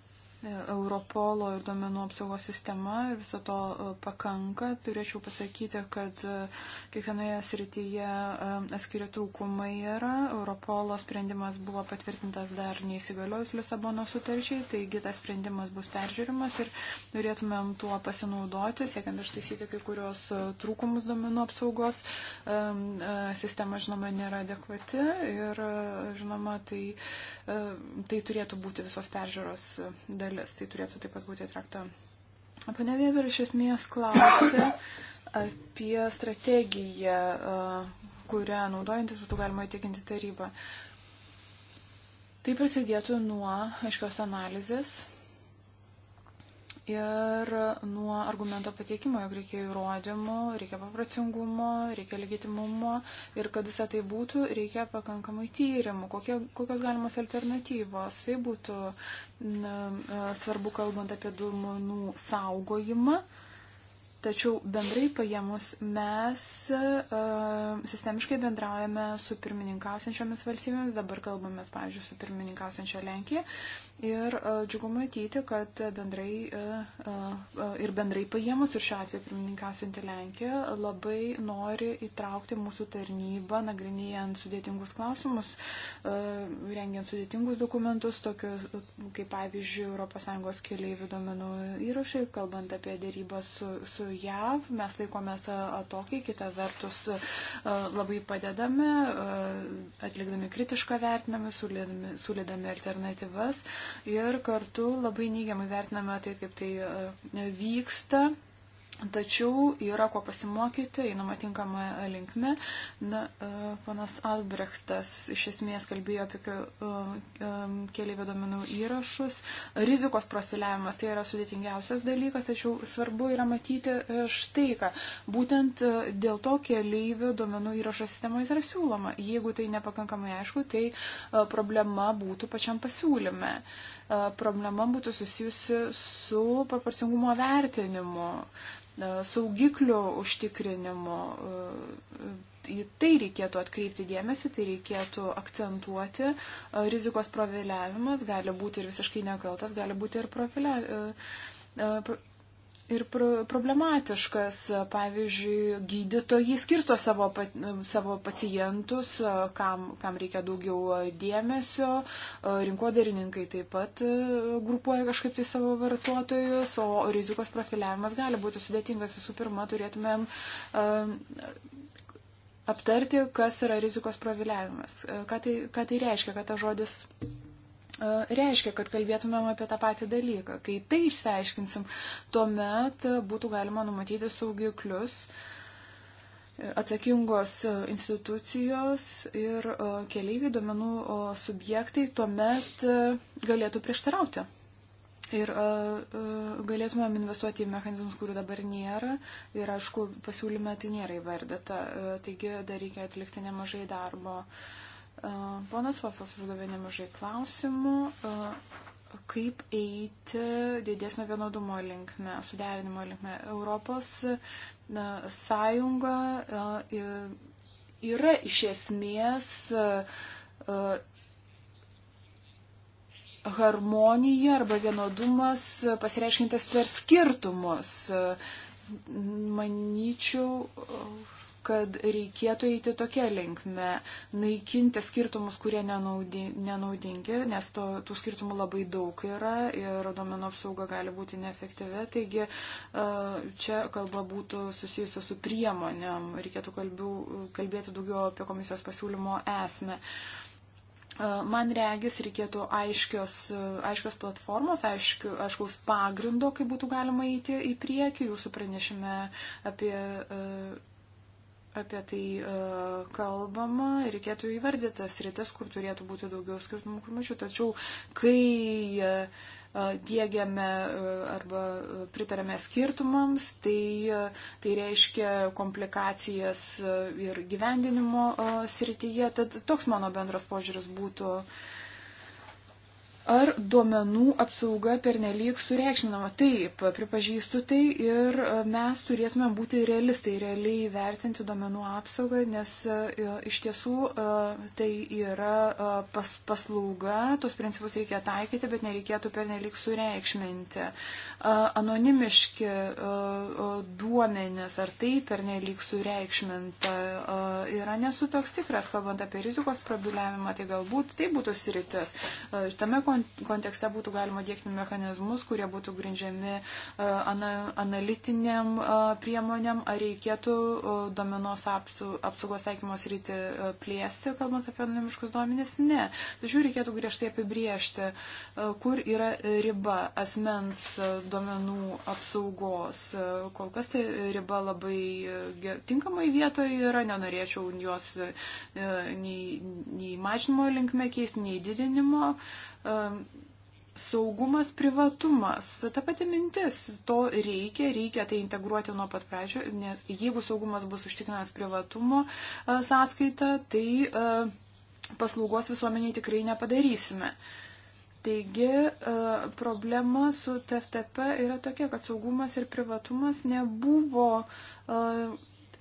Europolo ir domenų apsaugos sistema ir viso to e, pakanka. Turėčiau pasakyti, kad e, kiekvienoje srityje e, atskiri trūkumai yra. Europolo sprendimas buvo patvirtintas dar neįsigaliojus Lisabono sutarčiai, taigi tas sprendimas bus peržiūrimas ir turėtumėm tuo pasinaudoti, siekiant ištaisyti kai kurios trūkumus domenų apsaugos. Sistema, žinoma, nėra adekvati ir, žinoma, tai, tai turėtų būti visos peržiūros dalis dalis, tai turėtų taip pat būti atrakta. Pane Weber iš esmės klausė apie strategiją, kurią naudojantis būtų galima įtikinti tarybą. Tai prasidėtų nuo aiškios analizės ir nuo argumento pateikimo, jog reikia įrodymų, reikia papracingumo, reikia legitimumo ir kad visą tai būtų, reikia pakankamai tyrimų, kokie, kokios galimos alternatyvos. Tai būtų na, e, svarbu kalbant apie duomenų saugojimą. Uh, Tačiau bendrai paėmus mes uh, sistemiškai bendraujame su pirmininkausiančiomis valstybėmis, dabar kalbame, pavyzdžiui, su pirmininkausiančia Lenkija ir uh, džiugu matyti, kad bendrai uh, uh, ir bendrai paėmus ir šiuo atveju pirmininkausianti Lenkija labai nori įtraukti mūsų tarnybą, nagrinėjant sudėtingus klausimus, uh, rengiant sudėtingus dokumentus, tokius kaip pavyzdžiui ES keliaivių duomenų įrašai, kalbant apie dėrybą su, su JAV, mes laikomės atokiai, e, kita vertus e, labai padedame, e, atlikdami kritišką vertinamą, sulėdami alternatyvas ir kartu labai neigiamai vertiname tai, kaip tai vyksta Tačiau yra ko pasimokyti, einama tinkama linkme. Na, e, panas Albrechtas iš esmės kalbėjo apie e, e, keliaivių duomenų įrašus. Rizikos profiliavimas tai yra sudėtingiausias dalykas, tačiau svarbu yra matyti štai ką. Būtent dėl to keliaivių duomenų įrašo sistemoje yra siūloma. Jeigu tai nepakankamai aišku, tai problema būtų pačiam pasiūlyme. Uh, problema būtų susijusi su proporcingumo vertinimu, saugiklių užtikrinimu. Į tai reikėtų atkreipti dėmesį, tai reikėtų akcentuoti. Rizikos profiliavimas gali būti ir visiškai nekaltas, gali būti ir profilia, ir pr problematiškas. Pavyzdžiui, gydytojai skirto savo, pat, savo pacientus, kam, kam reikia daugiau dėmesio, rinkodarininkai taip pat grupuoja kažkaip tai savo vartotojus, o rizikos profiliavimas gali būti sudėtingas. Visų pirma, turėtumėm. Um, aptarti, kas yra rizikos profiliavimas. Ką tai, ką tai reiškia, kad tas žodis E, reiškia, kad kalbėtumėm apie tą patį dalyką. Kai tai išsiaiškinsim, tuomet e, būtų galima numatyti saugiklius e, atsakingos institucijos ir keliaivių duomenų subjektai tuomet galėtų prieštarauti. Ir uh, uh, galėtumėm investuoti į mechanizmus, kurių dabar nėra. Ir aišku, pasiūlyme tai nėra įvardyta. Uh, taigi dar reikia atlikti nemažai darbo. Uh, Ponas Vasas uždavė nemažai klausimų, kaip eiti didesnio vienodumo linkme, suderinimo linkme. Europos sąjunga yra iš esmės harmonija arba vienodumas pasireiškintas per skirtumus. Manyčiau, kad reikėtų eiti tokia linkme, naikinti skirtumus, kurie nenaudingi, nes to, tų skirtumų labai daug yra ir domenų apsauga gali būti neefektyvi. Taigi e, čia kalba būtų susijusi su priemonėm, reikėtų kalbių, kalbėti daugiau apie komisijos pasiūlymo esmę. E, man regis reikėtų aiškios, aiškios platformos, aiškiu, aiškaus pagrindo, kaip būtų galima eiti į priekį. Jūsų pranešime apie e, apie tai e, kalbama, reikėtų įvardyti tas rytis, kur turėtų būti daugiau skirtumų, kur mažiau. Tačiau, kai e, e, dėgiame arba pritarėme skirtumams, tai, tai reiškia komplikacijas ir gyvendinimo srityje. Tad toks mano bendras požiūris būtų uh, ar duomenų apsauga pernelyg sureikšminama. Taip, pripažįstu tai ir e, mes turėtume būti realistai, realiai vertinti duomenų apsaugą, nes e, iš tiesų e, tai yra pas, paslauga, tos principus reikia taikyti, bet nereikėtų pernelyg sureikšminti. Anonimiški duomenės, ar tai pernelyg sureikšminta, yra nesu toks tikras, kalbant apie rizikos prabiuliavimą, tai galbūt tai būtų sritis. Tame kontekste kontekste būtų galima dėkti mechanizmus, kurie būtų grindžiami e, analitiniam e, priemonėm, ar reikėtų e, domenos apsaugos taikymos rytį plėsti, kalbant apie anonimiškus duomenis? Ne. Tačiau reikėtų griežtai apibriežti, kur yra riba asmens duomenų apsaugos. Kol kas tai riba labai tinkamai vietoje yra, nenorėčiau jos nei, nei mažinimo linkme keisti, nei didinimo. Uh, saugumas, privatumas. Ta pati mintis, to reikia, reikia tai integruoti nuo pat pradžių, nes jeigu saugumas bus užtikrinamas privatumo e, sąskaita, tai e, paslaugos visuomeniai tikrai nepadarysime. Taigi e, problema su TFTP yra tokia, kad saugumas ir privatumas nebuvo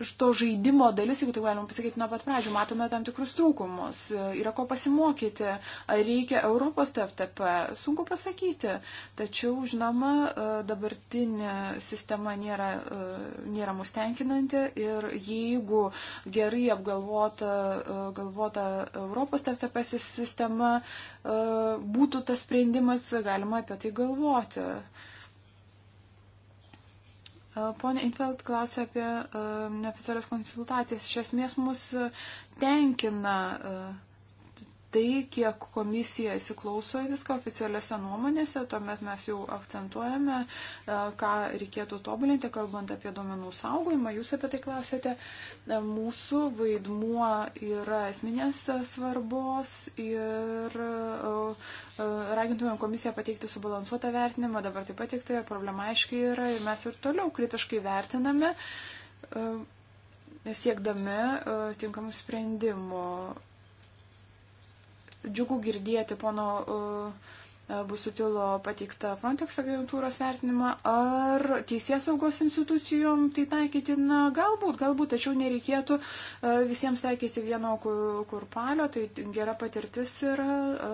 iš to žaidimo dalis, jeigu tai galima pasakyti nuo pat pradžių, matome tam tikrus trūkumus, yra ko pasimokyti, ar reikia Europos TFTP, sunku pasakyti. Tačiau, žinoma, e, dabartinė sistema nėra, e, nėra mus tenkinanti ir jeigu gerai apgalvota e, galvota Europos TFTP sistema būtų tas sprendimas, galima apie tai galvoti. Pone Infeld klausė apie neoficialias konsultacijas. Iš esmės mus tenkina tai, kiek komisija įsiklauso į viską oficialiuose nuomonėse, tuomet mes jau akcentuojame, e, ką reikėtų tobulinti, kalbant apie duomenų saugojimą. Jūs apie tai klausėte. E, mūsų vaidmuo yra esminės svarbos ir e, ragintumėm komisiją pateikti subalansuotą vertinimą. Dabar taip pateikta, problema aiškiai yra ir mes ir toliau kritiškai vertiname siekdami tinkamų sprendimų džiugu girdėti pono e, Busutilo pateiktą Frontex agentūros vertinimą. Ar teisės saugos institucijom tai taikyti, na, galbūt, galbūt, tačiau nereikėtų e, visiems taikyti vieno kurpalio, tai gera patirtis yra e,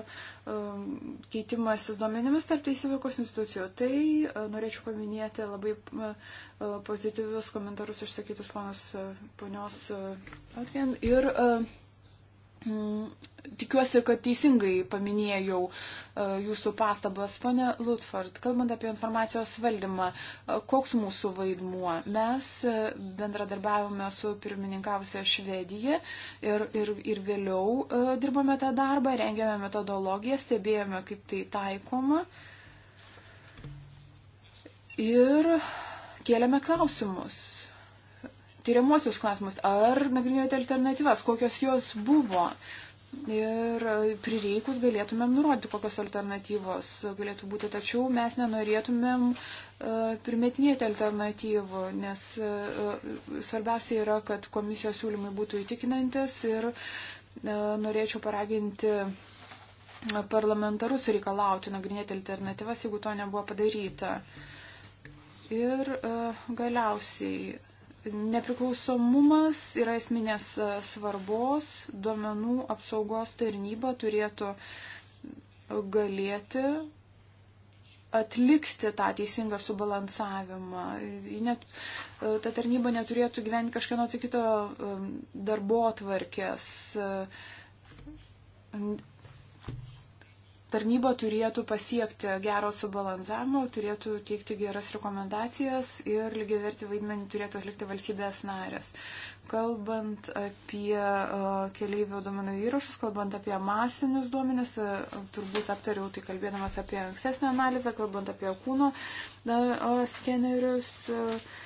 keitimasis duomenimis tarp teisėsaugos institucijų. Tai norėčiau paminėti labai pozityvius komentarus išsakytus ponos, ponios Atvien ir uh, Mm, tikiuosi, kad teisingai paminėjau e, jūsų pastabas, ponė Lutford, kalbant apie informacijos valdymą, e, koks mūsų vaidmuo. Mes e, bendradarbiavome su pirmininkavusia Švedija ir, ir, ir vėliau dirbome tą darbą, rengėme metodologiją, stebėjome, kaip tai taikoma. Ir kėlėme klausimus tyriamosius klausimus, ar nagrinėjote alternatyvas, kokios jos buvo. Ir prireikus galėtumėm nurodyti, kokios alternatyvos galėtų būti, tačiau mes nenorėtumėm e, primetinėti alternatyvų, nes e, svarbiausia yra, kad komisijos siūlymai būtų įtikinantis ir e, norėčiau paraginti parlamentarus reikalauti nagrinėti alternatyvas, jeigu to nebuvo padaryta. Ir galiausiai Nepriklausomumas yra esminės e, svarbos, duomenų apsaugos tarnyba turėtų galėti atlikti tą teisingą subalansavimą. Net, e, ta tarnyba neturėtų gyventi kažkieno tai kito e, darbo atvarkės tarnyba turėtų pasiekti gero subalansavimo, turėtų teikti geras rekomendacijas ir lygiai verti vaidmenį turėtų atlikti valstybės narės. Kalbant apie e, keliaivių duomenų įrašus, kalbant apie masinius duomenis, e, turbūt aptariau tai kalbėdamas apie ankstesnę analizę, kalbant apie kūno e, skenerius. Uh,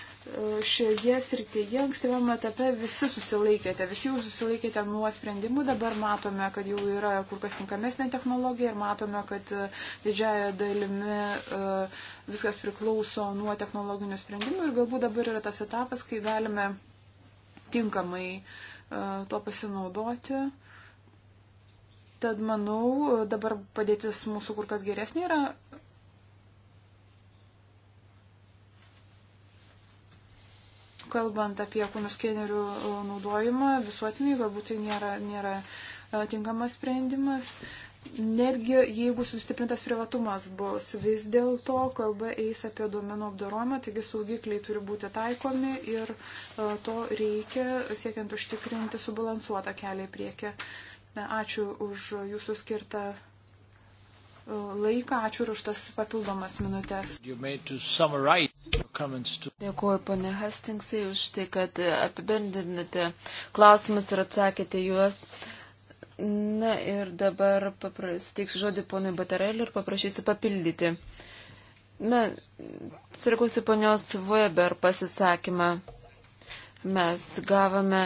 šioje srityje ankstyvame etape visi susilaikėte, visi jūs susilaikėte nuo sprendimų, dabar matome, kad jau yra kur kas tinkamesnė technologija ir matome, kad e, didžiaja dalimi e, viskas priklauso nuo technologinių sprendimų ir galbūt dabar yra tas etapas, kai galime tinkamai e, to pasinaudoti. Tad manau, dabar padėtis mūsų kur kas geresnė yra kalbant apie kūnų skenerių e, naudojimą visuotinai, galbūt tai nėra, nėra e, tinkamas sprendimas. Netgi jeigu sustiprintas privatumas bus, vis dėlto kalba eis apie duomenų apdarojimą, taigi saugikliai turi būti taikomi ir e, to reikia siekiant užtikrinti subalansuotą kelią į priekį. Ačiū už jūsų skirtą laiką. Ačiū ir už tas papildomas minutės. Dėkuoju, ponė Hastingsai, už tai, kad apibendrinate klausimus ir atsakėte juos. Na ir dabar suteiksiu žodį ponui Batareliu ir paprašysiu papildyti. Na, surikusi ponios Weber pasisakymą. Mes gavome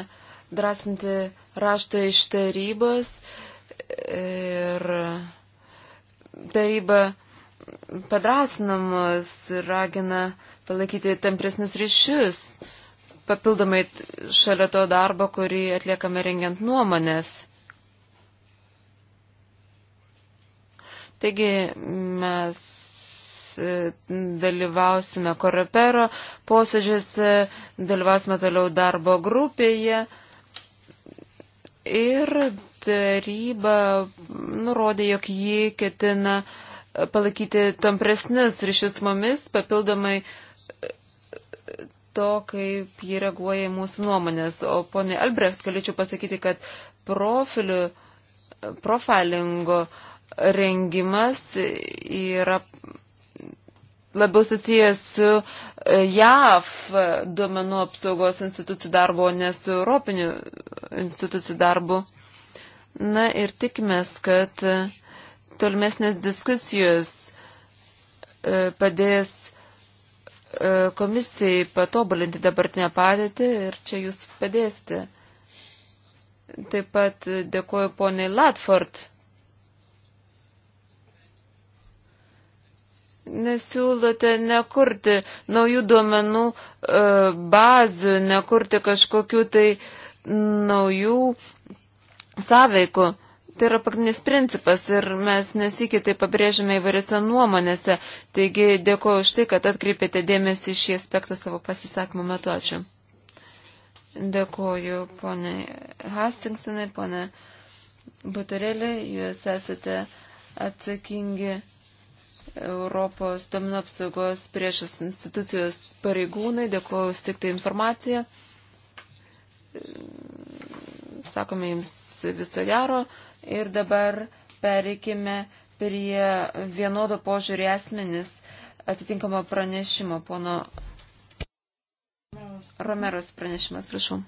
drąsinti raštą iš tarybos ir. E, taryba padrasinamus ir ragina palaikyti tampresnius ryšius, papildomai šalia to darbo, kurį atliekame rengiant nuomonės. Taigi mes e, dalyvausime korepero posėdžiuose, dalyvausime toliau darbo grupėje. Ir taryba nurodė, jog jį ketina palaikyti tampresnis ryšius mumis, papildomai to, kaip jį reaguoja mūsų nuomonės. O ponai Albrecht, galėčiau pasakyti, kad profilių, profilingo rengimas yra labiau susijęs su JAV duomenų apsaugos institucijų darbo, ne su Europiniu institucijų darbu. Na ir tikimės, kad tolmesnės diskusijos e, padės e, komisijai patobulinti dabartinę padėtį ir čia jūs padėsite. Taip pat dėkuoju poniai Latford nesiūlote nekurti naujų duomenų e, bazių, nekurti kažkokių tai naujų sąveikų. Tai yra pagrindinis principas ir mes nesikį tai pabrėžime įvairiose nuomonėse. Taigi dėkuoju už tai, kad atkreipėte dėmesį šį aspektą savo pasisakymų metu. Ačiū. Dėkuoju, ponė Hastingsinai, ponė Butarėlė, jūs esate atsakingi Europos domino apsaugos priešas institucijos pareigūnai, dėkuoju tik tai informaciją. Sakome jums viso gero ir dabar pereikime prie vienodo požiūrį asmenis atitinkamo pranešimo, pono Romeros pranešimas, prašau.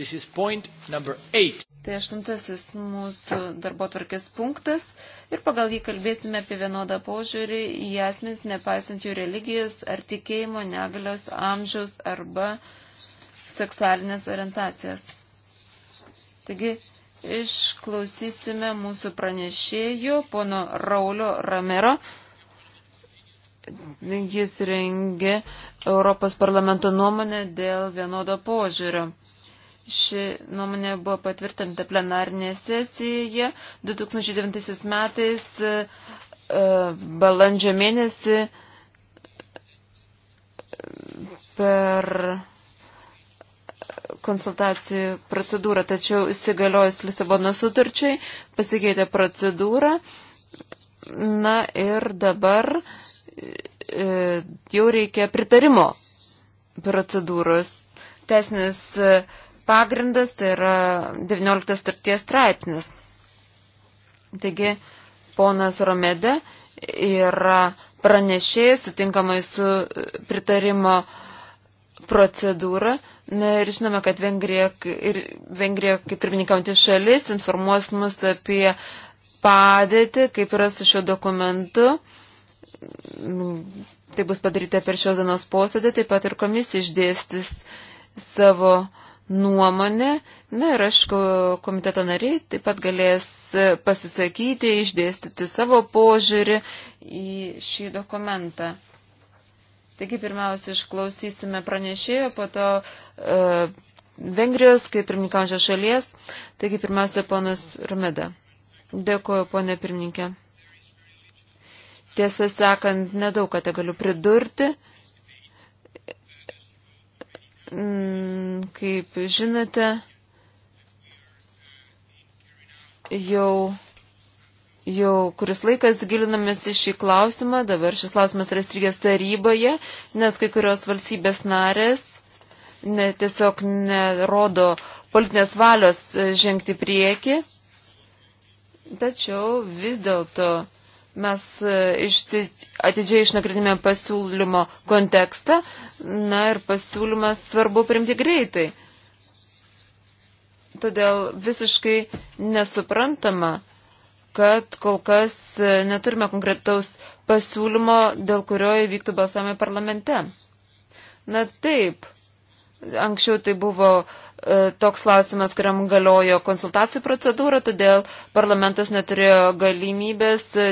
Tai aštuntasis mūsų darbo tvarkės punktas ir pagal jį kalbėsime apie vienodą požiūrį į asmenys, nepaisant jų religijos ar tikėjimo, negalios, amžiaus arba seksualinės orientacijas. Taigi, išklausysime mūsų pranešėjo, pono Raulio Ramero. Jis rengė Europos parlamento nuomonę dėl vienodo požiūrio. Ši nuomonė buvo patvirtinta plenarnėje sesijoje 2009 metais e, balandžio mėnesį per konsultacijų procedūrą, tačiau įsigaliojus Lisabono sutarčiai pasikeitė procedūra. Na ir dabar e, jau reikia pritarimo procedūros. Tesnis pagrindas, tai yra 19 starties straipsnis. Taigi, ponas Romede yra pranešėjai sutinkamai su e, pritarimo procedūra. Na ir žinome, kad Vengrija, ir Vengrija kaip pirmininkaujantį šalis, informuos mus apie padėtį, kaip yra su šiuo dokumentu. Tai bus padaryta per šios dienos posėdį, taip pat ir komisija išdėstys savo uh, nuomonę. Na ir aišku, komiteto nariai taip pat galės e, pasisakyti, išdėstyti savo požiūrį į šį dokumentą. Taigi pirmiausia, išklausysime pranešėjo, po to uh, Vengrijos, kaip pirmininkaujančio šalies. Taigi pirmiausia, ponas Rumeda. Dėkuoju, ponė pirmininkė. Tiesą sakant, nedaug ką te galiu pridurti. Uh, Mm, kaip žinote, jau, jau kuris laikas gilinamės į šį klausimą, dabar šis klausimas yra strigęs taryboje, nes kai kurios valstybės narės ne, tiesiog nerodo politinės valios žengti prieki. Tačiau vis dėlto Mes e, atidžiai išnagrinėme pasiūlymo kontekstą, na ir pasiūlymas svarbu primti greitai. Todėl visiškai nesuprantama, kad kol kas e, neturime konkretaus pasiūlymo, dėl kurio įvyktų balsavimai parlamente. Na taip, anksčiau tai buvo uh, E, toks klausimas, kuriam galiojo konsultacijų procedūra, todėl parlamentas neturėjo galimybės e,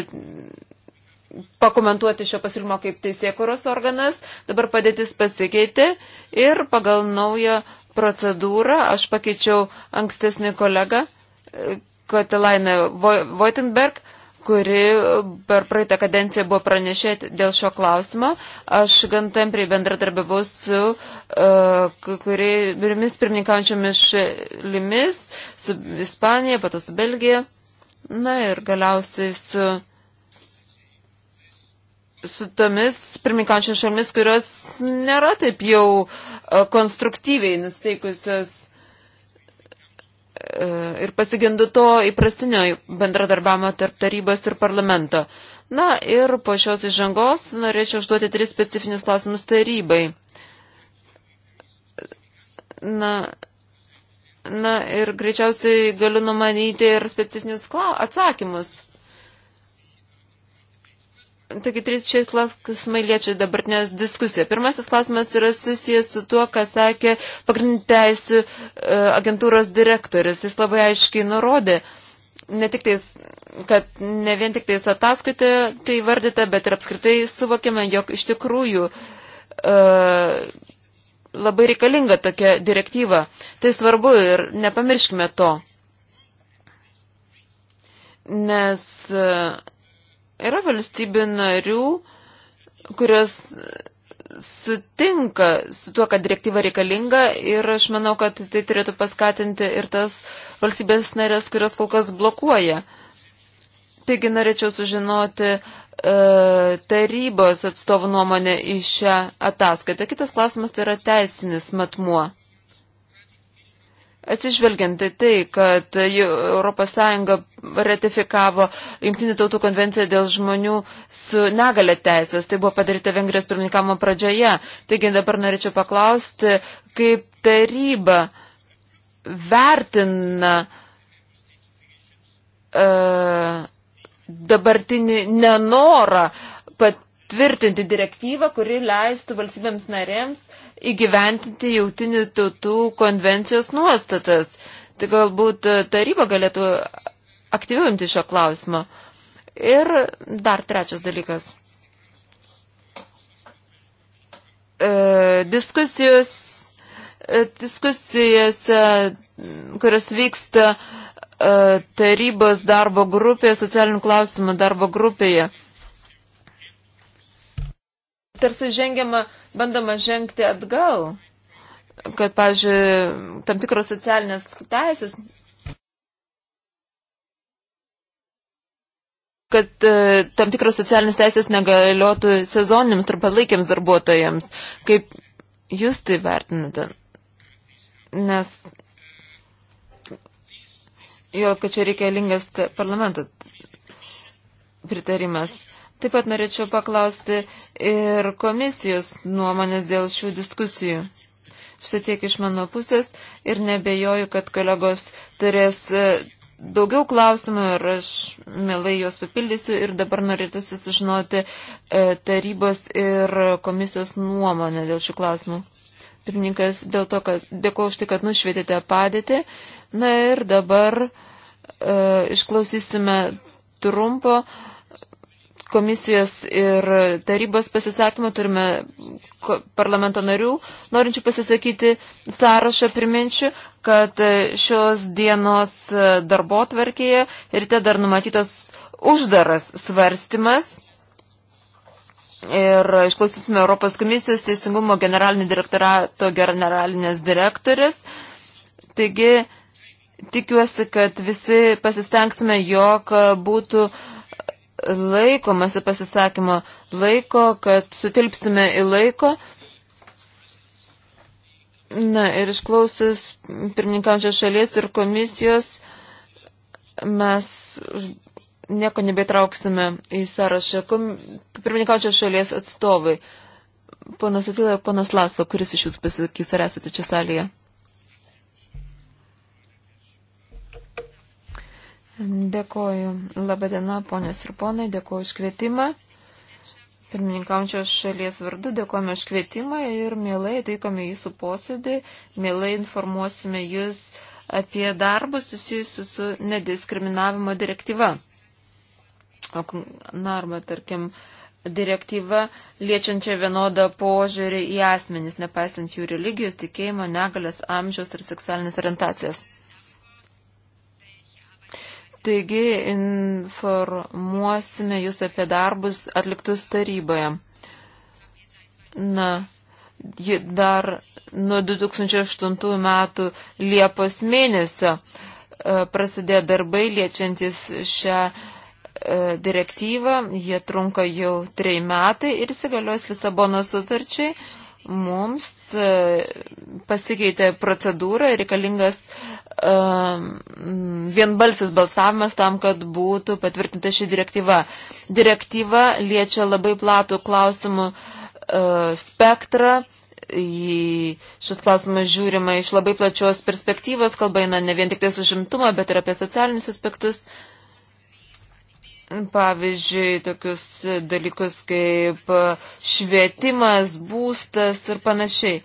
pakomentuoti šio pasiūlymo kaip teisėkuros organas. Dabar padėtis pasikeitė ir pagal naują procedūrą aš pakeičiau ankstesnį kolegą e, Kotelainą Voitenberg. Vo kuri per praeitą kadenciją buvo pranešė dėl šio klausimo. Aš gan tampriai bendradarbiavau su uh, kuriomis pirmininkaujančiomis šalimis, su Ispanija, pato su Belgija, na ir galiausiai su, su tomis pirmininkaujančiomis šalimis, kurios nėra taip jau uh, konstruktyviai nusteikusios E, ir pasigendu to įprastinio bendradarbiavimo tarp tarybos ir parlamento. Na ir po šios įžangos norėčiau užduoti tris specifinius klausimus tarybai. Na, na ir greičiausiai galiu numanyti ir specifinius atsakymus. Taigi, trys šie klausimai liečia dabartinės diskusiją. Pirmasis klausimas yra susijęs su tuo, ką sakė pagrindinė teisų e, agentūros direktorius. Jis labai aiškiai nurodė, ne tik tais, kad ne vien tik tais ataskaitoje tai vardyta, bet ir apskritai suvokime, jog iš tikrųjų e, labai reikalinga tokia direktyva. Tai svarbu ir nepamirškime to. Nes uh, Yra valstybių narių, kurios sutinka su tuo, kad direktyva reikalinga ir aš manau, kad tai turėtų paskatinti ir tas valstybės narės, kurios kol kas blokuoja. Taigi norėčiau sužinoti e, tarybos atstovų nuomonę į šią ataskaitą. Kitas klausimas tai yra teisinis matmuo. Atsižvelgiant į tai, kad ES ratifikavo Junktinių tautų konvenciją dėl žmonių su negale teisės, tai buvo padaryta Vengrijos pirmininkamo pradžioje. Taigi dabar norėčiau paklausti, kaip taryba vertina uh, dabartinį nenorą patvirtinti direktyvą, kuri leistų valstybėms narėms uh, įgyventinti jautinių tautų konvencijos nuostatas. Tai galbūt e, taryba galėtų aktyviau imti šio klausimo. Ir dar trečias dalykas. E, diskusijos, e, diskusijose, kurios vyksta e, tarybos darbo grupėje, socialinių klausimų darbo grupėje. E, Tarsi žengiama, bandoma žengti atgal, kad, pavyzdžiui, tam tikros socialinės teisės kad e, tam tikros socialinės teisės negaliotų sezoniniams trumpalaikiams darbuotojams. Kaip jūs tai vertinate? Nes jo, kad čia reikalingas parlamentą pritarimas. Taip pat norėčiau paklausti ir komisijos nuomonės dėl šių diskusijų. Štai tiek iš mano pusės ir nebejoju, kad kolegos turės e, daugiau klausimų ir aš mielai juos papildysiu ir dabar norėtųsi sužinoti e, tarybos ir komisijos nuomonę dėl šių klausimų. Pirmininkas, dėl to, kad dėkuoju už tai, kad nušvietėte padėtį. Na ir dabar e, išklausysime trumpo komisijos ir tarybos pasisakymą, turime parlamento narių, norinčių pasisakyti sąrašą priminčių, kad e, šios dienos e, darbo tvarkėje ryte dar numatytas uždaras svarstymas. Ir išklausysime Europos komisijos teisingumo generalinio direktorato generalinės direktorės. Taigi, tikiuosi, kad visi pasistengsime, jog būtų uh, laikomasi pasisakymo laiko, kad sutilpsime į laiko. Na ir išklausus pirmininkaujančios šalies ir komisijos mes nieko nebetrauksime į sąrašą. Pirmininkaujančios šalies atstovai. Ponas Atila ir ponas Laslo, kuris iš jūsų pasakys, ar esate čia salėje? Dėkoju. Labadiena, ponės ir ponai, dėkoju už kvietimą. Pirmininkaujančios šalies vardu dėkojame už kvietimą ir mielai atvykome į jūsų posėdį, mielai informuosime jūs apie darbus susijusius su nediskriminavimo direktyva. Na, arba, tarkim, direktyva liečiančia vienodą požiūrį į asmenis, nepaisant jų religijos, tikėjimo, negalės, amžiaus ir seksualinės orientacijos. Taigi informuosime jūs apie darbus atliktus taryboje. Na, dar nuo 2008 metų Liepos mėnesio e, prasidėjo darbai liečiantis šią e, direktyvą. Jie trunka jau trejai metai ir įsigalios Lisabono sutarčiai mums e, pasikeitė procedūra ir reikalingas e, vienbalsis balsavimas tam, kad būtų patvirtinta ši direktyva. Direktyva liečia labai platų klausimų e, spektrą į šis klausimas žiūrima iš labai plačios perspektyvos, kalba eina ne vien tik tai užimtumą, bet ir apie socialinius aspektus. Pavyzdžiui, tokius dalykus kaip švietimas, būstas ir panašiai.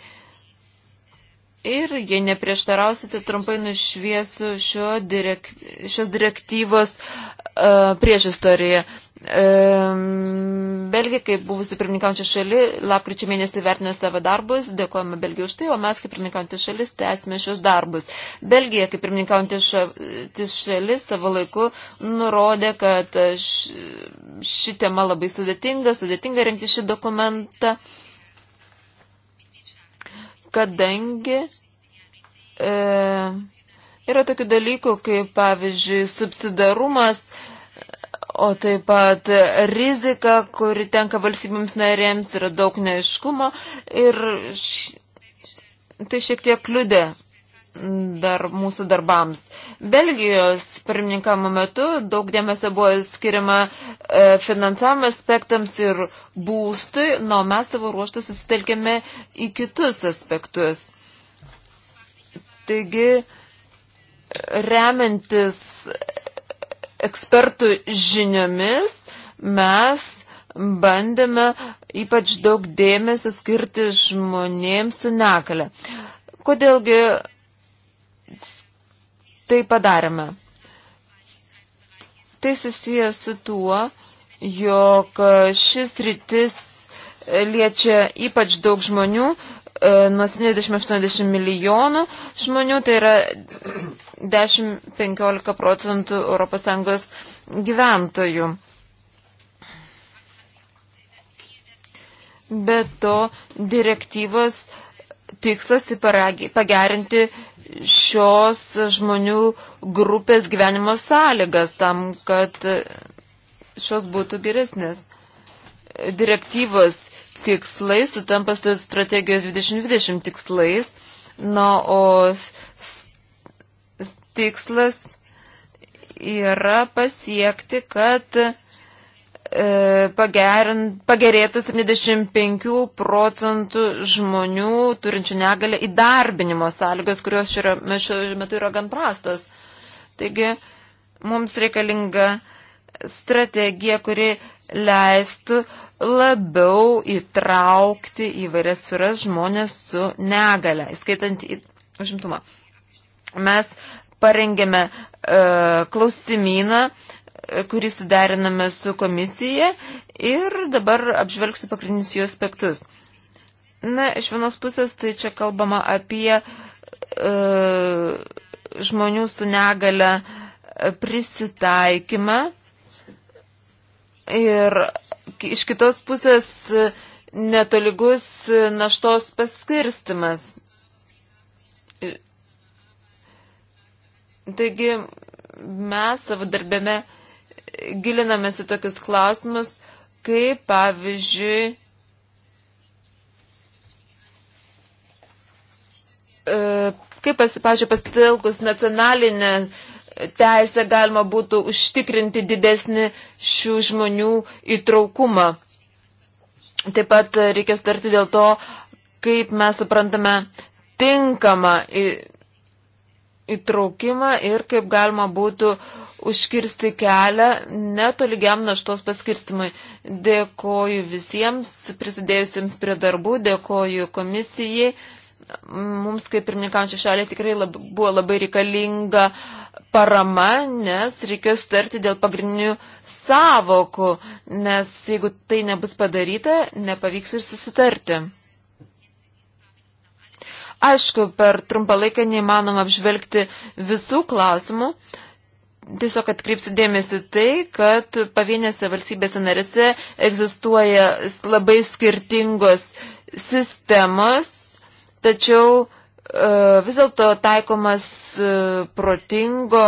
Ir jei neprieštarausite, trumpai nušviesiu šio direk, šios direktyvos uh, e, priešistoriją. Belgija, kaip buvusi pirmininkaujančia šali, lapkričio mėnesį vertino savo darbus, dėkojame Belgijai už tai, o mes kaip pirmininkaujančia šalis tęsime šios darbus. Belgija, kaip pirmininkaujančia šalis, savo laiku nurodė, kad ši tema labai sudėtinga, sudėtinga rengti šį dokumentą, kadangi. E, Yra tokių dalykų, kaip pavyzdžiui subsidarumas, e, O taip pat rizika, kuri tenka valstybėms narėms, yra daug neaiškumo ir š... tai šiek tiek kliudė dar mūsų darbams. Belgijos pirmininkamo metu daug dėmesio buvo skiriama e, finansavimo aspektams ir būstui, nuo mes savo ruoštų susitelkėme į kitus aspektus. Taigi, remiantis ekspertų žiniomis mes bandėme ypač daug dėmesio skirti žmonėms su negale. Kodėlgi tai padarėme? Tai susiję su tuo, jog šis rytis liečia ypač daug žmonių, E, nuo 70-80 milijonų žmonių, tai yra 10-15 procentų ES gyventojų. Be to, direktyvos tikslas pagerinti šios žmonių grupės gyvenimo sąlygas tam, kad šios būtų geresnės. Direktyvos tikslai sutampa su strategijos 2020 tikslais. Na, o tikslas yra pasiekti, kad e, pagerin, pagerėtų 75 procentų žmonių turinčių negalę įdarbinimo sąlygos, kurios šiuo metu yra gan prastos. Taigi, mums reikalinga strategija, kuri leistų uh, labiau įtraukti į vairias sferas žmonės su negale, įskaitant į užimtumą. Mes parengėme e, klausimyną, e, kurį suderiname su komisija ir dabar apžvelgsiu pagrindinius jų aspektus. Na, iš vienos pusės tai čia kalbama apie e, žmonių su negale e, prisitaikymą ir iš kitos pusės e, netoligus e, naštos paskirstimas. E, taigi mes savo darbėme gilinamės į tokius klausimus, kaip pavyzdžiui kaip, pavyzdžiui, pasitelkus nacionalinę teisę galima būtų užtikrinti didesnį šių žmonių įtraukumą. Taip pat reikia starti dėl to, kaip mes suprantame tinkamą į, įtraukimą ir kaip galima būtų užkirsti kelią netolygiam naštos paskirstimui. Dėkoju visiems prisidėjusiems prie darbų, dėkoju komisijai. Mums, kaip pirmininkam šešalė, tikrai lab, buvo labai reikalinga uh, parama, nes reikėjo sutarti dėl pagrindinių savokų, nes jeigu tai nebus padaryta, nepavyks ir susitarti. Aišku, per trumpą laiką neįmanoma apžvelgti visų klausimų. Tiesiog atkreipsiu dėmesį tai, kad pavienėse valstybėse narėse egzistuoja labai skirtingos sistemos, tačiau E, vis dėlto taikomas e, protingo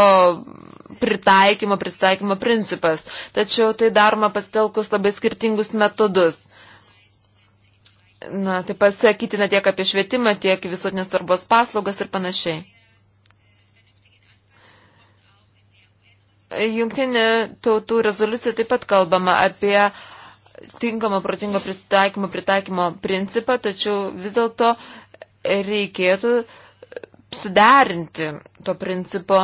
pritaikymo, pristaikymo principas, tačiau tai daroma pasitelkus labai skirtingus metodus. Na, tai pasakytina tiek apie švietimą, tiek visuotinės darbos paslaugas ir panašiai. Jungtinė tautų rezoliucija taip pat kalbama apie tinkamo protingo pristaikymo, pritaikymo principą, tačiau vis dėlto uh, reikėtų suderinti to principo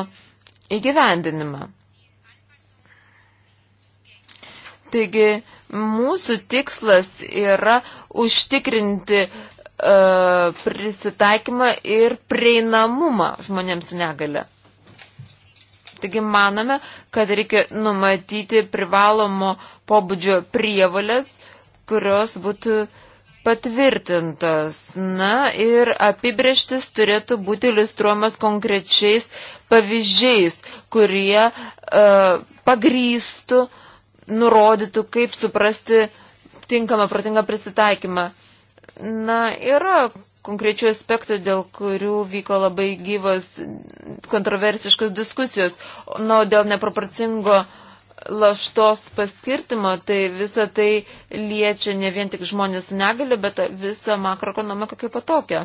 įgyvendinimą. Taigi, mūsų tikslas yra užtikrinti e, prisitaikymą ir prieinamumą žmonėms su negale. Taigi manome, kad reikia numatyti privalomo pobūdžio prievalės, kurios būtų e, patvirtintos. Na ir apibrieštis turėtų būti iliustruomas konkrečiais pavyzdžiais, kurie uh, e, pagrystų, nurodytų, kaip suprasti tinkamą protingą prisitaikymą. Na, yra konkrečių aspektų, dėl kurių vyko labai gyvos kontroversiškos diskusijos, nuo dėl neproporcingo uh, laštos paskirtimo, tai visa tai liečia ne vien tik žmonės negaliu, bet visą makroekonomiką kaip patokią.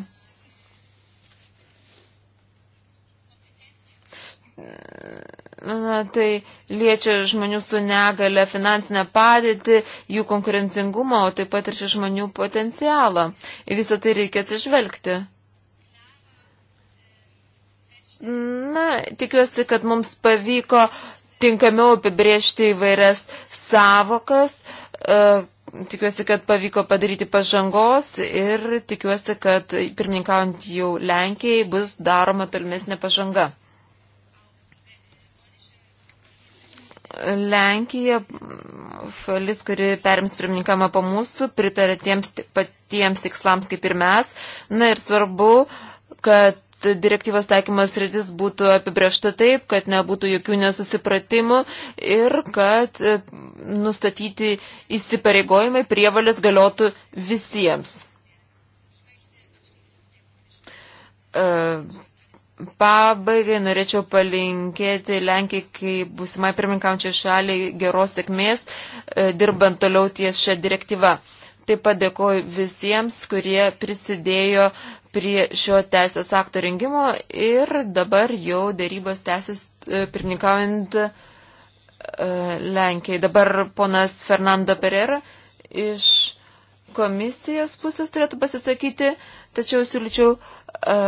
Na, tai liečia žmonių su negale finansinę padėtį, jų konkurencingumą, o taip pat ir šių žmonių potencialą. Į visą tai reikia atsižvelgti. Na, tikiuosi, kad mums pavyko uh, tinkamiau apibriežti įvairias savokas. E, tikiuosi, kad pavyko padaryti pažangos ir tikiuosi, kad pirmininkaujant jau Lenkijai bus daroma tolimesnė pažanga. Lenkija, šalis, kuri perims pirmininkamą po mūsų, pritarė tiems patiems tikslams kaip ir mes. Na ir svarbu, kad direktyvos taikymas rytis būtų apibriešta taip, kad nebūtų jokių nesusipratimų ir kad e, nustatyti įsipareigojimai prievalės galiotų visiems. E, pabaigai norėčiau palinkėti Lenkiai, kai būsimai pirminkaujančiai šaliai geros sėkmės, e, dirbant toliau ties šią direktyvą. Taip pat dėkoju visiems, kurie prisidėjo uh, prie šio teisės akto rengimo ir dabar jau dėrybos tęsis e, pirmininkaujant e, Lenkijai. Dabar ponas Fernando Pereira iš komisijos pusės turėtų pasisakyti, tačiau siūlyčiau e,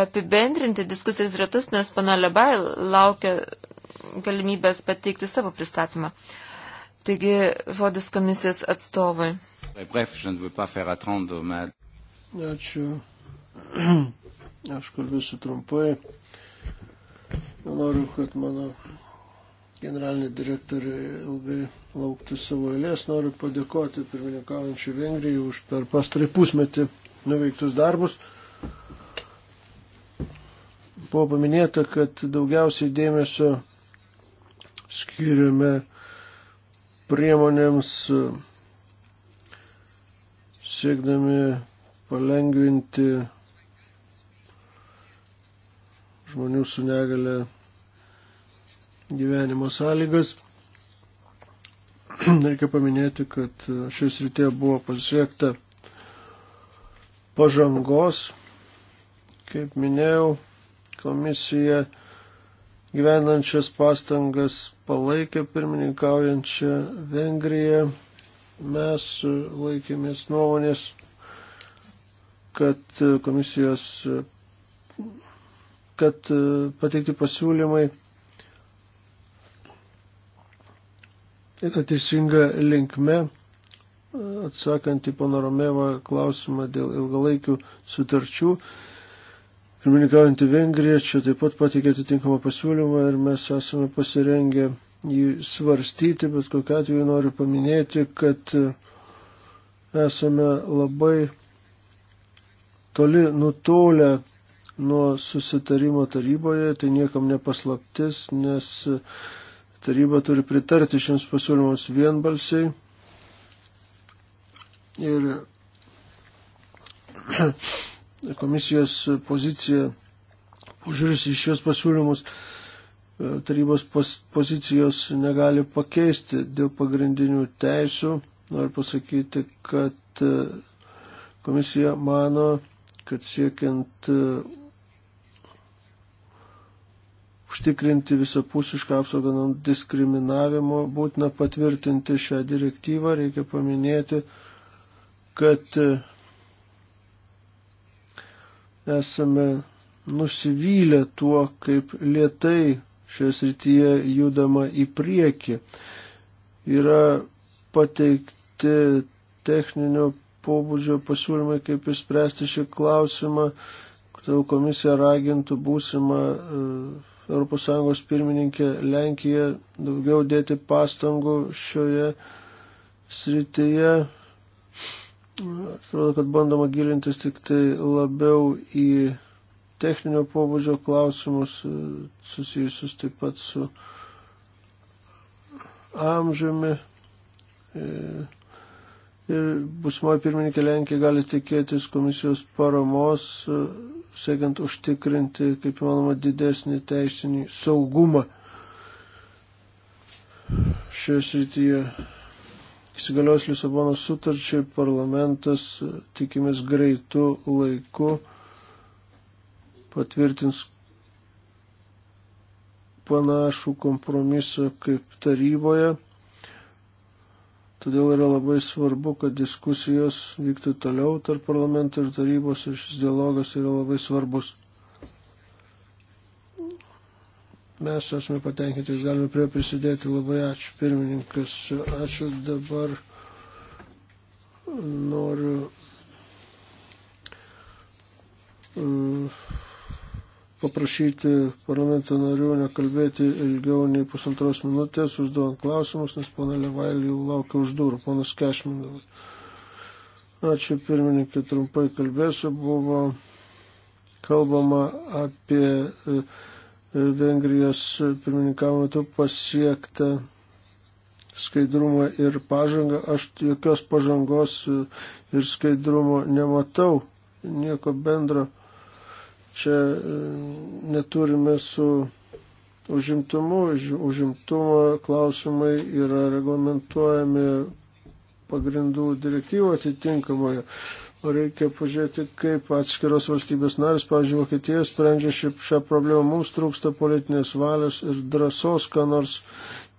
apibendrinti diskusijos ratus, nes pana Lebai laukia galimybės pateikti savo pristatymą. Taigi, žodis komisijos atstovui. Ačiū. Aš kalbėsiu trumpai. Noriu, kad mano generalinė direktorė ilgai lauktų savo eilės. Noriu padėkoti pirmininkaujančiai Vengrijai už per pastarį pusmetį nuveiktus darbus. Buvo paminėta, kad daugiausiai dėmesio skiriame priemonėms siekdami palengvinti žmonių su negale gyvenimo sąlygas. Reikia paminėti, kad šis rytė buvo pasiekta pažangos. Kaip minėjau, komisija gyvenančias pastangas palaikė pirmininkaujančią Vengriją. Mes laikėmės nuomonės, kad komisijos kad e, pateikti pasiūlymai yra teisinga linkme, e, atsakant į panoramėvą klausimą dėl ilgalaikių sutarčių. Pirmininkaujantį Vengriją čia taip pat pateikė atitinkamą pasiūlymą ir mes esame pasirengę jį svarstyti, bet kokiu atveju noriu paminėti, kad e, esame labai toli nutolę nuo susitarimo taryboje, tai niekam nepaslaptis, nes taryba turi pritarti šiems pasiūlymams vienbalsiai. Ir komisijos pozicija, požiūris į šios pasiūlymus e, tarybos pozicijos negali pakeisti dėl pagrindinių teisų. Noriu pasakyti, kad e, komisija mano, kad siekiant e, užtikrinti visapusišką apsaugą nuo diskriminavimo, būtina patvirtinti šią direktyvą, reikia paminėti, kad e, esame nusivylę tuo, kaip lietai šioje srityje judama į priekį. Yra pateikti techninio pobūdžio pasiūlymai, kaip išspręsti šį klausimą, todėl komisija ragintų būsimą uh, ES pirmininkė Lenkija daugiau dėti pastangų šioje srityje. Atrodo, kad bandoma gilintis tik tai labiau į techninio pobūdžio klausimus e, susijusius taip pat su amžiumi. E, ir busmoji pirmininkė Lenkija gali tikėtis komisijos paramos e, siekiant užtikrinti, kaip įmanoma, didesnį teisinį saugumą šioje srityje. Įsigalios Lisabonos sutarčiai parlamentas tikimės greitų laikų patvirtins panašų kompromisą kaip taryboje Todėl yra labai svarbu, kad diskusijos vyktų toliau tarp parlamento ir tarybos ir šis dialogas yra labai svarbus. Mes esame patenkinti ir galime prie prisidėti. Labai ačiū, pirmininkas. Ačiū dabar. Noriu. Uh, paprašyti parlamento narių nekalbėti ilgiau nei pusantros minutės, užduodant klausimus, nes pana Levailį jau laukia už durų, ponas Kešmin dabar. Ačiū pirmininkai, trumpai kalbėsiu. Buvo kalbama apie e, e, Vengrijos pirmininkavimo metu pasiektą skaidrumą ir pažangą. Aš jokios pažangos e, ir skaidrumo nematau, nieko bendro Čia e, neturime su užimtumu. Užimtumo klausimai yra reglamentuojami pagrindų direktyvo atitinkamoje. O reikia pažiūrėti, kaip atskiros valstybės narės, pavyzdžiui, Vokietija sprendžia šią, šią problemą. Mums trūksta politinės valios ir drąsos, ką nors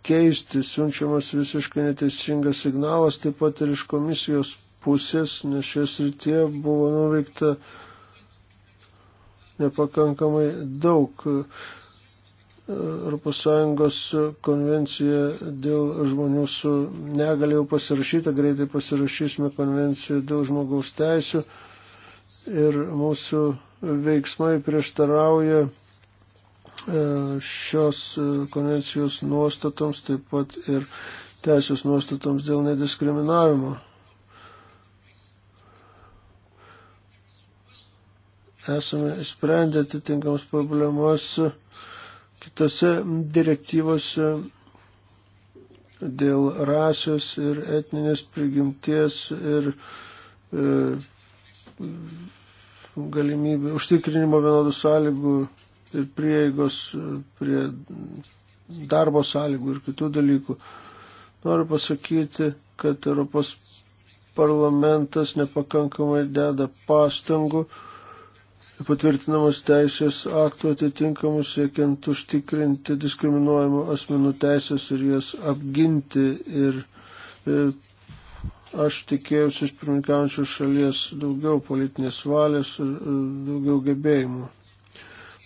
keisti. Siunčiamas visiškai neteisingas signalas, taip pat ir iš komisijos pusės, nes šias rytie buvo nuveikta. Nu, nepakankamai daug. ES konvencija dėl žmonių su negali jau pasirašyta, greitai pasirašysime konvenciją dėl žmogaus teisų ir mūsų veiksmai prieštarauja e, šios e, konvencijos nuostatoms, taip pat ir teisės nuostatoms dėl nediskriminavimo. esame sprendę atitinkamas problemas kitose direktyvose dėl rasės ir etninės prigimties ir e, galimybė užtikrinimo vienodų sąlygų ir prieigos e, prie darbo sąlygų ir kitų dalykų. Noriu pasakyti, kad Europos parlamentas nepakankamai deda pastangų patvirtinamos teisės aktų atitinkamus siekiant užtikrinti diskriminuojamų asmenų teisės ir jas apginti. Ir, ir e, aš tikėjausi iš pirmininkaujančių šalies daugiau politinės valės ir e, daugiau gebėjimų.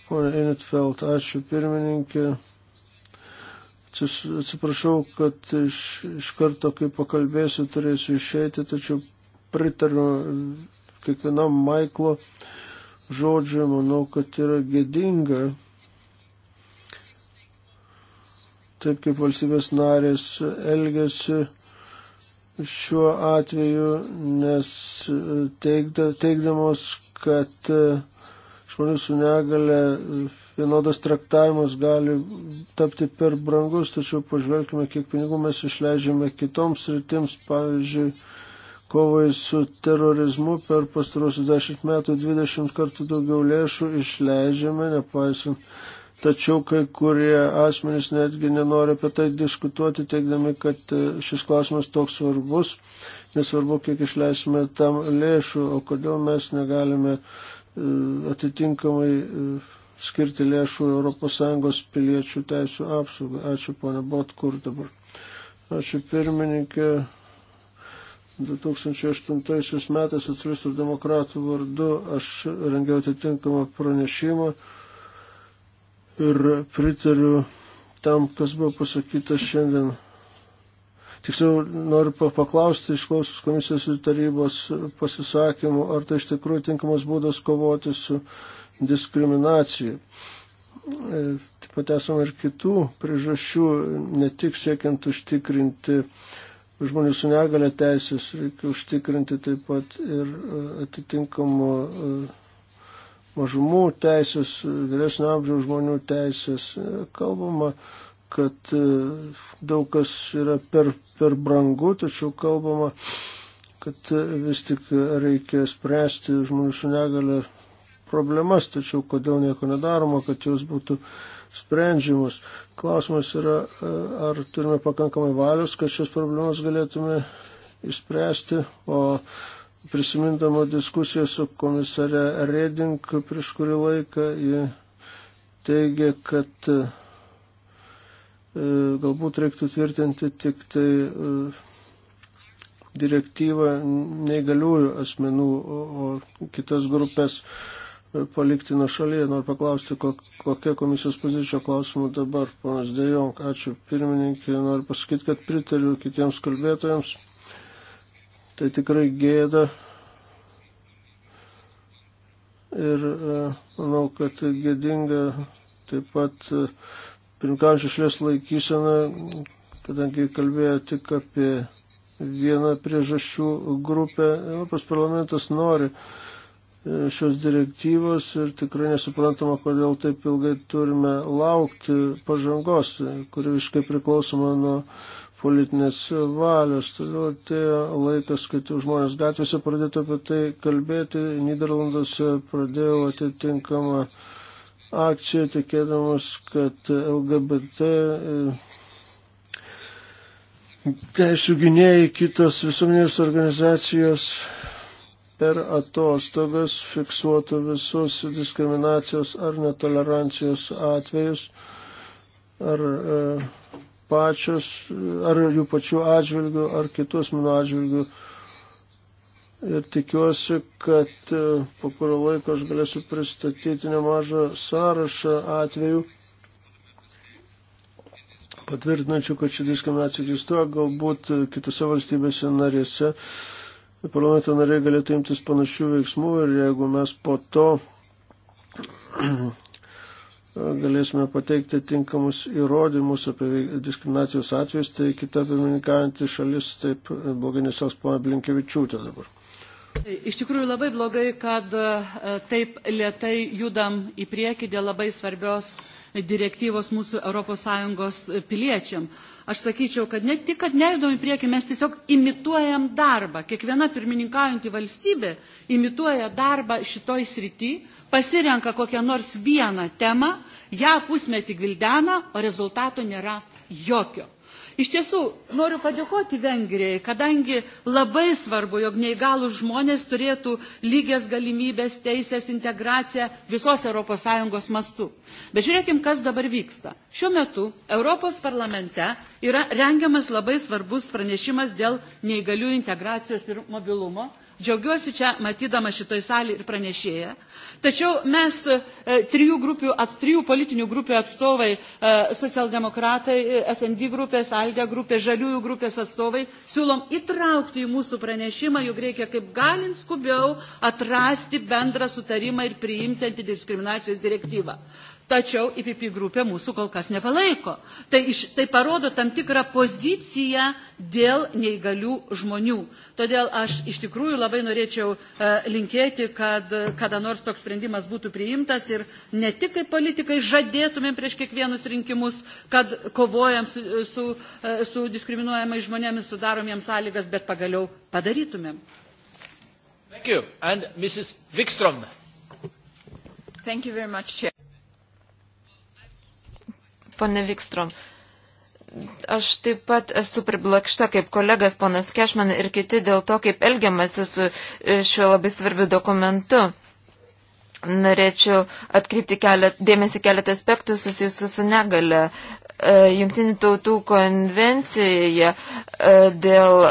Pone Inetfeld, ačiū pirmininkė. Atsiprašau, kad iš, iš karto, kai pakalbėsiu, turėsiu išeiti, tačiau pritariu kiekvienam Maiklo uh, žodžio, manau, kad yra gėdinga. Taip kaip valstybės narės elgesi šiuo atveju, nes e, teikda, teikdamos, kad e, žmonių su negale vienodas traktavimas gali tapti per brangus, tačiau pažvelkime, kiek pinigų mes išleidžiame kitoms rytims, pavyzdžiui, kovai su terorizmu per pastarosius dešimt metų 20 kartų daugiau lėšų išleidžiame, nepaisant. Tačiau kai kurie asmenys netgi nenori apie tai diskutuoti, teikdami, kad e, šis klausimas toks svarbus, nesvarbu, kiek išleisime tam lėšų, o kodėl mes negalime e, atitinkamai e, skirti lėšų ES piliečių teisų apsaugai. Ačiū, ponia Botkur dabar. Ačiū pirmininkė. 2008 metais socialistų ir demokratų vardu aš rengiau atitinkamą pranešimą ir pritariu tam, kas buvo pasakyta šiandien. Tiksliau noriu paklausti išklausus komisijos ir tarybos pasisakymų, ar tai iš tikrųjų tinkamas būdas kovoti su diskriminacija. E, taip pat esame ir kitų priežasčių, ne tik siekiant užtikrinti uh, žmonių su negale teisės, reikia užtikrinti taip pat ir e, atitinkamų e, mažumų teisės, vyresnio amžiaus žmonių teisės. E, kalbama, kad daug kas yra per, per brangu, tačiau kalbama, kad vis tik reikia spręsti žmonių su negale problemas, tačiau kodėl nieko nedaroma, kad jos būtų uh, sprendžiamus. Klausimas yra, e, ar turime pakankamai valios, kad šios problemas galėtume išspręsti, o prisimindama diskusiją su komisare Reding prieš kurį laiką, ji teigia, kad e, galbūt reiktų tvirtinti tik tai e, direktyvą neįgaliųjų asmenų, o kitas grupės palikti nuo šalyje. Noriu paklausti, kokia komisijos pozicija klausimų dabar, ponas Dejong. Ačiū pirmininkė. Noriu pasakyti, kad pritariu kitiems kalbėtojams. Tai tikrai gėda. Ir e, manau, kad gėdinga taip pat e, pirmkaujančių šalies laikysena, kadangi kalbėjo tik apie vieną priežasčių grupę. Europos parlamentas nori E, šios direktyvos ir tikrai nesuprantama, kodėl taip ilgai turime laukti pažangos, kuri visiškai priklausoma nuo politinės valios. Todėl atėjo laikas, kai žmonės gatvėse pradėtų apie tai kalbėti. Niderlanduose pradėjau atitinkamą akciją, tikėdamas, kad LGBT e, teisų gynėjai kitos visuomenės organizacijos per atostogas fiksuotų visus diskriminacijos ar netolerancijos atvejus, ar e, pačios, ar jų pačių atžvilgių, ar kitus mano atžvilgių. Ir tikiuosi, kad e, po kurio laiko aš galėsiu pristatyti nemažą sąrašą atvejų, patvirtinančių, kad ši diskriminacija egzistuoja, galbūt e, kitose valstybėse narėse. E, parlamento nariai galėtų imtis panašių veiksmų ir jeigu mes po to galėsime pateikti tinkamus įrodymus apie diskriminacijos atvejus, tai kita pirmininkaujantį šalis taip blogai nesios pana Blinkevičiūtė dabar. Iš tikrųjų labai blogai, kad e, taip lietai judam į priekį dėl labai svarbios direktyvos mūsų ES piliečiam. Aš sakyčiau, kad ne tik, kad neįdom į priekį, mes tiesiog imituojam darbą. Kiekviena pirmininkaujanti valstybė imituoja darbą šitoj srity, pasirenka kokią nors vieną temą, ją pusmetį gvildena, o rezultato nėra jokio. Iš tiesų, noriu padėkoti Vengrijai, kadangi labai svarbu, jog neįgalus žmonės turėtų lygias galimybės, teisės, integraciją visos ES mastu. Bet žiūrėkim, kas dabar vyksta. Šiuo metu Europos parlamente yra rengiamas labai svarbus pranešimas dėl neįgalių integracijos ir mobilumo Džiaugiuosi čia matydama šitoj salį ir pranešėją. Tačiau mes e, trijų, grupių, trijų politinių grupių atstovai, e, socialdemokratai, e, SND grupės, ALDE grupės, Žaliųjų grupės atstovai, siūlom įtraukti į mūsų pranešimą, juk reikia kaip galint skubiau atrasti bendrą sutarimą ir priimti antidiskriminacijos direktyvą. Tačiau IPP grupė mūsų kol kas nepalaiko. Tai, iš, tai parodo tam tikrą poziciją dėl neįgalių žmonių. Todėl aš iš tikrųjų labai norėčiau e, linkėti, kad e, kada nors toks sprendimas būtų priimtas ir ne tik kaip politikai žadėtumėm prieš kiekvienus rinkimus, kad kovojam su, e, su, e, su diskriminuojamai žmonėmis, sudarom jiems sąlygas, bet pagaliau padarytumėm. Thank you. And Mrs. Wikstrom. Thank you very much, Chair. Pone Vikstrom, aš taip pat esu priblakšta kaip kolegas ponas Kešman ir kiti dėl to, kaip elgiamasi su e, šiuo labai svarbiu dokumentu. Norėčiau atkreipti kelet, dėmesį keletą aspektų susijusių su negale. E, Junktinių tautų konvencijoje e, dėl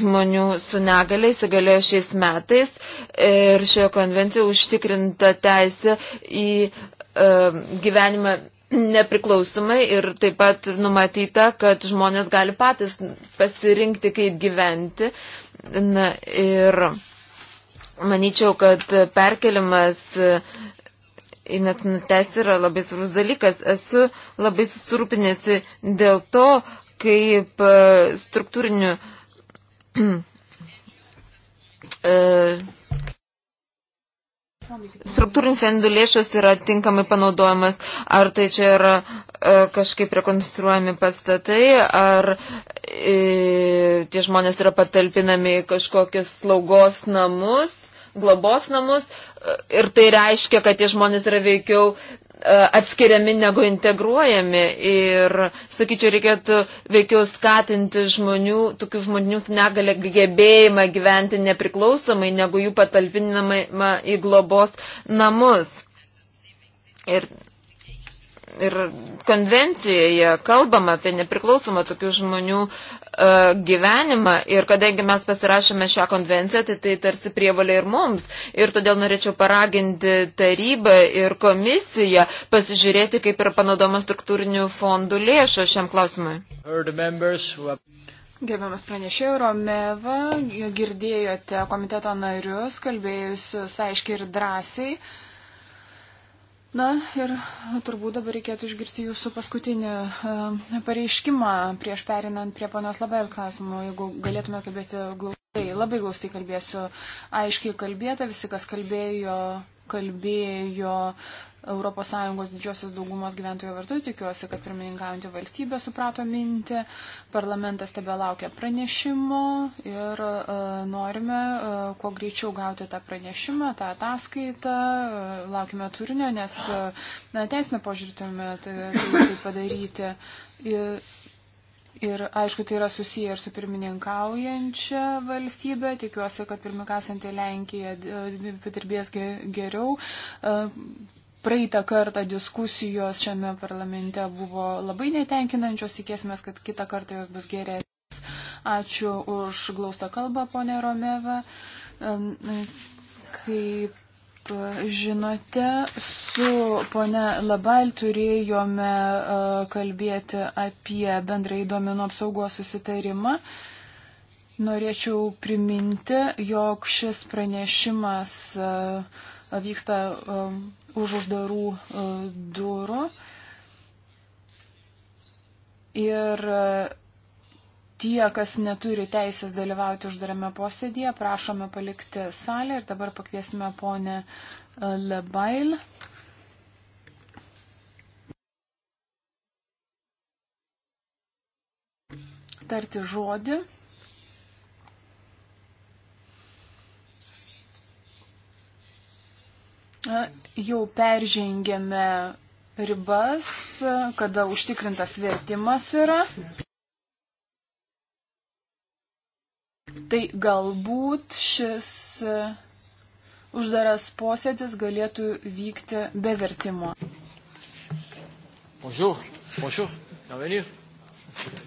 žmonių su negaliai įsigalėjo šiais metais ir šioje konvencijoje užtikrinta teisė į gyvenimą nepriklausomai ir taip pat numatyta, kad žmonės gali patys pasirinkti, kaip gyventi. Na, ir manyčiau, kad perkelimas į nacionalinę teisę yra labai svarbus dalykas. Esu labai susirūpinėsi dėl to, kaip e, struktūrinių e, struktūrinių fondų lėšos yra tinkamai panaudojamas, ar tai čia yra e, kažkaip rekonstruojami pastatai, ar e, tie žmonės yra patalpinami į kažkokius slaugos namus, globos namus, e, ir tai reiškia, kad tie žmonės yra veikiau atskiriami negu integruojami ir, sakyčiau, reikėtų veikiau skatinti žmonių, tokių žmonių negalę gebėjimą gyventi nepriklausomai, negu jų patalpinimą į globos namus. Ir, ir konvencijoje kalbama apie nepriklausomą tokių žmonių uh, E, gyvenimą ir kadangi mes pasirašėme šią konvenciją, tai tai tarsi prievalė ir mums. Ir todėl norėčiau paraginti tarybą ir komisiją pasižiūrėti, kaip yra panaudoma struktūrinių fondų lėšo šiam klausimui. Gerbiamas pranešėjų Romeva, girdėjote komiteto narius, kalbėjusius aiškiai ir drąsiai. Uh, Na ir turbūt dabar reikėtų išgirsti jūsų paskutinį e, pareiškimą prieš perinant prie panos Label klausimų, jeigu galėtume kalbėti glaustai. Labai glaustai kalbėsiu. Aiškiai kalbėta, visi, kas kalbėjo, kalbėjo ES didžiosios daugumos gyventojų vardu. Tikiuosi, kad pirmininkaujantį valstybę suprato mintį. Parlamentas tebe laukia pranešimo ir uh, norime uh, kuo greičiau gauti tą pranešimą, tą ataskaitą. Uh, laukime turinio, nes uh, teisinio požiūrį turime tai, tai, tai padaryti. Ir, Ir aišku, tai yra susiję ir su pirmininkaujančia valstybė. Tikiuosi, kad pirmininkasianti Lenkija padirbės geriau praeitą kartą diskusijos šiame parlamente buvo labai netenkinančios, tikėsime, kad kitą kartą jos bus geresnės. Ačiū už glaustą kalbą, ponė Romeva. Kaip Žinote, su ponia Labal turėjome e, kalbėti apie bendrai duomenų apsaugos susitarimą. Norėčiau priminti, jog šis pranešimas e, vyksta e, už uždarų e, durų. Ir e, tie, kas neturi teisės dalyvauti uždarame posėdėje, prašome palikti salę ir dabar pakviesime ponę e, Lebail. Tarti žodį. jau peržengėme ribas, kada užtikrintas vertimas yra. Tai galbūt šis e, uždaras posėdis galėtų vykti be vertimo. Bonjour, bonjour, bienvenue.